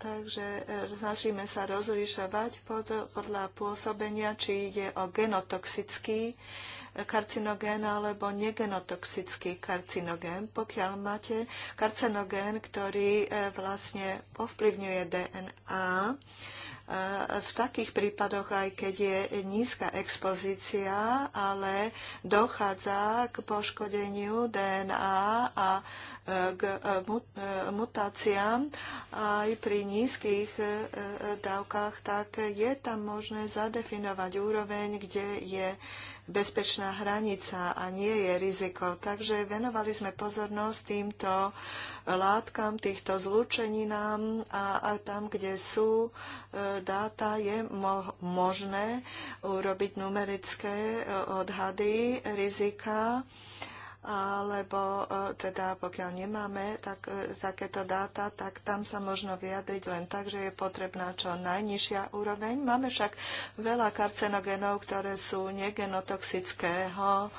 takže e, snažíme sa rozlišovať pod, podľa pôsobenia, či ide o genotoxický e, karcinogén alebo negenotoxický karcinogén. Pokiaľ máte karcinogén, ktorý vlastne ovplyvňuje DNA, v takých prípadoch, aj keď je nízka expozícia, ale dochádza k poškodeniu DNA a e, k e, e, mutáciám aj pri nízkych dávkach, tak je tam možné zadefinovať úroveň, kde je bezpečná hranica a nie je riziko. Takže venovali sme pozornosť týmto látkam, týchto zlúčeninám a, a tam, kde sú e, dáta, je mo- možné urobiť numerické e, odhady rizika alebo e, teda pokiaľ nemáme tak, e, takéto dáta, tak tam sa možno vyjadriť len tak, že je potrebná čo najnižšia úroveň. Máme však veľa karcenogenov, ktoré sú negenotoxického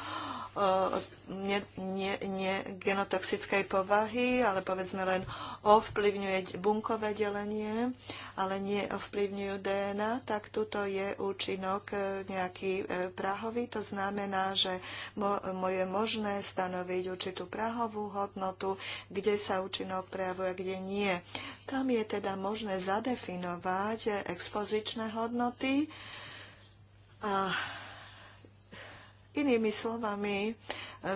ne, ne, ne genotoxickej povahy, ale povedzme len ovplyvňuje bunkové delenie, ale nie ovplyvňujú DNA, tak tuto je účinok e, nejaký e, prahový. To znamená, že mo, je možné stanoviť určitú prahovú hodnotu, kde sa účinok prejavuje, kde nie. Tam je teda možné zadefinovať e, expozičné hodnoty a Inými slovami,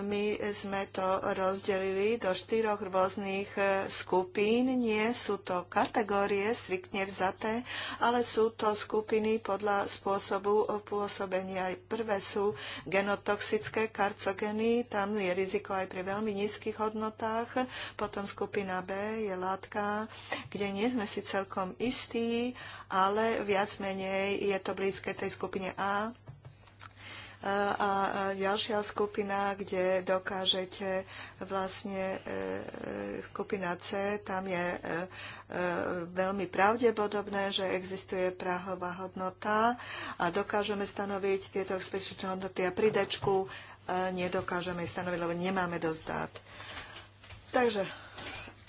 my sme to rozdelili do štyroch rôznych e, skupín. Nie sú to kategórie striktne vzaté, ale sú to skupiny podľa spôsobu pôsobenia. Prvé sú genotoxické karcogeny, tam je riziko aj pri veľmi nízkych hodnotách. Potom skupina B je látka, kde nie sme si celkom istí, ale viac menej je to blízke tej skupine A a ďalšia skupina, kde dokážete vlastne e, e, skupina C, tam je e, veľmi pravdepodobné, že existuje prahová hodnota a dokážeme stanoviť tieto expresičné hodnoty a pri D nedokážeme stanoviť, lebo nemáme dosť dát. Takže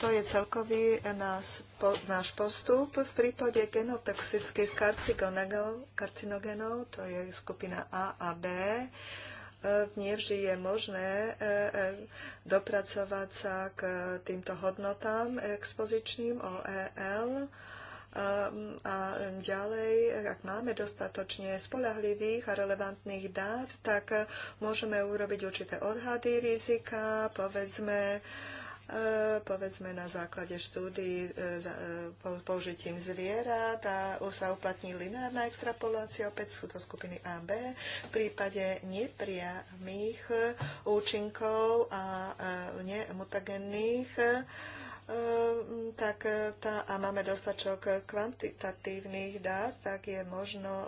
to je celkový náš, po, náš postup v prípade genotoxických karcinogenov, to je skupina A a B. E, nevždy je možné e, e, dopracovať sa k týmto hodnotám expozičným OEL. A ďalej, ak máme dostatočne spolahlivých a relevantných dát, tak môžeme urobiť určité odhady rizika, povedzme, E, povedzme na základe štúdií e, e, použitím zvierat a sa uplatní lineárna extrapolácia, opäť sú to skupiny A, B. V prípade nepriamých účinkov a nemutagenných tak tá, a máme dostačok kvantitatívnych dát, tak je možno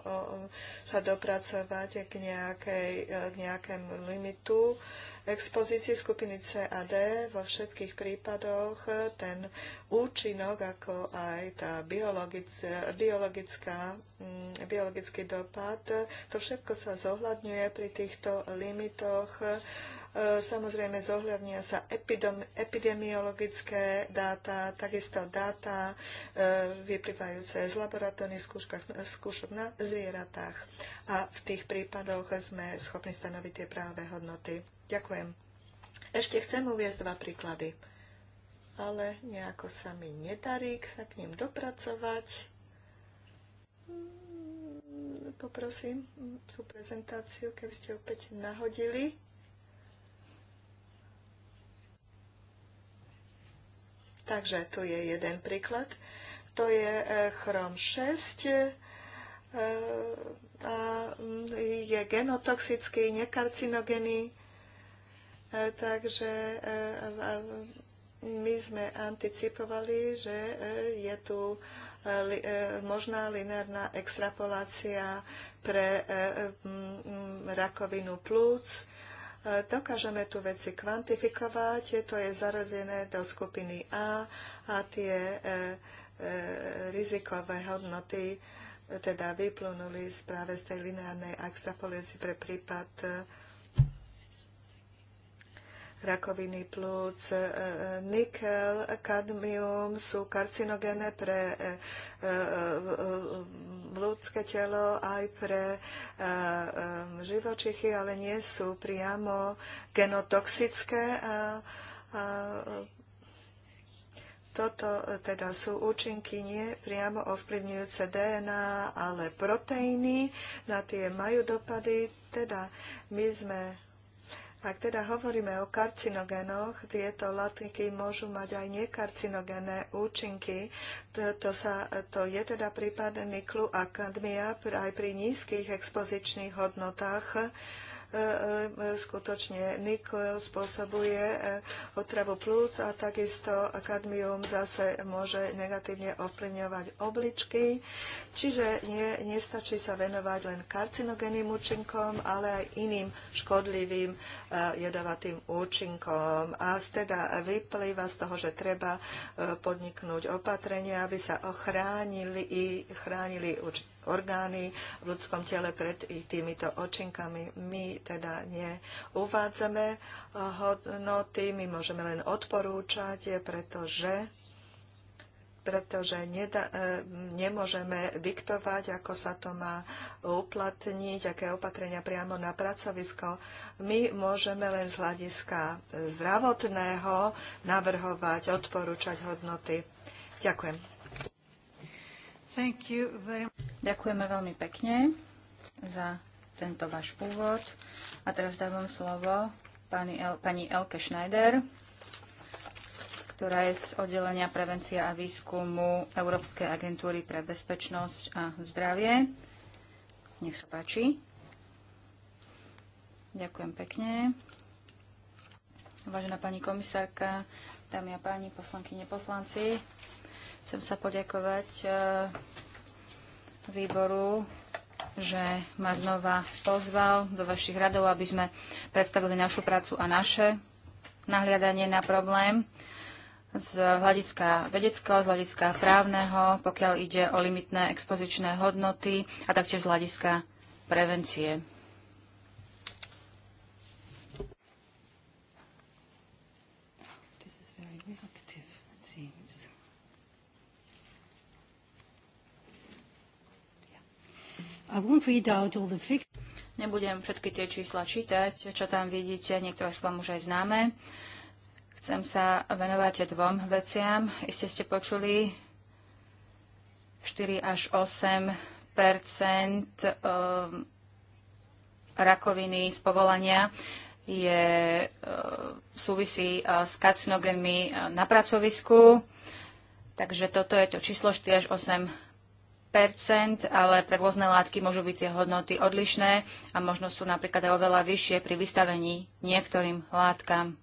sa dopracovať k, nejakej, k nejakému limitu expozícii skupiny C a D vo všetkých prípadoch ten účinok, ako aj tá biologická, biologická, mm, biologický dopad, to všetko sa zohľadňuje pri týchto limitoch Samozrejme zohľadnia sa epidemiologické dáta, takisto dáta e, vyplývajúce z laboratórnych skúšok na zvieratách. A v tých prípadoch sme schopní stanoviť tie práve hodnoty. Ďakujem. Ešte chcem uviezť dva príklady, ale nejako sa mi nedarí sa k ním dopracovať poprosím tú prezentáciu, keby ste opäť nahodili. Takže tu je jeden príklad. To je e, chrom 6 e, je genotoxický, nekarcinogený. Takže e, my sme anticipovali, že je tu možná lineárna extrapolácia pre rakovinu plúc, dokážeme tu veci kvantifikovať, to je zarozené do skupiny A a tie e, e, rizikové hodnoty e, teda vyplunuli práve z tej lineárnej extrapolácie pre prípad rakoviny plúc. E, e, nikel, kadmium sú karcinogéne pre e, ľudské telo aj pre živočichy, ale nie sú priamo genotoxické. toto teda sú účinky nie priamo ovplyvňujúce DNA, ale proteíny. Na tie majú dopady. Teda my sme ak teda hovoríme o karcinogénoch, tieto látky môžu mať aj nekarcinogénne účinky. To, to, sa, to je teda prípad niklu a kadmia aj pri nízkych expozičných hodnotách E, e, skutočne nikl spôsobuje e, otravu plúc a takisto kadmium zase môže negatívne ovplyvňovať obličky. Čiže nie, nestačí sa venovať len karcinogénnym účinkom, ale aj iným škodlivým jedovatým účinkom. A teda vyplýva z toho, že treba podniknúť opatrenia, aby sa ochránili, chránili účinky orgány v ľudskom tele pred týmito očinkami. My teda neuvádzame eh, hodnoty, my môžeme len odporúčať, pretože pretože neda, eh, nemôžeme diktovať, ako sa to má uplatniť, aké opatrenia priamo na pracovisko. My môžeme len z hľadiska zdravotného navrhovať, odporúčať hodnoty. Ďakujem. Ďakujeme veľmi pekne za tento váš úvod. A teraz dávam slovo pani, El, pani Elke Schneider, ktorá je z oddelenia prevencia a výskumu Európskej agentúry pre bezpečnosť a zdravie. Nech sa páči. Ďakujem pekne. Vážená pani komisárka, dámy a páni, poslankyne, poslanci, Chcem sa poďakovať e, výboru, že ma znova pozval do vašich radov, aby sme predstavili našu prácu a naše nahliadanie na problém z hľadiska vedeckého, z hľadiska právneho, pokiaľ ide o limitné expozičné hodnoty a taktiež z hľadiska prevencie. Nebudem všetky tie čísla čítať, čo tam vidíte, niektoré sú vám už aj známe. Chcem sa venovať dvom veciam. Iste ste počuli 4 až 8 ehm, rakoviny z povolania je, ehm, súvisí eh, s karcinogénmi eh, na pracovisku. Takže toto je to číslo 4 až 8 ale pre rôzne látky môžu byť tie hodnoty odlišné a možno sú napríklad aj oveľa vyššie pri vystavení niektorým látkam.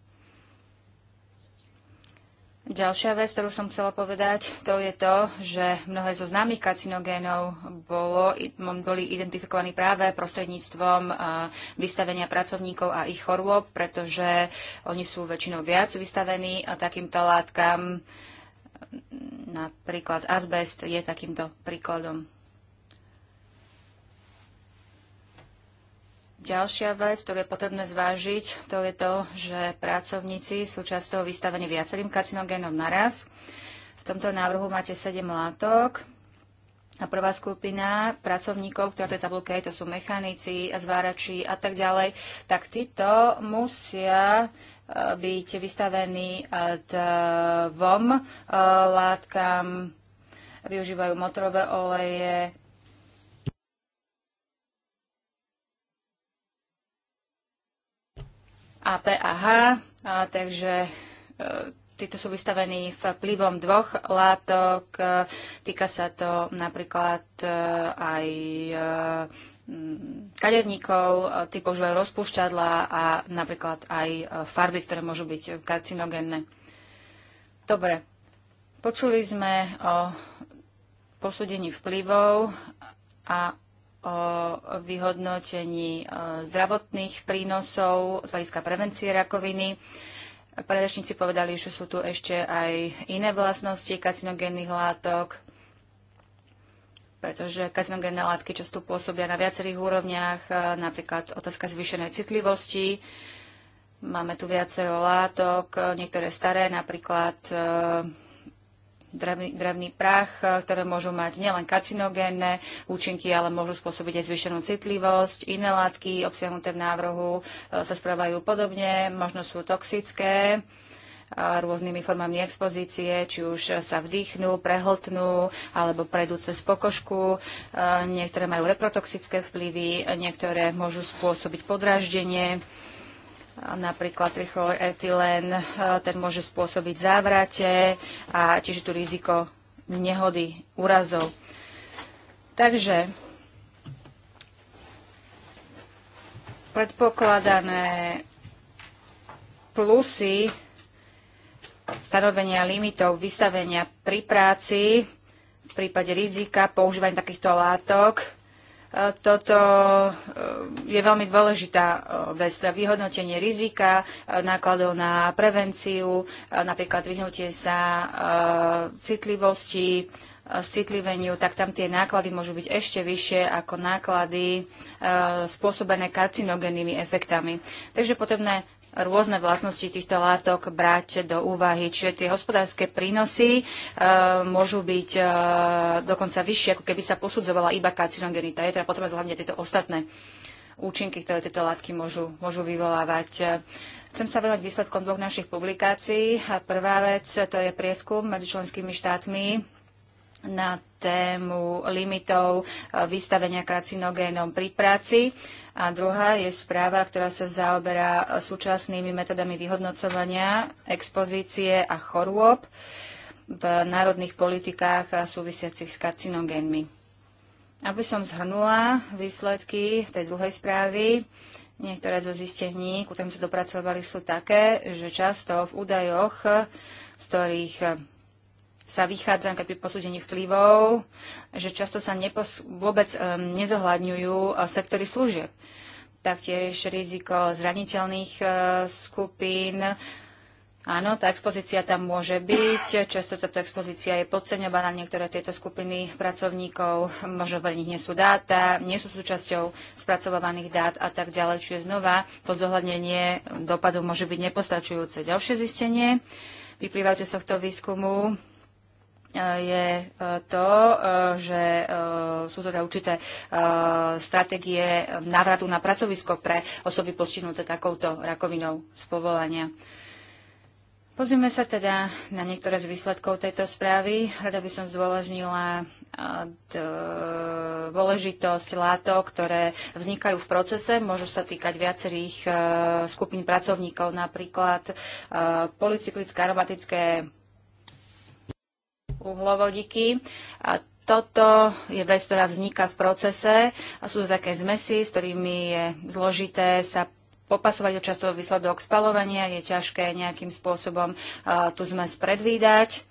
Ďalšia vec, ktorú som chcela povedať, to je to, že mnohé zo známych karcinogénov bolo, boli identifikovaní práve prostredníctvom vystavenia pracovníkov a ich chorôb, pretože oni sú väčšinou viac vystavení takýmto látkam, Napríklad azbest je takýmto príkladom. Ďalšia vec, ktorú je potrebné zvážiť, to je to, že pracovníci sú často vystavení viacerým karcinogénom naraz. V tomto návrhu máte 7 látok. A prvá skupina pracovníkov, ktoré v tej tabulke je, to sú mechanici, zvárači a tak ďalej, tak títo musia byť vystavení dvom eh, látkam, využívajú motorové oleje, a P a H, takže eh, títo sú vystavení vplyvom dvoch látok. týka sa to napríklad eh, aj kaderníkov, e, tí používajú rozpúšťadla a napríklad aj e, farby, ktoré môžu byť karcinogénne. Dobre, počuli sme o posúdení vplyvov a o vyhodnotení e, zdravotných prínosov z hľadiska prevencie rakoviny. Predrečníci povedali, že sú tu ešte aj iné vlastnosti karcinogénnych látok, pretože karcinogénne látky často pôsobia na viacerých úrovniach, e, napríklad otázka zvýšenej citlivosti. Máme tu viacero látok, e, niektoré staré, napríklad e, drevný, drevný prach, ktoré môžu mať nielen karcinogénne účinky, ale môžu spôsobiť aj zvýšenú citlivosť. Iné látky obsiahnuté v návrhu sa správajú podobne, možno sú toxické rôznymi formami expozície, či už sa vdýchnú, prehltnú alebo prejdú cez pokožku. Niektoré majú reprotoxické vplyvy, niektoré môžu spôsobiť podráždenie napríklad etylén ten môže spôsobiť závrate a tiež tu riziko nehody, úrazov. Takže predpokladané plusy stanovenia limitov vystavenia pri práci v prípade rizika používania takýchto látok. E, toto e, je veľmi dôležitá e, vec, teda vyhodnotenie rizika, nákladov na prevenciu, napríklad vyhnutie sa citlivosti, citliveniu, tak tam tie náklady môžu byť ešte vyššie ako náklady spôsobené karcinogennými efektami. Takže potrebné rôzne vlastnosti týchto látok brať do úvahy. Čiže tie hospodárske prínosy e, môžu byť e, dokonca vyššie, ako keby sa posudzovala iba karcinogenita. Je teda potrebné hlavne tieto ostatné účinky, ktoré tieto látky môžu, môžu vyvolávať. Chcem sa venovať výsledkom dvoch našich publikácií. Prvá vec to je prieskum medzi členskými štátmi na tému limitov e, vystavenia karcinogénom pri práci. A druhá je správa, ktorá sa zaoberá e, súčasnými metodami vyhodnocovania expozície a chorôb v národných politikách e, súvisiacich s karcinogénmi. Aby som zhrnula výsledky tej druhej správy, niektoré zo zistení, ku ktorým sa dopracovali, sú také, že často v údajoch, z ktorých sa vychádza pri posúdení vplyvov, že často sa nepos- vôbec um, nezohľadňujú uh, sektory služieb. Taktiež riziko zraniteľných uh, skupín. Áno, tá expozícia tam môže byť. Často táto expozícia je podceňovaná. Niektoré tieto skupiny pracovníkov, možno v nich nie sú dáta, nie sú súčasťou spracovaných dát a tak ďalej. Čiže znova zohľadnenie dopadu môže byť nepostačujúce. Ďalšie zistenie vyplývajúce z tohto výskumu je e, to, e, že e, sú teda určité stratégie návratu na pracovisko pre osoby postihnuté takouto rakovinou z povolania. Pozrieme sa teda na niektoré z výsledkov tejto správy. Rada by som zdôraznila dôležitosť látok, ktoré vznikajú v procese. Môžu sa týkať viacerých skupín pracovníkov, napríklad policyklické aromatické uhlovodiky. A toto je vec, ktorá vzniká v procese a sú to také zmesy, s ktorými je zložité sa popasovať od často výsledok spalovania, je ťažké nejakým spôsobom uh, tú zmes predvídať.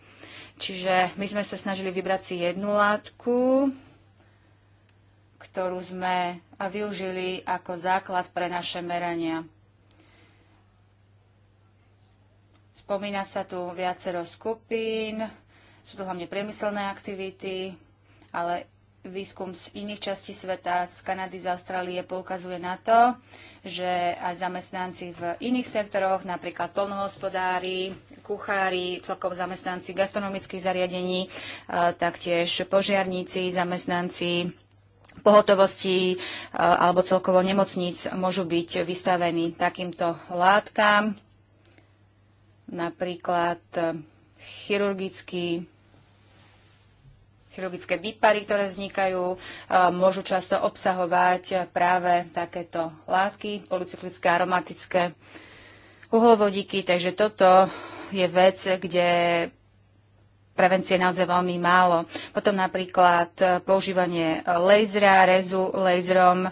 Čiže my sme sa snažili vybrať si jednu látku, ktorú sme využili ako základ pre naše merania. Spomína sa tu viacero skupín, sú to hlavne priemyselné aktivity, ale výskum z iných častí sveta, z Kanady, z Austrálie poukazuje na to, že aj zamestnanci v iných sektoroch, napríklad polnohospodári, kuchári, celkovo zamestnanci gastronomických zariadení, e, taktiež požiarníci, zamestnanci pohotovosti e, alebo celkovo nemocníc môžu byť vystavení takýmto látkam. Napríklad chirurgický chirurgické výpary, ktoré vznikajú, môžu často obsahovať práve takéto látky, polycyklické, aromatické uhlovodíky. takže toto je vec, kde prevencie je naozaj veľmi málo. Potom napríklad e, používanie e, lejzra, rezu lejzrom, e,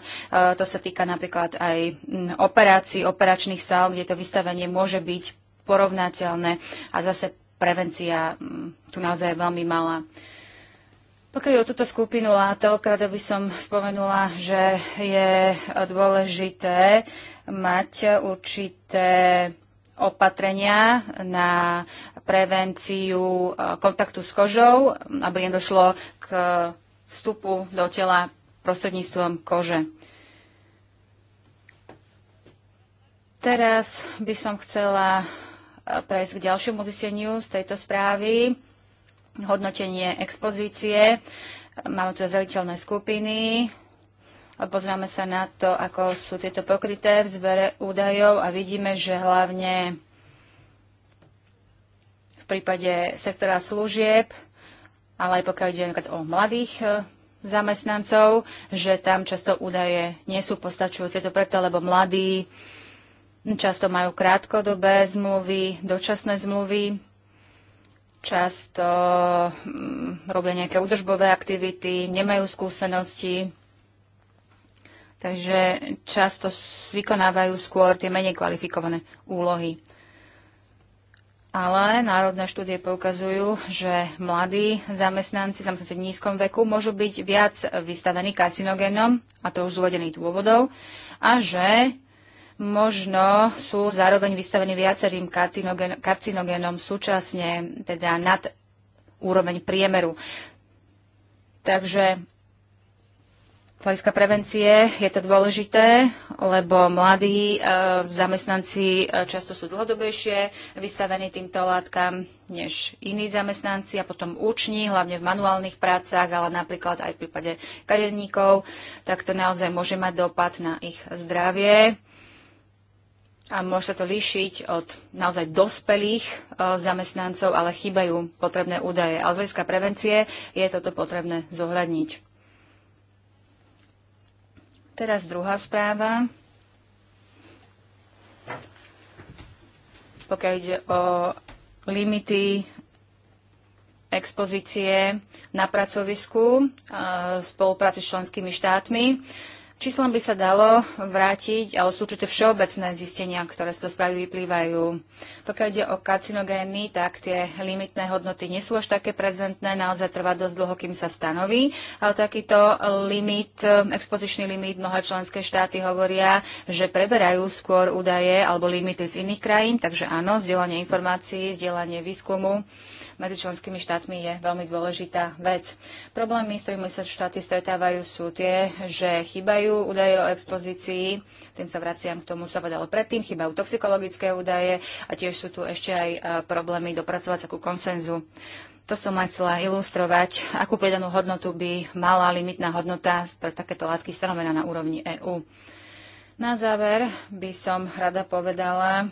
to sa týka napríklad aj operácií, operačných sál, kde to vystavenie môže byť porovnateľné a zase prevencia mm, tu naozaj veľmi malá. Pokiaľ o túto skupinu látok, rada by som spomenula, že je dôležité mať určité opatrenia na prevenciu e, kontaktu s kožou, aby nedošlo k vstupu do tela prostredníctvom kože. Teraz by som chcela prejsť k ďalšiemu zisteniu z tejto správy, hodnotenie expozície. Máme tu zeliteľné skupiny, pozráme sa na to, ako sú tieto pokryté v zbere údajov a vidíme, že hlavne v prípade sektora služieb, ale aj pokiaľ ide o mladých e, zamestnancov, že tam často údaje nie sú postačujúce. Je to preto, lebo mladí Často majú krátkodobé zmluvy, dočasné zmluvy, často mm, robia nejaké údržbové aktivity, nemajú skúsenosti, takže často vykonávajú skôr tie menej kvalifikované úlohy. Ale národné štúdie poukazujú, že mladí zamestnanci, zamestnanci v nízkom veku, môžu byť viac vystavení karcinogénom, a to už z uvedených dôvodov, a že možno sú zároveň vystavení viacerým karcinogénom súčasne, teda nad úroveň priemeru. Takže z hľadiska prevencie je to dôležité, lebo mladí e, zamestnanci e, často sú dlhodobejšie vystavení týmto látkam než iní zamestnanci a potom úční, hlavne v manuálnych prácach, ale napríklad aj v prípade kaderníkov, tak to naozaj môže mať dopad na ich zdravie a môže sa to líšiť od naozaj dospelých e, zamestnancov, ale chýbajú potrebné údaje. Ale z hľadiska prevencie je toto potrebné zohľadniť. Teraz druhá správa. Pokiaľ ide o limity expozície na pracovisku v e, spolupráci s členskými štátmi. Číslom by sa dalo vrátiť, ale sú určite všeobecné zistenia, ktoré z toho správy vyplývajú. Pokiaľ ide o karcinogény, tak tie limitné hodnoty nie sú až také prezentné, naozaj trvá dosť dlho, kým sa stanoví, ale takýto limit, expozičný limit, mnohé členské štáty hovoria, že preberajú skôr údaje alebo limity z iných krajín, takže áno, zdieľanie informácií, zdieľanie výskumu medzi členskými štátmi je veľmi dôležitá vec. Problémy, s ktorými sa štáty stretávajú, sú tie, že chýbajú údaje o expozícii, tým sa vraciam k tomu, čo sa povedalo predtým, chýbajú toxikologické údaje a tiež sú tu ešte aj e, problémy dopracovať sa ku konsenzu. To som aj chcela ilustrovať, akú pridanú hodnotu by mala limitná hodnota pre takéto látky stanovená na úrovni EÚ. Na záver by som rada povedala,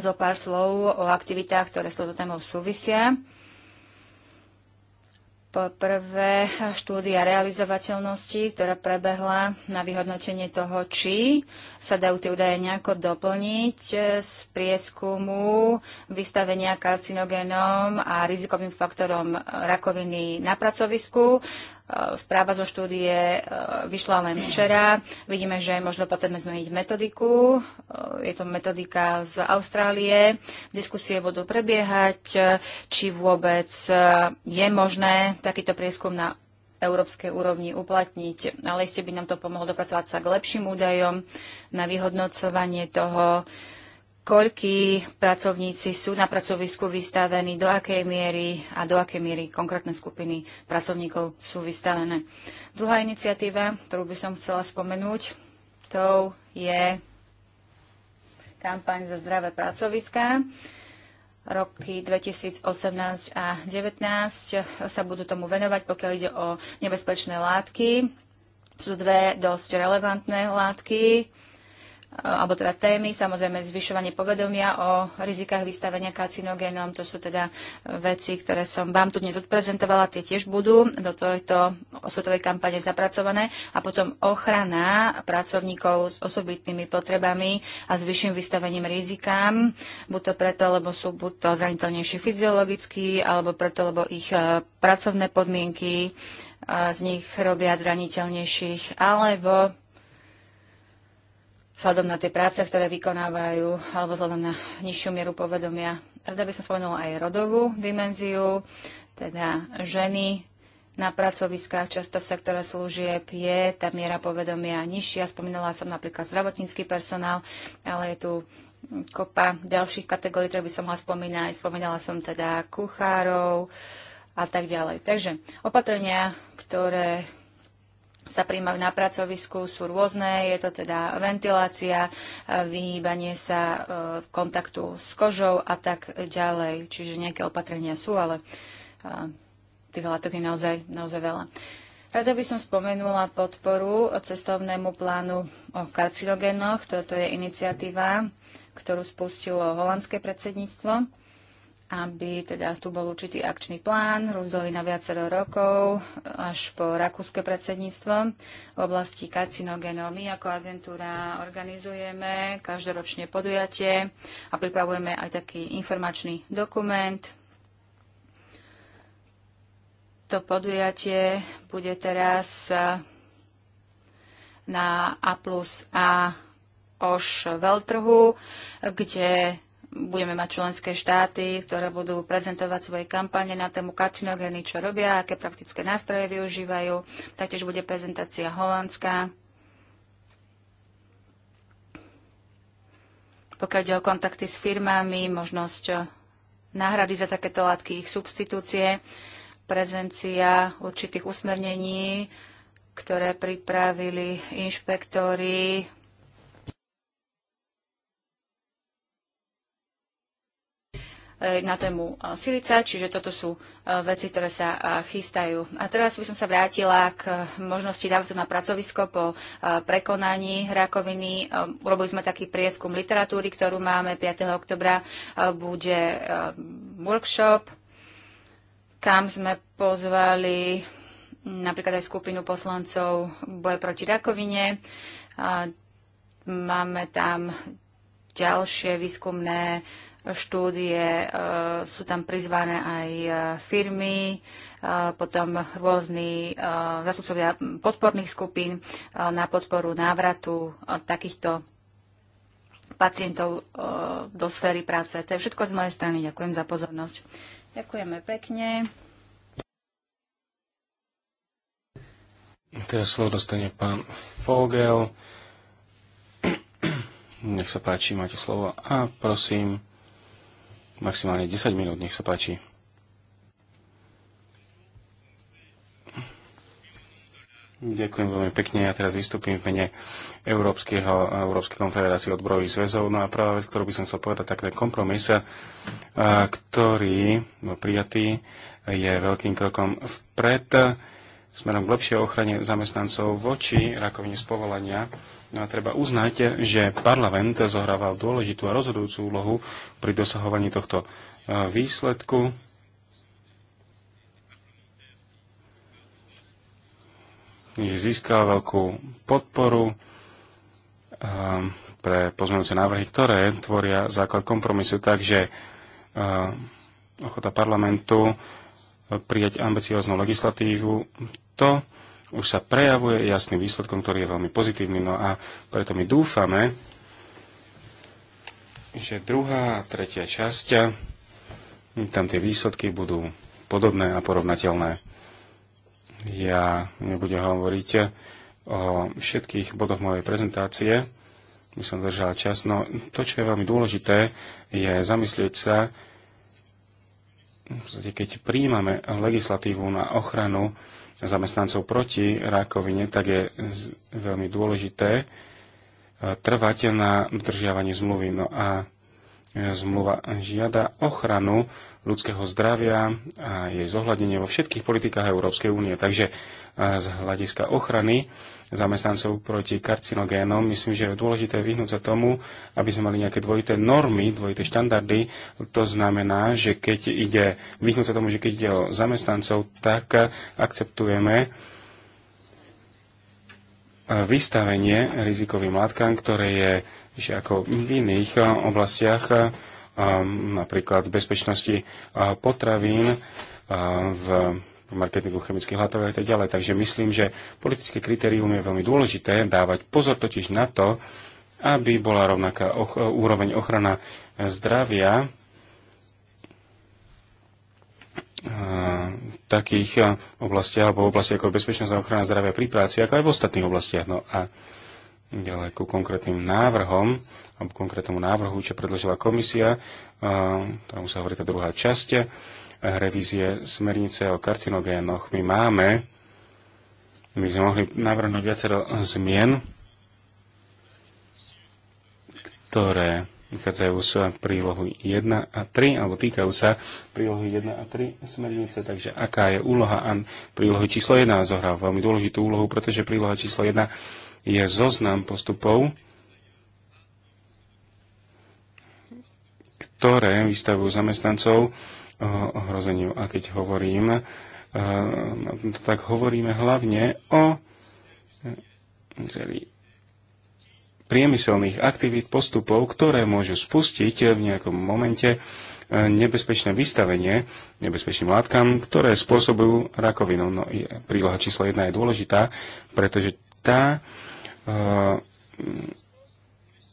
zo pár slov o aktivitách, ktoré s touto témou súvisia. Po prvé, štúdia realizovateľnosti, ktorá prebehla na vyhodnotenie toho, či sa dajú tie údaje nejako doplniť z prieskumu vystavenia karcinogénom a rizikovým faktorom rakoviny na pracovisku. Správa eh, zo štúdie eh, vyšla len včera. Vidíme, že je možno potrebné zmeniť metodiku. Eh, je to metodika z Austrálie. Diskusie budú prebiehať, či vôbec je možné takýto prieskum na európskej úrovni uplatniť. Ale iste by nám to pomohlo dopracovať sa k lepším údajom na vyhodnocovanie toho, koľkí pracovníci sú na pracovisku vystavení, do akej miery a do akej miery konkrétne skupiny pracovníkov sú vystavené. Druhá iniciatíva, ktorú by som chcela spomenúť, to je kampaň za zdravé pracoviská. Roky 2018 a 2019 sa budú tomu venovať, pokiaľ ide o nebezpečné látky. Sú dve dosť relevantné látky, alebo teda témy, samozrejme zvyšovanie povedomia o rizikách vystavenia karcinogénom. To sú teda e, veci, ktoré som vám tu dnes odprezentovala, tie tiež budú do tejto osvetovej kampane zapracované. A potom ochrana pracovníkov s osobitnými potrebami a s vyšším vystavením rizikám, buď to preto, lebo sú buď to zraniteľnejší fyziologicky, alebo preto, lebo ich e, pracovné podmienky z nich robia zraniteľnejších, alebo vzhľadom na tie práce, ktoré vykonávajú, alebo vzhľadom na nižšiu mieru povedomia. Rada by som spomenula aj rodovú dimenziu, teda ženy na pracoviskách, často v sektore služieb je tá miera povedomia nižšia. Spomínala som napríklad zdravotnícky personál, ale je tu kopa ďalších kategórií, ktoré by som mohla spomínať. Spomínala som teda kuchárov a tak ďalej. Takže opatrenia, ktoré sa príjmajú na pracovisku, sú rôzne. Je to teda ventilácia, e, vyhýbanie sa e, kontaktu s kožou a tak ďalej. Čiže nejaké opatrenia sú, ale e, tých látok je naozaj, naozaj veľa. Rada by som spomenula podporu cestovnému plánu o karcinogénoch. Toto je iniciatíva, ktorú spustilo holandské predsedníctvo aby teda tu bol určitý akčný plán, rozdeli na viacero rokov, až po rakúske predsedníctvo. V oblasti karcinogénov my ako agentúra organizujeme každoročne podujatie a pripravujeme aj taký informačný dokument. To podujatie bude teraz na A plus A Oš Veltrhu, kde budeme mať členské štáty, ktoré budú prezentovať svoje kampane na tému karcinogény, čo robia, aké praktické nástroje využívajú. Taktiež bude prezentácia holandská. Pokiaľ ide o kontakty s firmami, možnosť náhrady za takéto látky, ich substitúcie, prezencia určitých usmernení, ktoré pripravili inšpektory. E, na tému e, silica, čiže toto sú e, veci, ktoré sa chystajú. A teraz by som sa vrátila k možnosti dávať to na pracovisko po prekonaní rakoviny. Urobili sme taký prieskum literatúry, ktorú máme 5. oktobra. Bude workshop, kam sme pozvali napríklad aj skupinu poslancov boje proti rakovine. Máme tam ďalšie výskumné štúdie, e, sú tam prizvané aj e, firmy, e, potom rôzni zastupcovia podporných skupín na podporu návratu takýchto pacientov do sféry práce. To je všetko z mojej strany. Ďakujem za pozornosť. Ďakujeme pekne. Teraz slovo dostane pán Fogel. Nech sa páči, máte slovo. A prosím, maximálne 10 minút, nech sa páči. Ďakujem veľmi pekne. Ja teraz vystúpim v mene Európskeho, Európskej konfederácie odborových zväzov. No a práve vec, ktorú by som chcel povedať, tak ten kompromis, ktorý bol prijatý, je veľkým krokom vpred smerom k lepšej ochrane zamestnancov voči rakovine z povolania No a treba uznať, že parlament zohrával dôležitú a rozhodujúcu úlohu pri dosahovaní tohto e, výsledku. Získal veľkú podporu e, pre pozmeňujúce návrhy, ktoré tvoria základ kompromisu. Takže e, ochota parlamentu prijať ambicioznú legislatívu, to už sa prejavuje jasným výsledkom, ktorý je veľmi pozitívny. No a preto my dúfame, že druhá a tretia časť, tam tie výsledky budú podobné a porovnateľné. Ja nebudem hovoriť o všetkých bodoch mojej prezentácie, by som držal čas, no to, čo je veľmi dôležité, je zamyslieť sa, keď príjmame legislatívu na ochranu zamestnancov proti rakovine, tak je veľmi dôležité e, trvať na dodržiavaní zmluvy. No a e, zmluva žiada ochranu ľudského zdravia a jej zohľadenie vo všetkých politikách Európskej únie. Takže e, z hľadiska ochrany zamestnancov proti karcinogénom. Myslím, že je dôležité vyhnúť sa tomu, aby sme mali nejaké dvojité normy, dvojité štandardy. To znamená, že keď ide, vyhnúť sa tomu, že keď ide o zamestnancov, tak akceptujeme e, vystavenie rizikovým látkam, ktoré je že ako v iných e, oblastiach, e, napríklad v bezpečnosti potravín, v marketingu chemických látok a tak ďalej. Takže myslím, že politické kritérium je veľmi dôležité dávať pozor totiž na to, aby bola rovnaká och- e, úroveň ochrana zdravia e, v takých e, oblastiach alebo oblastiach ako bezpečnosť a ochrana zdravia pri práci, ako aj v ostatných oblastiach. No a ďalej ku konkrétnym návrhom, alebo konkrétnemu návrhu, čo predložila komisia, ktorému sa hovorí tá druhá časť revízie smernice o karcinogénoch. My máme, my sme mohli navrhnúť viacero zmien, ktoré vychádzajú z prílohy 1 a 3, alebo týkajú sa prílohy 1 a 3 smernice. Takže aká je úloha AN? Prílohy číslo 1 zohrá veľmi dôležitú úlohu, pretože príloha číslo 1 je zoznam postupov, ktoré vystavujú zamestnancov ohrozeniu. A keď hovorím, e, no tak hovoríme hlavne o priemyselných aktivít, postupov, ktoré môžu spustiť v nejakom momente e, nebezpečné vystavenie nebezpečným látkam, ktoré spôsobujú rakovinu. No, príloha číslo 1 je dôležitá, pretože tá e,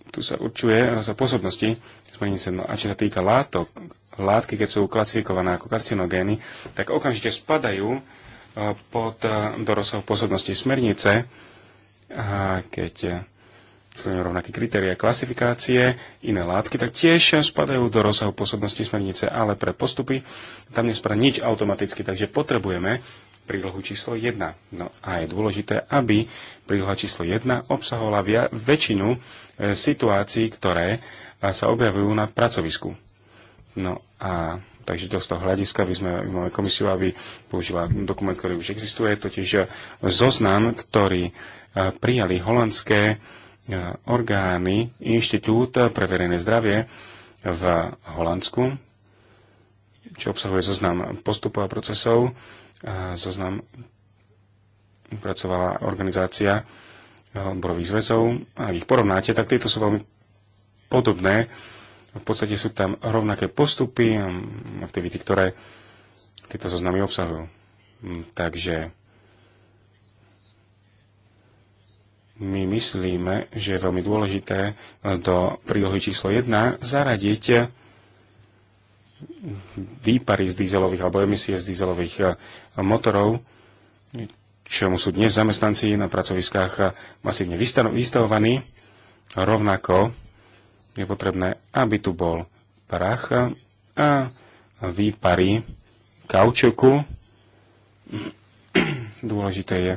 tu sa určuje rozsah pôsobnosti No a čo sa týka látok, látky, keď sú klasifikované ako karcinogény, tak okamžite spadajú e, pod e, dorosov rozsahu pôsobnosti smernice, a keď e, sú rovnaké kritéria klasifikácie, iné látky, tak tiež spadajú do rozsahu pôsobnosti smernice, ale pre postupy tam nespadá nič automaticky, takže potrebujeme prílohu číslo 1. No a je dôležité, aby príloha číslo 1 obsahovala väčšinu situácií, ktoré sa objavujú na pracovisku. No a takže to z toho hľadiska by sme mali komisiu, aby použila dokument, ktorý už existuje, totiž zoznam, ktorý e, prijali holandské e, orgány, Inštitút pre verejné zdravie v Holandsku, čo obsahuje zoznam postupov a procesov. zoznam pracovala organizácia e, odborových zväzov. Ak ich porovnáte, tak tieto sú veľmi podobné v podstate sú tam rovnaké postupy, aktivity, ktoré tieto zoznamy obsahujú. Takže my myslíme, že je veľmi dôležité e, do prílohy číslo 1 zaradiť výpary z dízelových alebo emisie z dízelových e, motorov, čomu sú dnes zamestnanci na pracoviskách e, masívne vystavovaní, rovnako je potrebné, aby tu bol prach a výpary kaučuku. Dôležité je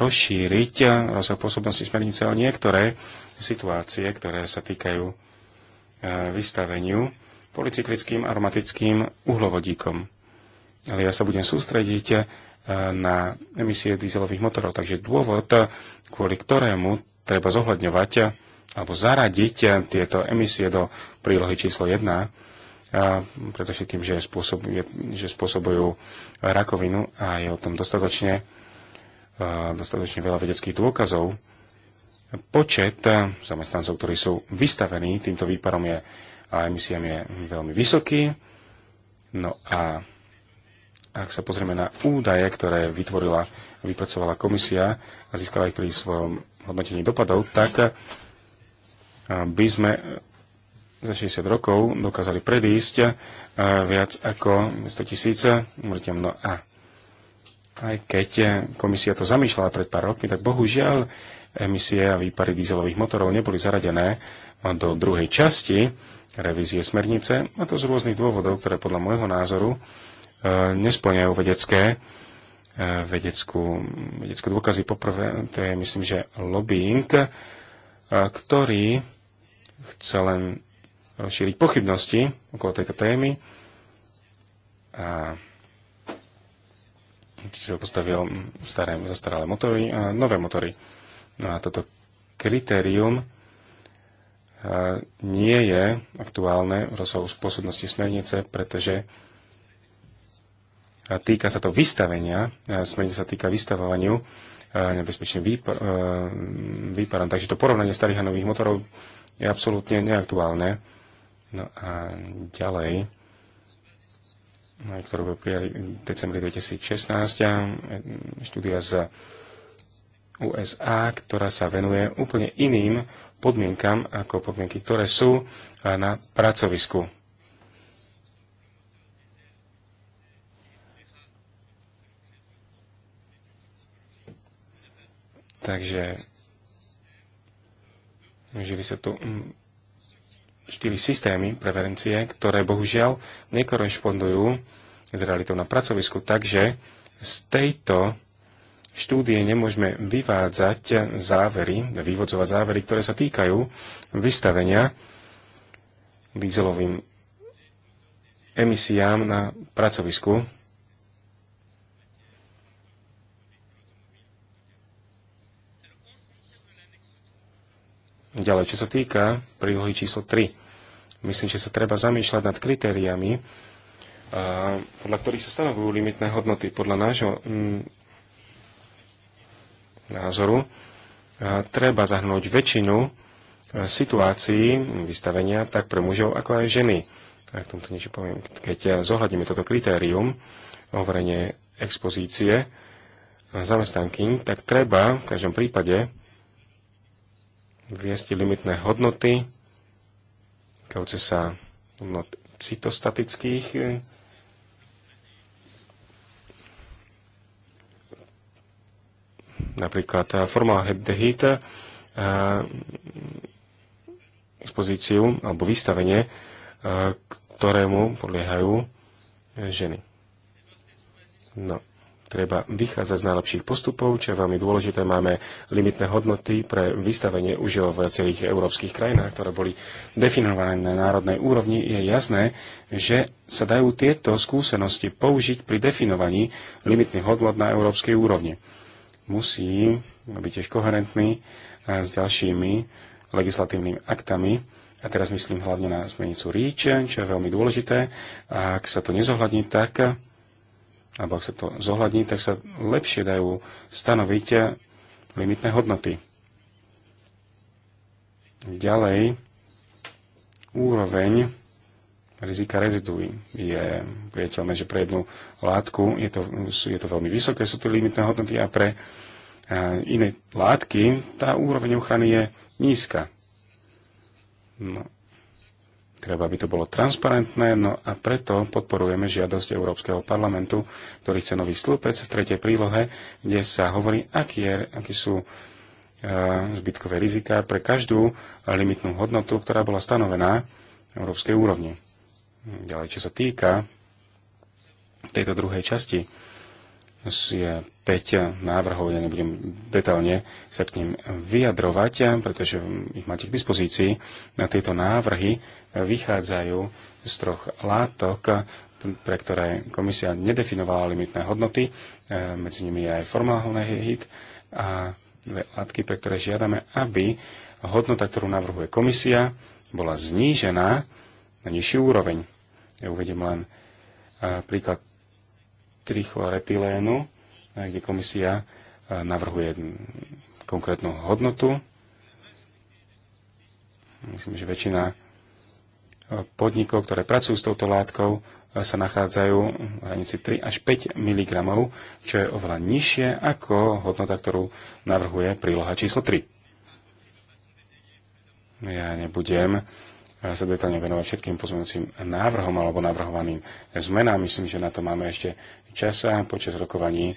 rozšíriť rozsah pôsobnosti smernice o niektoré situácie, ktoré sa týkajú e, vystaveniu policyklickým aromatickým uhlovodíkom. Ale ja sa budem sústrediť e, na emisie dízelových motorov. Takže dôvod, kvôli ktorému treba zohľadňovať alebo zaradiť tieto emisie do prílohy číslo 1, preto všetkým, že, spôsob, že spôsobujú rakovinu a je o tom dostatočne, dostatočne veľa vedeckých dôkazov. Počet zamestnancov, ktorí sú vystavení týmto výparom je, a emisiám je veľmi vysoký. No a ak sa pozrieme na údaje, ktoré vytvorila, vypracovala komisia a získala ich pri svojom hodnotení dopadov, tak by sme za 60 rokov dokázali predísť eh, viac ako 100 tisíc mŕtem. No a aj keď eh, komisia to zamýšľala pred pár rokmi, tak bohužiaľ emisie a výpary dízelových motorov neboli zaradené do druhej časti revízie smernice, a to z rôznych dôvodov, ktoré podľa môjho názoru eh, nesplňajú vedecké, vedeckú, vedecké dôkazy. Poprvé, to je myslím, že lobbying, ktorý chce len šíriť pochybnosti okolo tejto témy a si postavil staré, zastaralé motory a nové motory. No a toto kritérium nie je aktuálne v rozsahu spôsobnosti smernice, pretože týka sa to vystavenia, smernica sa týka vystavovaniu nebezpečným výparom. Takže to porovnanie starých a nových motorov je absolútne neaktuálne. No a ďalej, ktorú prijali v decembri 2016, e, štúdia z USA, ktorá sa venuje úplne iným podmienkam ako podmienky, ktoré sú e, na pracovisku. Takže by sa tu mm, štyri systémy preferencie, ktoré bohužiaľ nekorešpondujú s realitou na pracovisku, takže z tejto štúdie nemôžeme vyvádzať závery, vyvodzovať závery, ktoré sa týkajú vystavenia dízelovým emisiám na pracovisku Ďalej, čo sa týka prílohy číslo 3, myslím, že sa treba zamýšľať nad kritériami, podľa ktorých sa stanovujú limitné hodnoty. Podľa nášho mm, názoru treba zahnúť väčšinu situácií vystavenia tak pre mužov, ako aj ženy. Tak tomto niečo poviem. Keď zohľadíme toto kritérium, hovorenie expozície zamestnanky, tak treba v každom prípade viesť limitné hodnoty, kauce sa hodnot citostatických, napríklad eh, heat eh, expozíciu alebo vystavenie, eh, ktorému podliehajú ženy. No Treba vychádzať z najlepších postupov, čo je veľmi dôležité. Máme limitné hodnoty pre vystavenie už v celých európskych krajinách, ktoré boli definované na národnej úrovni. Je jasné, že sa dajú tieto skúsenosti použiť pri definovaní limitných hodnot na európskej úrovni. Musí byť tiež koherentný s ďalšími legislatívnymi aktami, a teraz myslím hlavne na zmenicu REACH, čo je veľmi dôležité. A ak sa to nezohľadní, tak alebo ak sa to zohľadní, tak sa lepšie dajú stanoviť limitné hodnoty. Ďalej, úroveň rizika reziduí je priateľné, že pre jednu látku je to, je to veľmi vysoké, sú to limitné hodnoty a pre iné látky tá úroveň ochrany je nízka. No, Treba, aby to bolo transparentné, no a preto podporujeme žiadosť Európskeho parlamentu, ktorý chce nový slúpec v tretej prílohe, kde sa hovorí, aký je, aký sú e, zbytkové riziká pre každú limitnú hodnotu, ktorá bola stanovená na európskej úrovni. Ďalej, čo sa týka tejto druhej časti, je 5 návrhov, ja nebudem detálne sa k ním vyjadrovať, pretože ich máte k dispozícii. Na tieto návrhy vychádzajú z troch látok, pre ktoré komisia nedefinovala limitné hodnoty, e, medzi nimi je aj formálny hit a dve látky, pre ktoré žiadame, aby hodnota, ktorú navrhuje komisia, bola znížená na nižší úroveň. Ja uvedem len e, príklad trichloretylénu, e, kde komisia navrhuje konkrétnu hodnotu. Myslím, že väčšina podnikov, ktoré pracujú s touto látkou, sa nachádzajú v hranici 3 až 5 mg, čo je oveľa nižšie ako hodnota, ktorú navrhuje príloha číslo 3. Ja nebudem sa detálne venovať všetkým pozmeňujúcim návrhom alebo navrhovaným zmenám. Myslím, že na to máme ešte čas počas rokovaní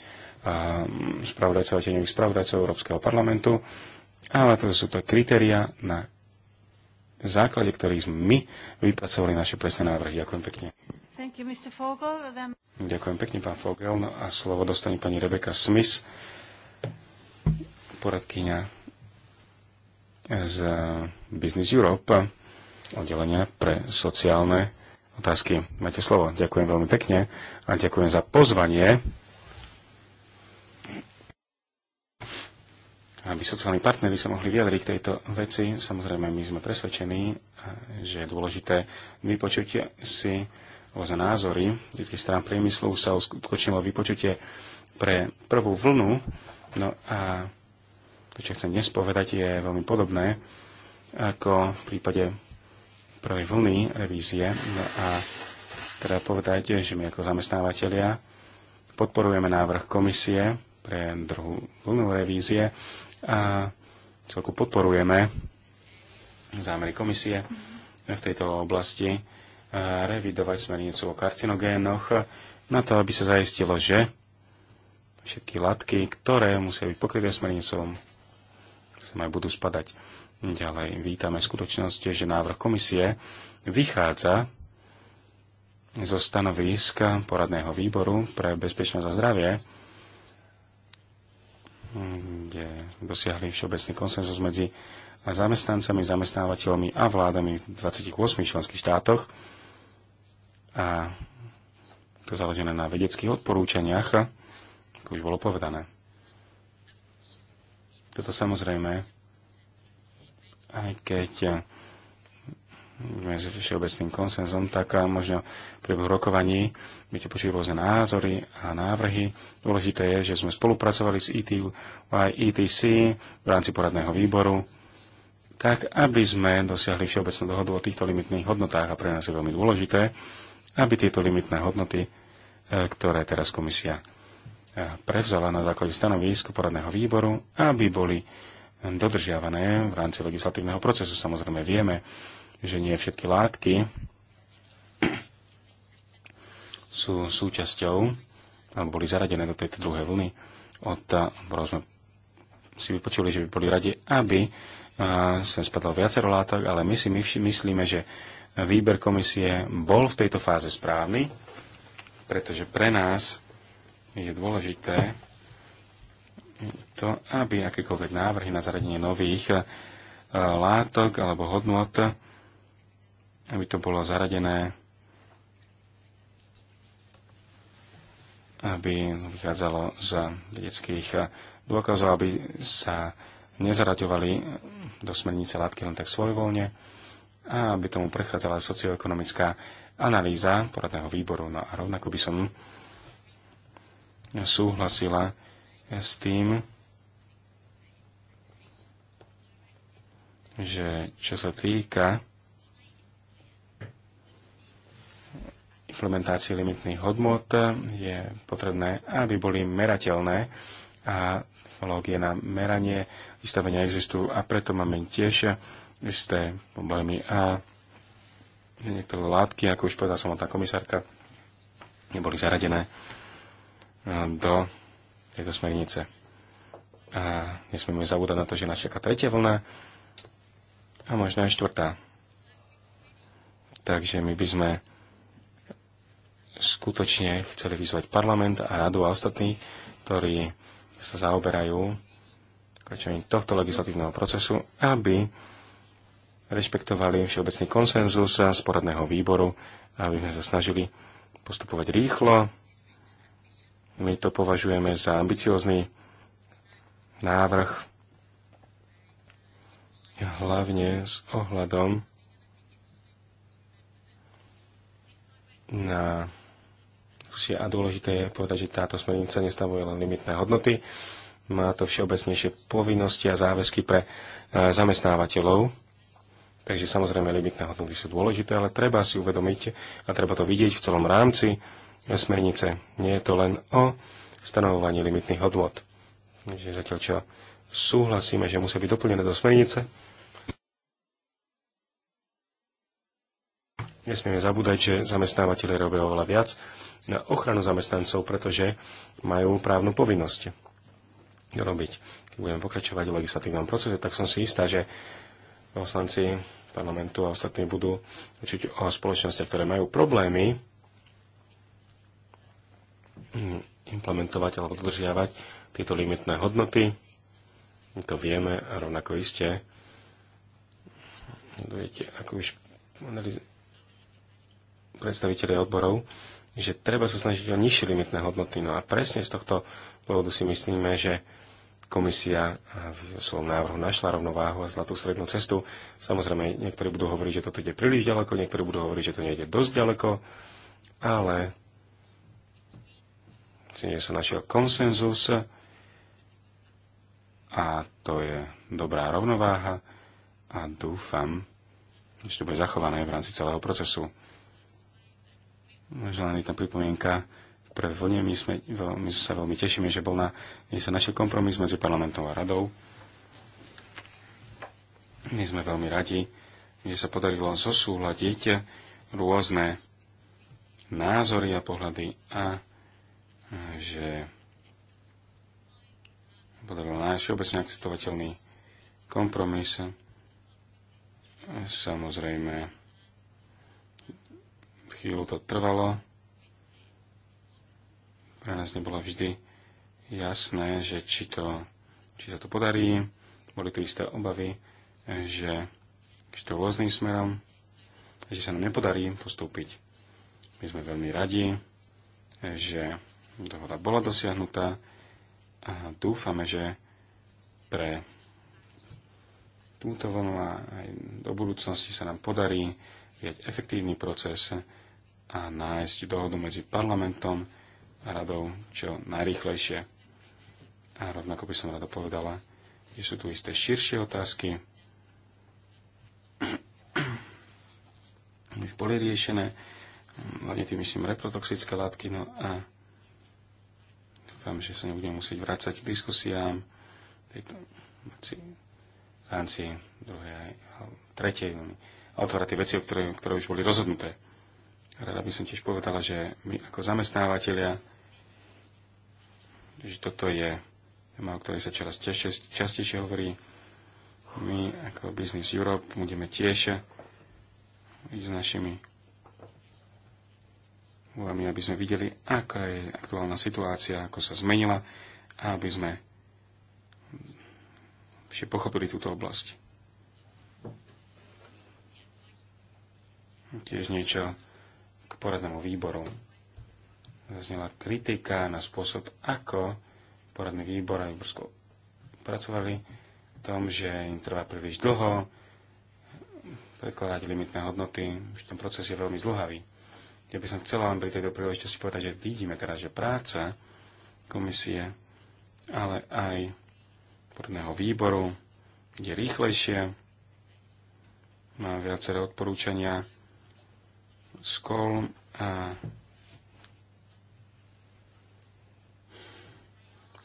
spravodajcov a tieňových spravodajcov Európskeho parlamentu. Ale to sú to kritéria na základe ktorých my vypracovali naše presné návrhy. Ďakujem pekne. You, Fogel, then... Ďakujem pekne, pán Fogel. No a slovo dostane pani Rebeka Smith, poradkyňa z Business Europe, oddelenia pre sociálne otázky. Máte slovo. Ďakujem veľmi pekne a ďakujem za pozvanie aby sociálni partnery sa mohli vyjadriť k tejto veci. Samozrejme, my sme presvedčení, že je dôležité vypočuť si rôzne názory. Všetkých strán priemyslu sa uskutočnilo vypočutie pre prvú vlnu. No a to, čo chcem dnes povedať, je veľmi podobné ako v prípade prvej vlny revízie. No a teda povedať, že my ako zamestnávateľia podporujeme návrh komisie pre druhú vlnu revízie a celku podporujeme zámery komisie v tejto oblasti eh, revidovať smernicu o karcinogénoch na to, aby sa zaistilo, že všetky látky, ktoré musia byť pokryté smernicou, sa aj budú spadať. Ďalej vítame skutočnosť, že návrh komisie vychádza zo stanoviska poradného výboru pre bezpečnosť a zdravie, kde dosiahli všeobecný konsenzus medzi zamestnancami, zamestnávateľmi a vládami v 28 členských štátoch a to založené na vedeckých odporúčaniach, ako už bolo povedané. Toto samozrejme, aj keď s všeobecným konsenzom, tak možno pri rokovaní budete počuť rôzne názory a návrhy. Dôležité je, že sme spolupracovali s ETC e v rámci poradného výboru, tak aby sme dosiahli všeobecnú dohodu o týchto limitných hodnotách a pre nás je veľmi dôležité, aby tieto limitné hodnoty, e, ktoré teraz komisia e, prevzala na základe stanovisk poradného výboru, aby boli dodržiavané v rámci legislatívneho procesu. Samozrejme vieme, že nie všetky látky sú súčasťou, alebo boli zaradené do tejto druhej vlny, od, eh, sme si vypočuli, že by boli radi, aby eh, sa spadlo viacero látok, ale my si my myslíme, že výber komisie bol v tejto fáze správny, pretože pre nás je dôležité to, aby akékoľvek návrhy na zaradenie nových eh, látok alebo hodnot, aby to bolo zaradené aby vychádzalo z vedeckých dôkazov, aby sa nezaraďovali do smernice látky len tak svojvoľne a aby tomu prechádzala socioekonomická analýza poradného výboru. No a rovnako by som súhlasila s tým, že čo sa týka implementácii limitných hodnot eh, je potrebné, aby boli merateľné a technológie na meranie vystavenia existujú a preto máme tiež isté problémy a niektoré látky, ako už povedala samotná komisárka, neboli zaradené eh, do tejto smernice. A nesmieme zabúdať na to, že nás čaká tretia vlna a možno aj štvrtá. Takže my by sme skutočne chceli vyzvať parlament a radu a ostatní, ktorí sa zaoberajú tohto legislatívneho procesu, aby rešpektovali všeobecný konsenzus z poradného výboru, aby sme sa snažili postupovať rýchlo. My to považujeme za ambiciózny návrh, hlavne s ohľadom na diskusie a dôležité je povedať, že táto smernica nestavuje len limitné hodnoty, má to všeobecnejšie povinnosti a záväzky pre e, zamestnávateľov. Takže samozrejme limitné hodnoty sú dôležité, ale treba si uvedomiť a treba to vidieť v celom rámci smernice. Nie je to len o stanovovaní limitných hodnot. Takže zatiaľ čo súhlasíme, že musia byť doplnené do smernice, nesmieme zabúdať, že zamestnávateľe robia oveľa viac na ochranu zamestnancov, pretože majú právnu povinnosť robiť. Keď budeme pokračovať v legislatívnom procese, tak som si istá, že poslanci parlamentu a ostatní budú učiť o spoločnostiach, ktoré majú problémy mm, implementovať alebo dodržiavať tieto limitné hodnoty. My to vieme a rovnako iste. Viete, ako už predstaviteľe odborov že treba sa snažiť o nižšie limitné hodnoty. No a presne z tohto dôvodu si myslíme, že komisia v svojom návrhu našla rovnováhu a zlatú strednú cestu. Samozrejme, niektorí budú hovoriť, že toto ide príliš ďaleko, niektorí budú hovoriť, že to nejde dosť ďaleko, ale myslím, sa našiel konsenzus a to je dobrá rovnováha a dúfam, že to bude zachované v rámci celého procesu. Možno len jedna pripomienka. Pre vlne my, sme, my sa veľmi tešíme, že bol na, my sa našiel kompromis medzi parlamentom a radou. My sme veľmi radi, že sa podarilo zosúľadiť rôzne názory a pohľady a že podarilo náš obecne akceptovateľný kompromis. Samozrejme, chvíľu to trvalo. Pre nás nebolo vždy jasné, že či, to, či sa to podarí. Boli tu isté obavy, že, že to rôznym smerom, že sa nám nepodarí postúpiť. My sme veľmi radi, že dohoda bola dosiahnutá a dúfame, že pre túto vlnu a aj do budúcnosti sa nám podarí viať efektívny proces, a nájsť dohodu medzi parlamentom a radou čo najrýchlejšie. A rovnako by som rada povedala, že sú tu isté širšie otázky, už boli riešené, hlavne tým myslím reprotoxické látky, no a dúfam, že sa nebudem musieť vrácať k diskusiám tejto v rámci druhej a tretej vlny. otvárať tie veci, ktoré, ktoré už boli rozhodnuté. Rada by som tiež povedala, že my ako zamestnávateľia, že toto je téma, o ktorej sa čoraz častejšie hovorí. My ako Business Europe budeme tiež s našimi úvami, aby sme videli, aká je aktuálna situácia, ako sa zmenila a aby sme ešte pochopili túto oblasť. Tiež niečo k poradnému výboru. Zaznela kritika na spôsob, ako poradný výbor a Európsko pracovali v tom, že im trvá príliš dlho predkladať limitné hodnoty, už ten proces je veľmi zlohavý. Ja by som chcela len pri tejto príležitosti povedať, že vidíme teraz, že práca komisie, ale aj poradného výboru je rýchlejšie, má viaceré odporúčania, Skol a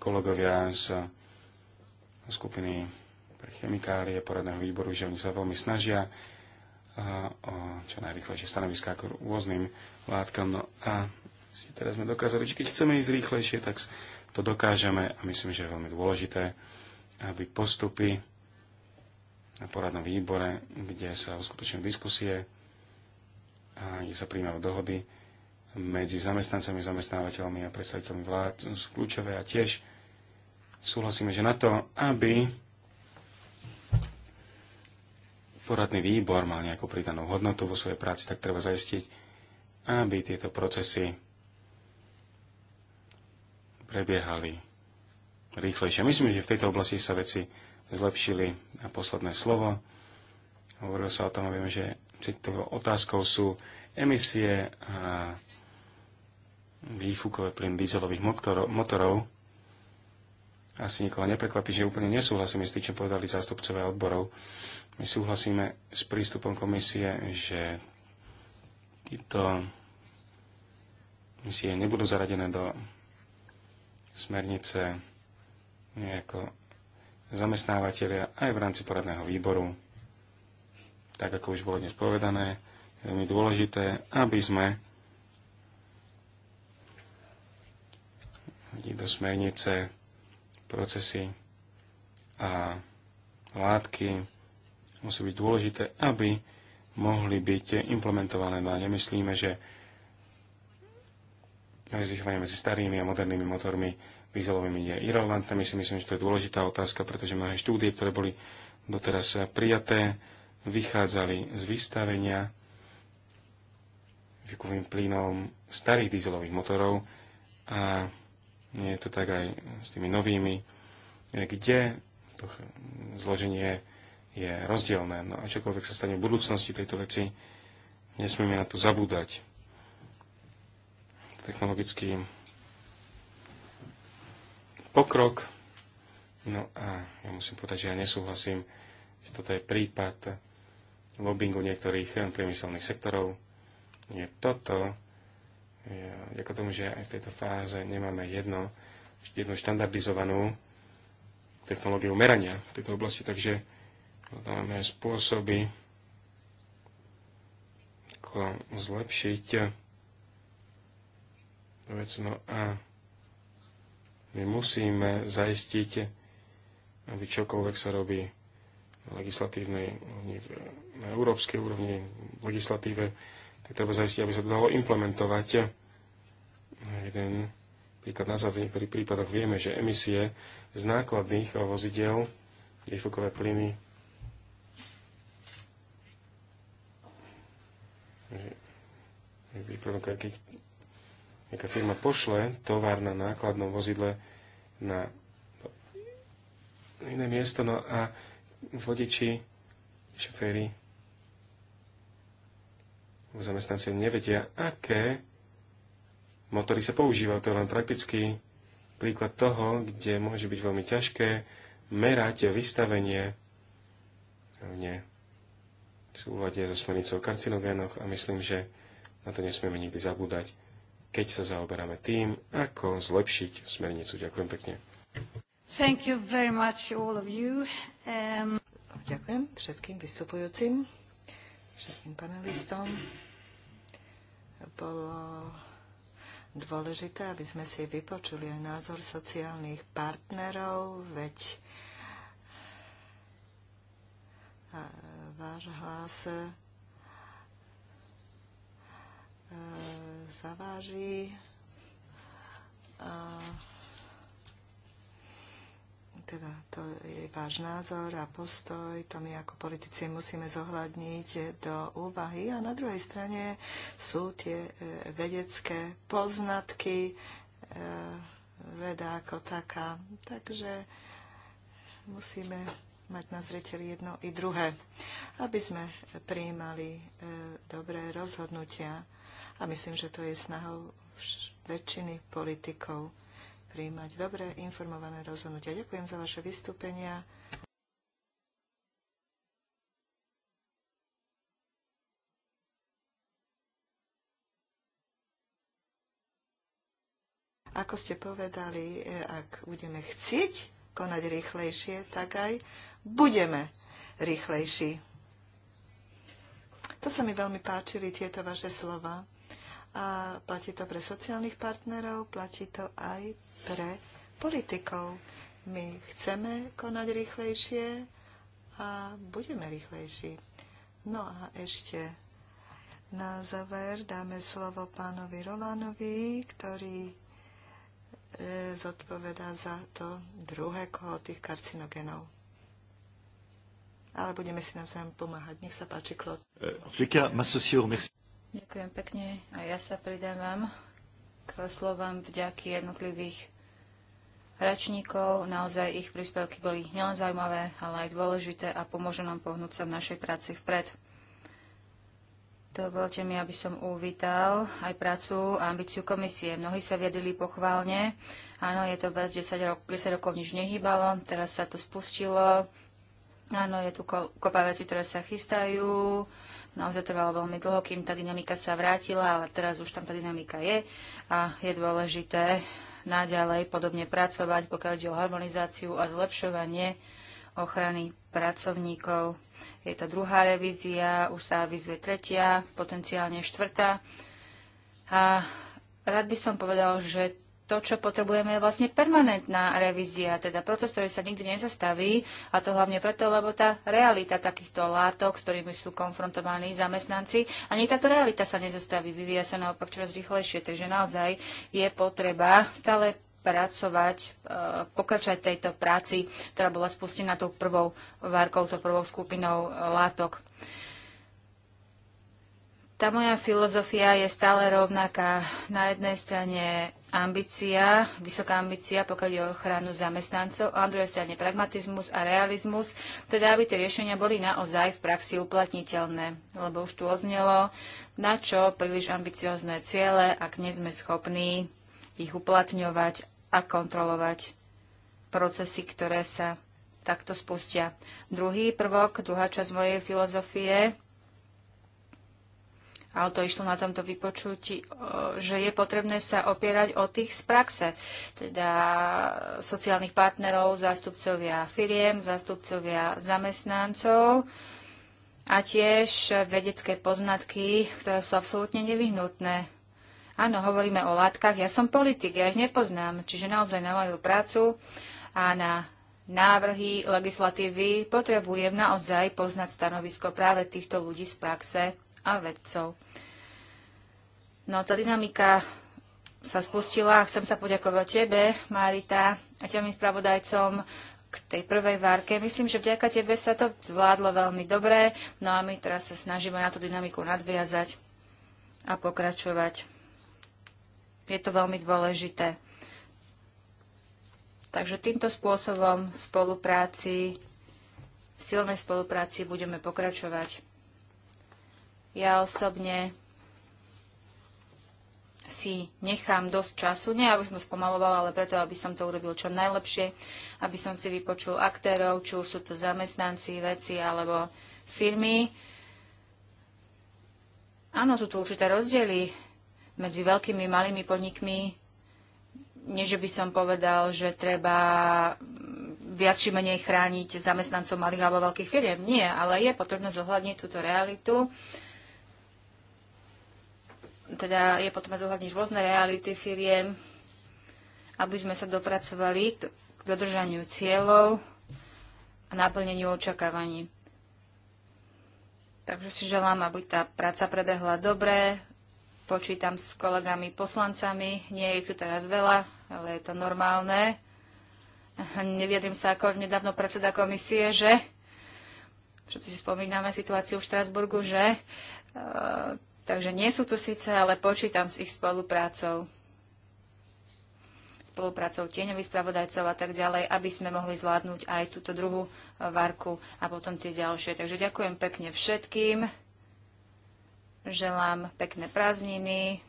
kolegovia z skupiny pre chemikálie poradného výboru, že oni sa veľmi snažia o čo najrychlejšie stanoviská k rôznym látkam. No a si teraz sme dokázali, že keď chceme ísť rýchlejšie, tak to dokážeme a myslím, že je veľmi dôležité, aby postupy na poradnom výbore, kde sa uskutočňujú diskusie, a kde sa príjmajú dohody medzi zamestnancami, zamestnávateľmi a predstaviteľmi vlád sú kľúčové a tiež súhlasíme, že na to, aby poradný výbor mal nejakú pridanú hodnotu vo svojej práci, tak treba zaistiť, aby tieto procesy prebiehali rýchlejšie. Myslím, že v tejto oblasti sa veci zlepšili a posledné slovo. Hovorilo sa o tom, a vieme, že citovou otázkou sú emisie a výfukové plyn dízelových motorov, motorov. Asi nikoho neprekvapí, že úplne nesúhlasíme s tým, čo povedali zástupcovia odborov. My súhlasíme s prístupom komisie, že títo misie nebudú zaradené do smernice nejako zamestnávateľia aj v rámci poradného výboru tak ako už bolo dnes povedané, je veľmi dôležité, aby sme do smernice procesy a látky musí byť dôležité, aby mohli byť implementované. No a nemyslíme, že rozlišovanie medzi starými a modernými motormi dieselovými je irrelevantné. My si myslím, že to je dôležitá otázka, pretože mnohé štúdie, ktoré boli doteraz prijaté, vychádzali z vystavenia vykovým plynom starých dieselových motorov a nie je to tak aj s tými novými, kde to zloženie je rozdielne. No a čokoľvek sa stane v budúcnosti tejto veci, nesmieme na to zabúdať. Technologický pokrok. No a ja musím povedať, že ja nesúhlasím, že toto je prípad lobbingu niektorých eh, priemyselných sektorov. Je toto, ako tomu, že aj v tejto fáze nemáme jedno, jednu štandardizovanú technológiu merania v tejto oblasti, takže máme spôsoby, ako zlepšiť vec. No a my musíme zaistiť, aby čokoľvek sa robí legislatívnej úrovni, na európskej úrovni, v legislatíve, tak treba zajistiť, aby sa to dalo implementovať. Jeden príklad na záver, v niektorých prípadoch vieme, že emisie z nákladných vozidel, výfukové plyny, keď nejaká firma pošle tovar na nákladnom vozidle na iné miesto, no a vodiči, šoféry, zamestnanci nevedia, aké motory sa používajú. To je len praktický príklad toho, kde môže byť veľmi ťažké merať vystavenie hlavne v súlade so smernicou karcinogénoch a myslím, že na to nesmieme nikdy zabúdať, keď sa zaoberáme tým, ako zlepšiť smernicu. Ďakujem pekne. Thank you very much all of you. Um... Ďakujem všetkým vystupujúcim, všetkým panelistom. Bolo dôležité, aby sme si vypočuli aj názor sociálnych partnerov, veď váš hlas e, zaváži. A teda to je váš názor a postoj, to my ako politici musíme zohľadniť do úvahy. A na druhej strane sú tie e, vedecké poznatky, e, veda ako taká. Takže musíme mať na zreteli jedno i druhé, aby sme prijímali e, dobré rozhodnutia. A myslím, že to je snahou väčšiny politikov príjmať dobre informované rozhodnutia. Ďakujem za vaše vystúpenia. Ako ste povedali, e, ak budeme chcieť konať rýchlejšie, tak aj budeme rýchlejší. To sa mi veľmi páčili tieto vaše slova a platí to pre sociálnych partnerov, platí to aj pre politikov. My chceme konať rýchlejšie a budeme rýchlejší. No a ešte na záver dáme slovo pánovi Rolanovi, ktorý e, zodpovedá za to druhé koho tých karcinogenov. Ale budeme si navzájom pomáhať. Nech sa páči, e, Klod. Ďakujem pekne a ja sa pridávam k slovám vďaky jednotlivých rečníkov. Naozaj ich príspevky boli nielen zaujímavé, ale aj dôležité a pomôžu nám pohnúť sa v našej práci vpred. Dovolte mi, aby som uvítal aj prácu a ambíciu komisie. Mnohí sa viedili pochválne. Áno, je to vás 10, rok, 10 rokov nič nehybalo, teraz sa to spustilo. Áno, je tu kopa veci, ktoré sa chystajú. Naozaj trvalo veľmi dlho, kým tá dynamika sa vrátila, ale teraz už tam tá dynamika je a je dôležité naďalej podobne pracovať, pokiaľ ide o harmonizáciu a zlepšovanie ochrany pracovníkov. Je to druhá revízia, už sa avizuje tretia, potenciálne štvrtá. A rád by som povedal, že to, čo potrebujeme, je vlastne permanentná revízia, teda proces, ktorý sa nikdy nezastaví, a to hlavne preto, lebo tá realita takýchto látok, s ktorými sú konfrontovaní zamestnanci, ani táto realita sa nezastaví, vyvíja sa naopak čoraz rýchlejšie, takže naozaj je potreba stále pracovať, e, pokračovať tejto práci, ktorá bola spustená tou prvou várkou, tou prvou skupinou e, látok. Tá moja filozofia je stále rovnaká. Na jednej strane ambícia, vysoká ambícia, pokiaľ je ochranu zamestnancov, a na druhej strane pragmatizmus a realizmus, teda aby tie riešenia boli naozaj v praxi uplatniteľné. Lebo už tu oznelo, na čo príliš ambiciozne ciele, ak nie sme schopní ich uplatňovať a kontrolovať procesy, ktoré sa takto spustia. Druhý prvok, druhá časť mojej filozofie ale to išlo na tomto vypočutí, že je potrebné sa opierať o tých z praxe, teda sociálnych partnerov, zástupcovia firiem, zástupcovia zamestnancov a tiež vedecké poznatky, ktoré sú absolútne nevyhnutné. Áno, hovoríme o látkach, ja som politik, ja ich nepoznám, čiže naozaj na moju prácu a na návrhy legislatívy potrebujem naozaj poznať stanovisko práve týchto ľudí z praxe a vedcov. No tá dynamika sa spustila a chcem sa poďakovať tebe, Marita, a tým spravodajcom k tej prvej várke. Myslím, že vďaka tebe sa to zvládlo veľmi dobre, no a my teraz sa snažíme na tú dynamiku nadviazať a pokračovať. Je to veľmi dôležité. Takže týmto spôsobom v spolupráci, v silnej spolupráci budeme pokračovať. Ja osobne si nechám dosť času, nie aby som to spomalovala, ale preto, aby som to urobil čo najlepšie, aby som si vypočul aktérov, či už sú to zamestnanci, veci alebo firmy. Áno, sú tu určité rozdiely medzi veľkými malými podnikmi. Nie, že by som povedal, že treba viac či menej chrániť zamestnancov malých alebo veľkých firiem. Nie, ale je potrebné zohľadniť túto realitu teda je potom zohľadniť rôzne reality firiem, aby sme sa dopracovali k dodržaniu cieľov a naplneniu očakávaní. Takže si želám, aby tá práca prebehla dobre. Počítam s kolegami poslancami. Nie je ich tu teraz veľa, ale je to normálne. Neviedrim sa ako nedávno predseda komisie, že všetci si spomíname situáciu v Štrasburgu, že Takže nie sú tu síce, ale počítam s ich spoluprácou spoluprácou tieňových spravodajcov a tak ďalej, aby sme mohli zvládnuť aj túto druhú e, varku a potom tie ďalšie. Takže ďakujem pekne všetkým. Želám pekné prázdniny,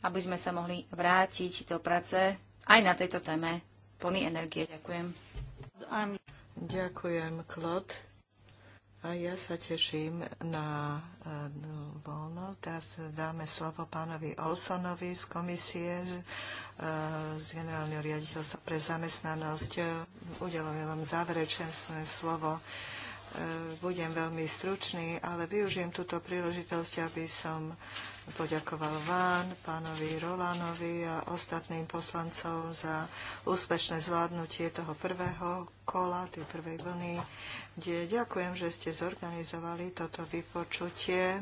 aby sme sa mohli vrátiť do práce aj na tejto téme plný energie. Ďakujem. Ďakujem, Claude. A ja sa teším na eh, no, voľno. Teraz dáme slovo pánovi Olsonovi z komisie, eh, z generálneho riaditeľstva pre zamestnanosť. Udelujem vám záverečné slovo. Eh, budem veľmi stručný, ale využijem túto príležitosť, aby som poďakoval vám, pánovi Rolánovi a ostatným poslancov za úspešné zvládnutie toho prvého kola, tej prvej vlny. Kde ďakujem, že ste zorganizovali toto vypočutie.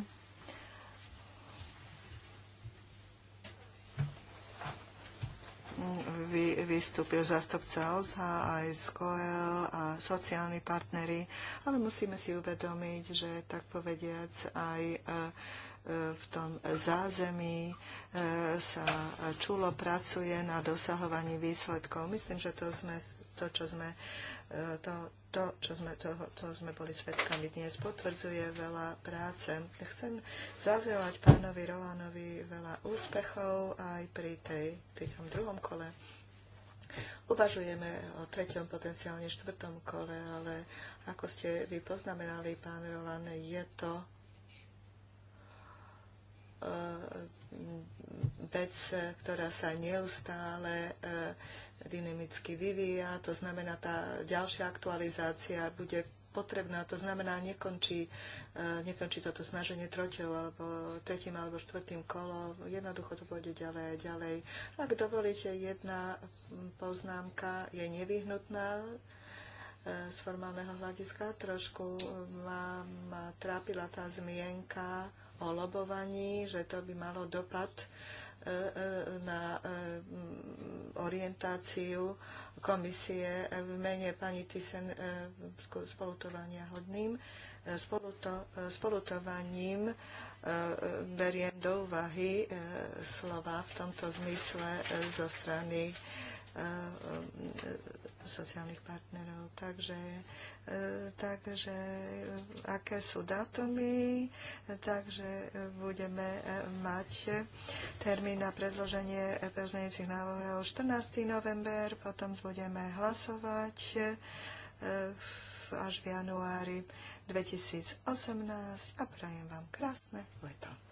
vy, vystúpil zastupca OZHA aj z COEL a sociálni partnery, ale musíme si uvedomiť, že tak povediac aj e, v tom zázemí e, sa čulo pracuje na dosahovaní výsledkov. Myslím, že to, sme, to čo sme e, to, to, čo sme, to, to sme boli svetkami dnes, potvrdzuje veľa práce. Chcem zazvielať pánovi Rolánovi veľa úspechov aj pri, tej, pri tom druhom kole. Uvažujeme o treťom, potenciálne štvrtom kole, ale ako ste vy poznamenali, pán Rolan, je to E, vec, ktorá sa neustále e, dynamicky vyvíja. To znamená, tá ďalšia aktualizácia bude potrebná. To znamená, nekončí, e, nekončí toto snaženie troťou alebo tretím alebo štvrtým kolom. Jednoducho to pôjde ďalej a ďalej. Ak dovolíte, jedna poznámka je nevyhnutná z formálneho hľadiska. Trošku ma, ma trápila tá zmienka o lobovaní, že to by malo dopad e, e, na e, orientáciu komisie v mene pani Tysen spolutovania hodným. Spoluto, spolutovaním beriem do úvahy slova v tomto zmysle zo strany sociálnych partnerov. Takže takže aké sú datumy, takže budeme e, mať termín na predloženie pozmeňujúcich návrhov 14. november, potom budeme hlasovať e, až v januári 2018 a prajem vám krásne leto.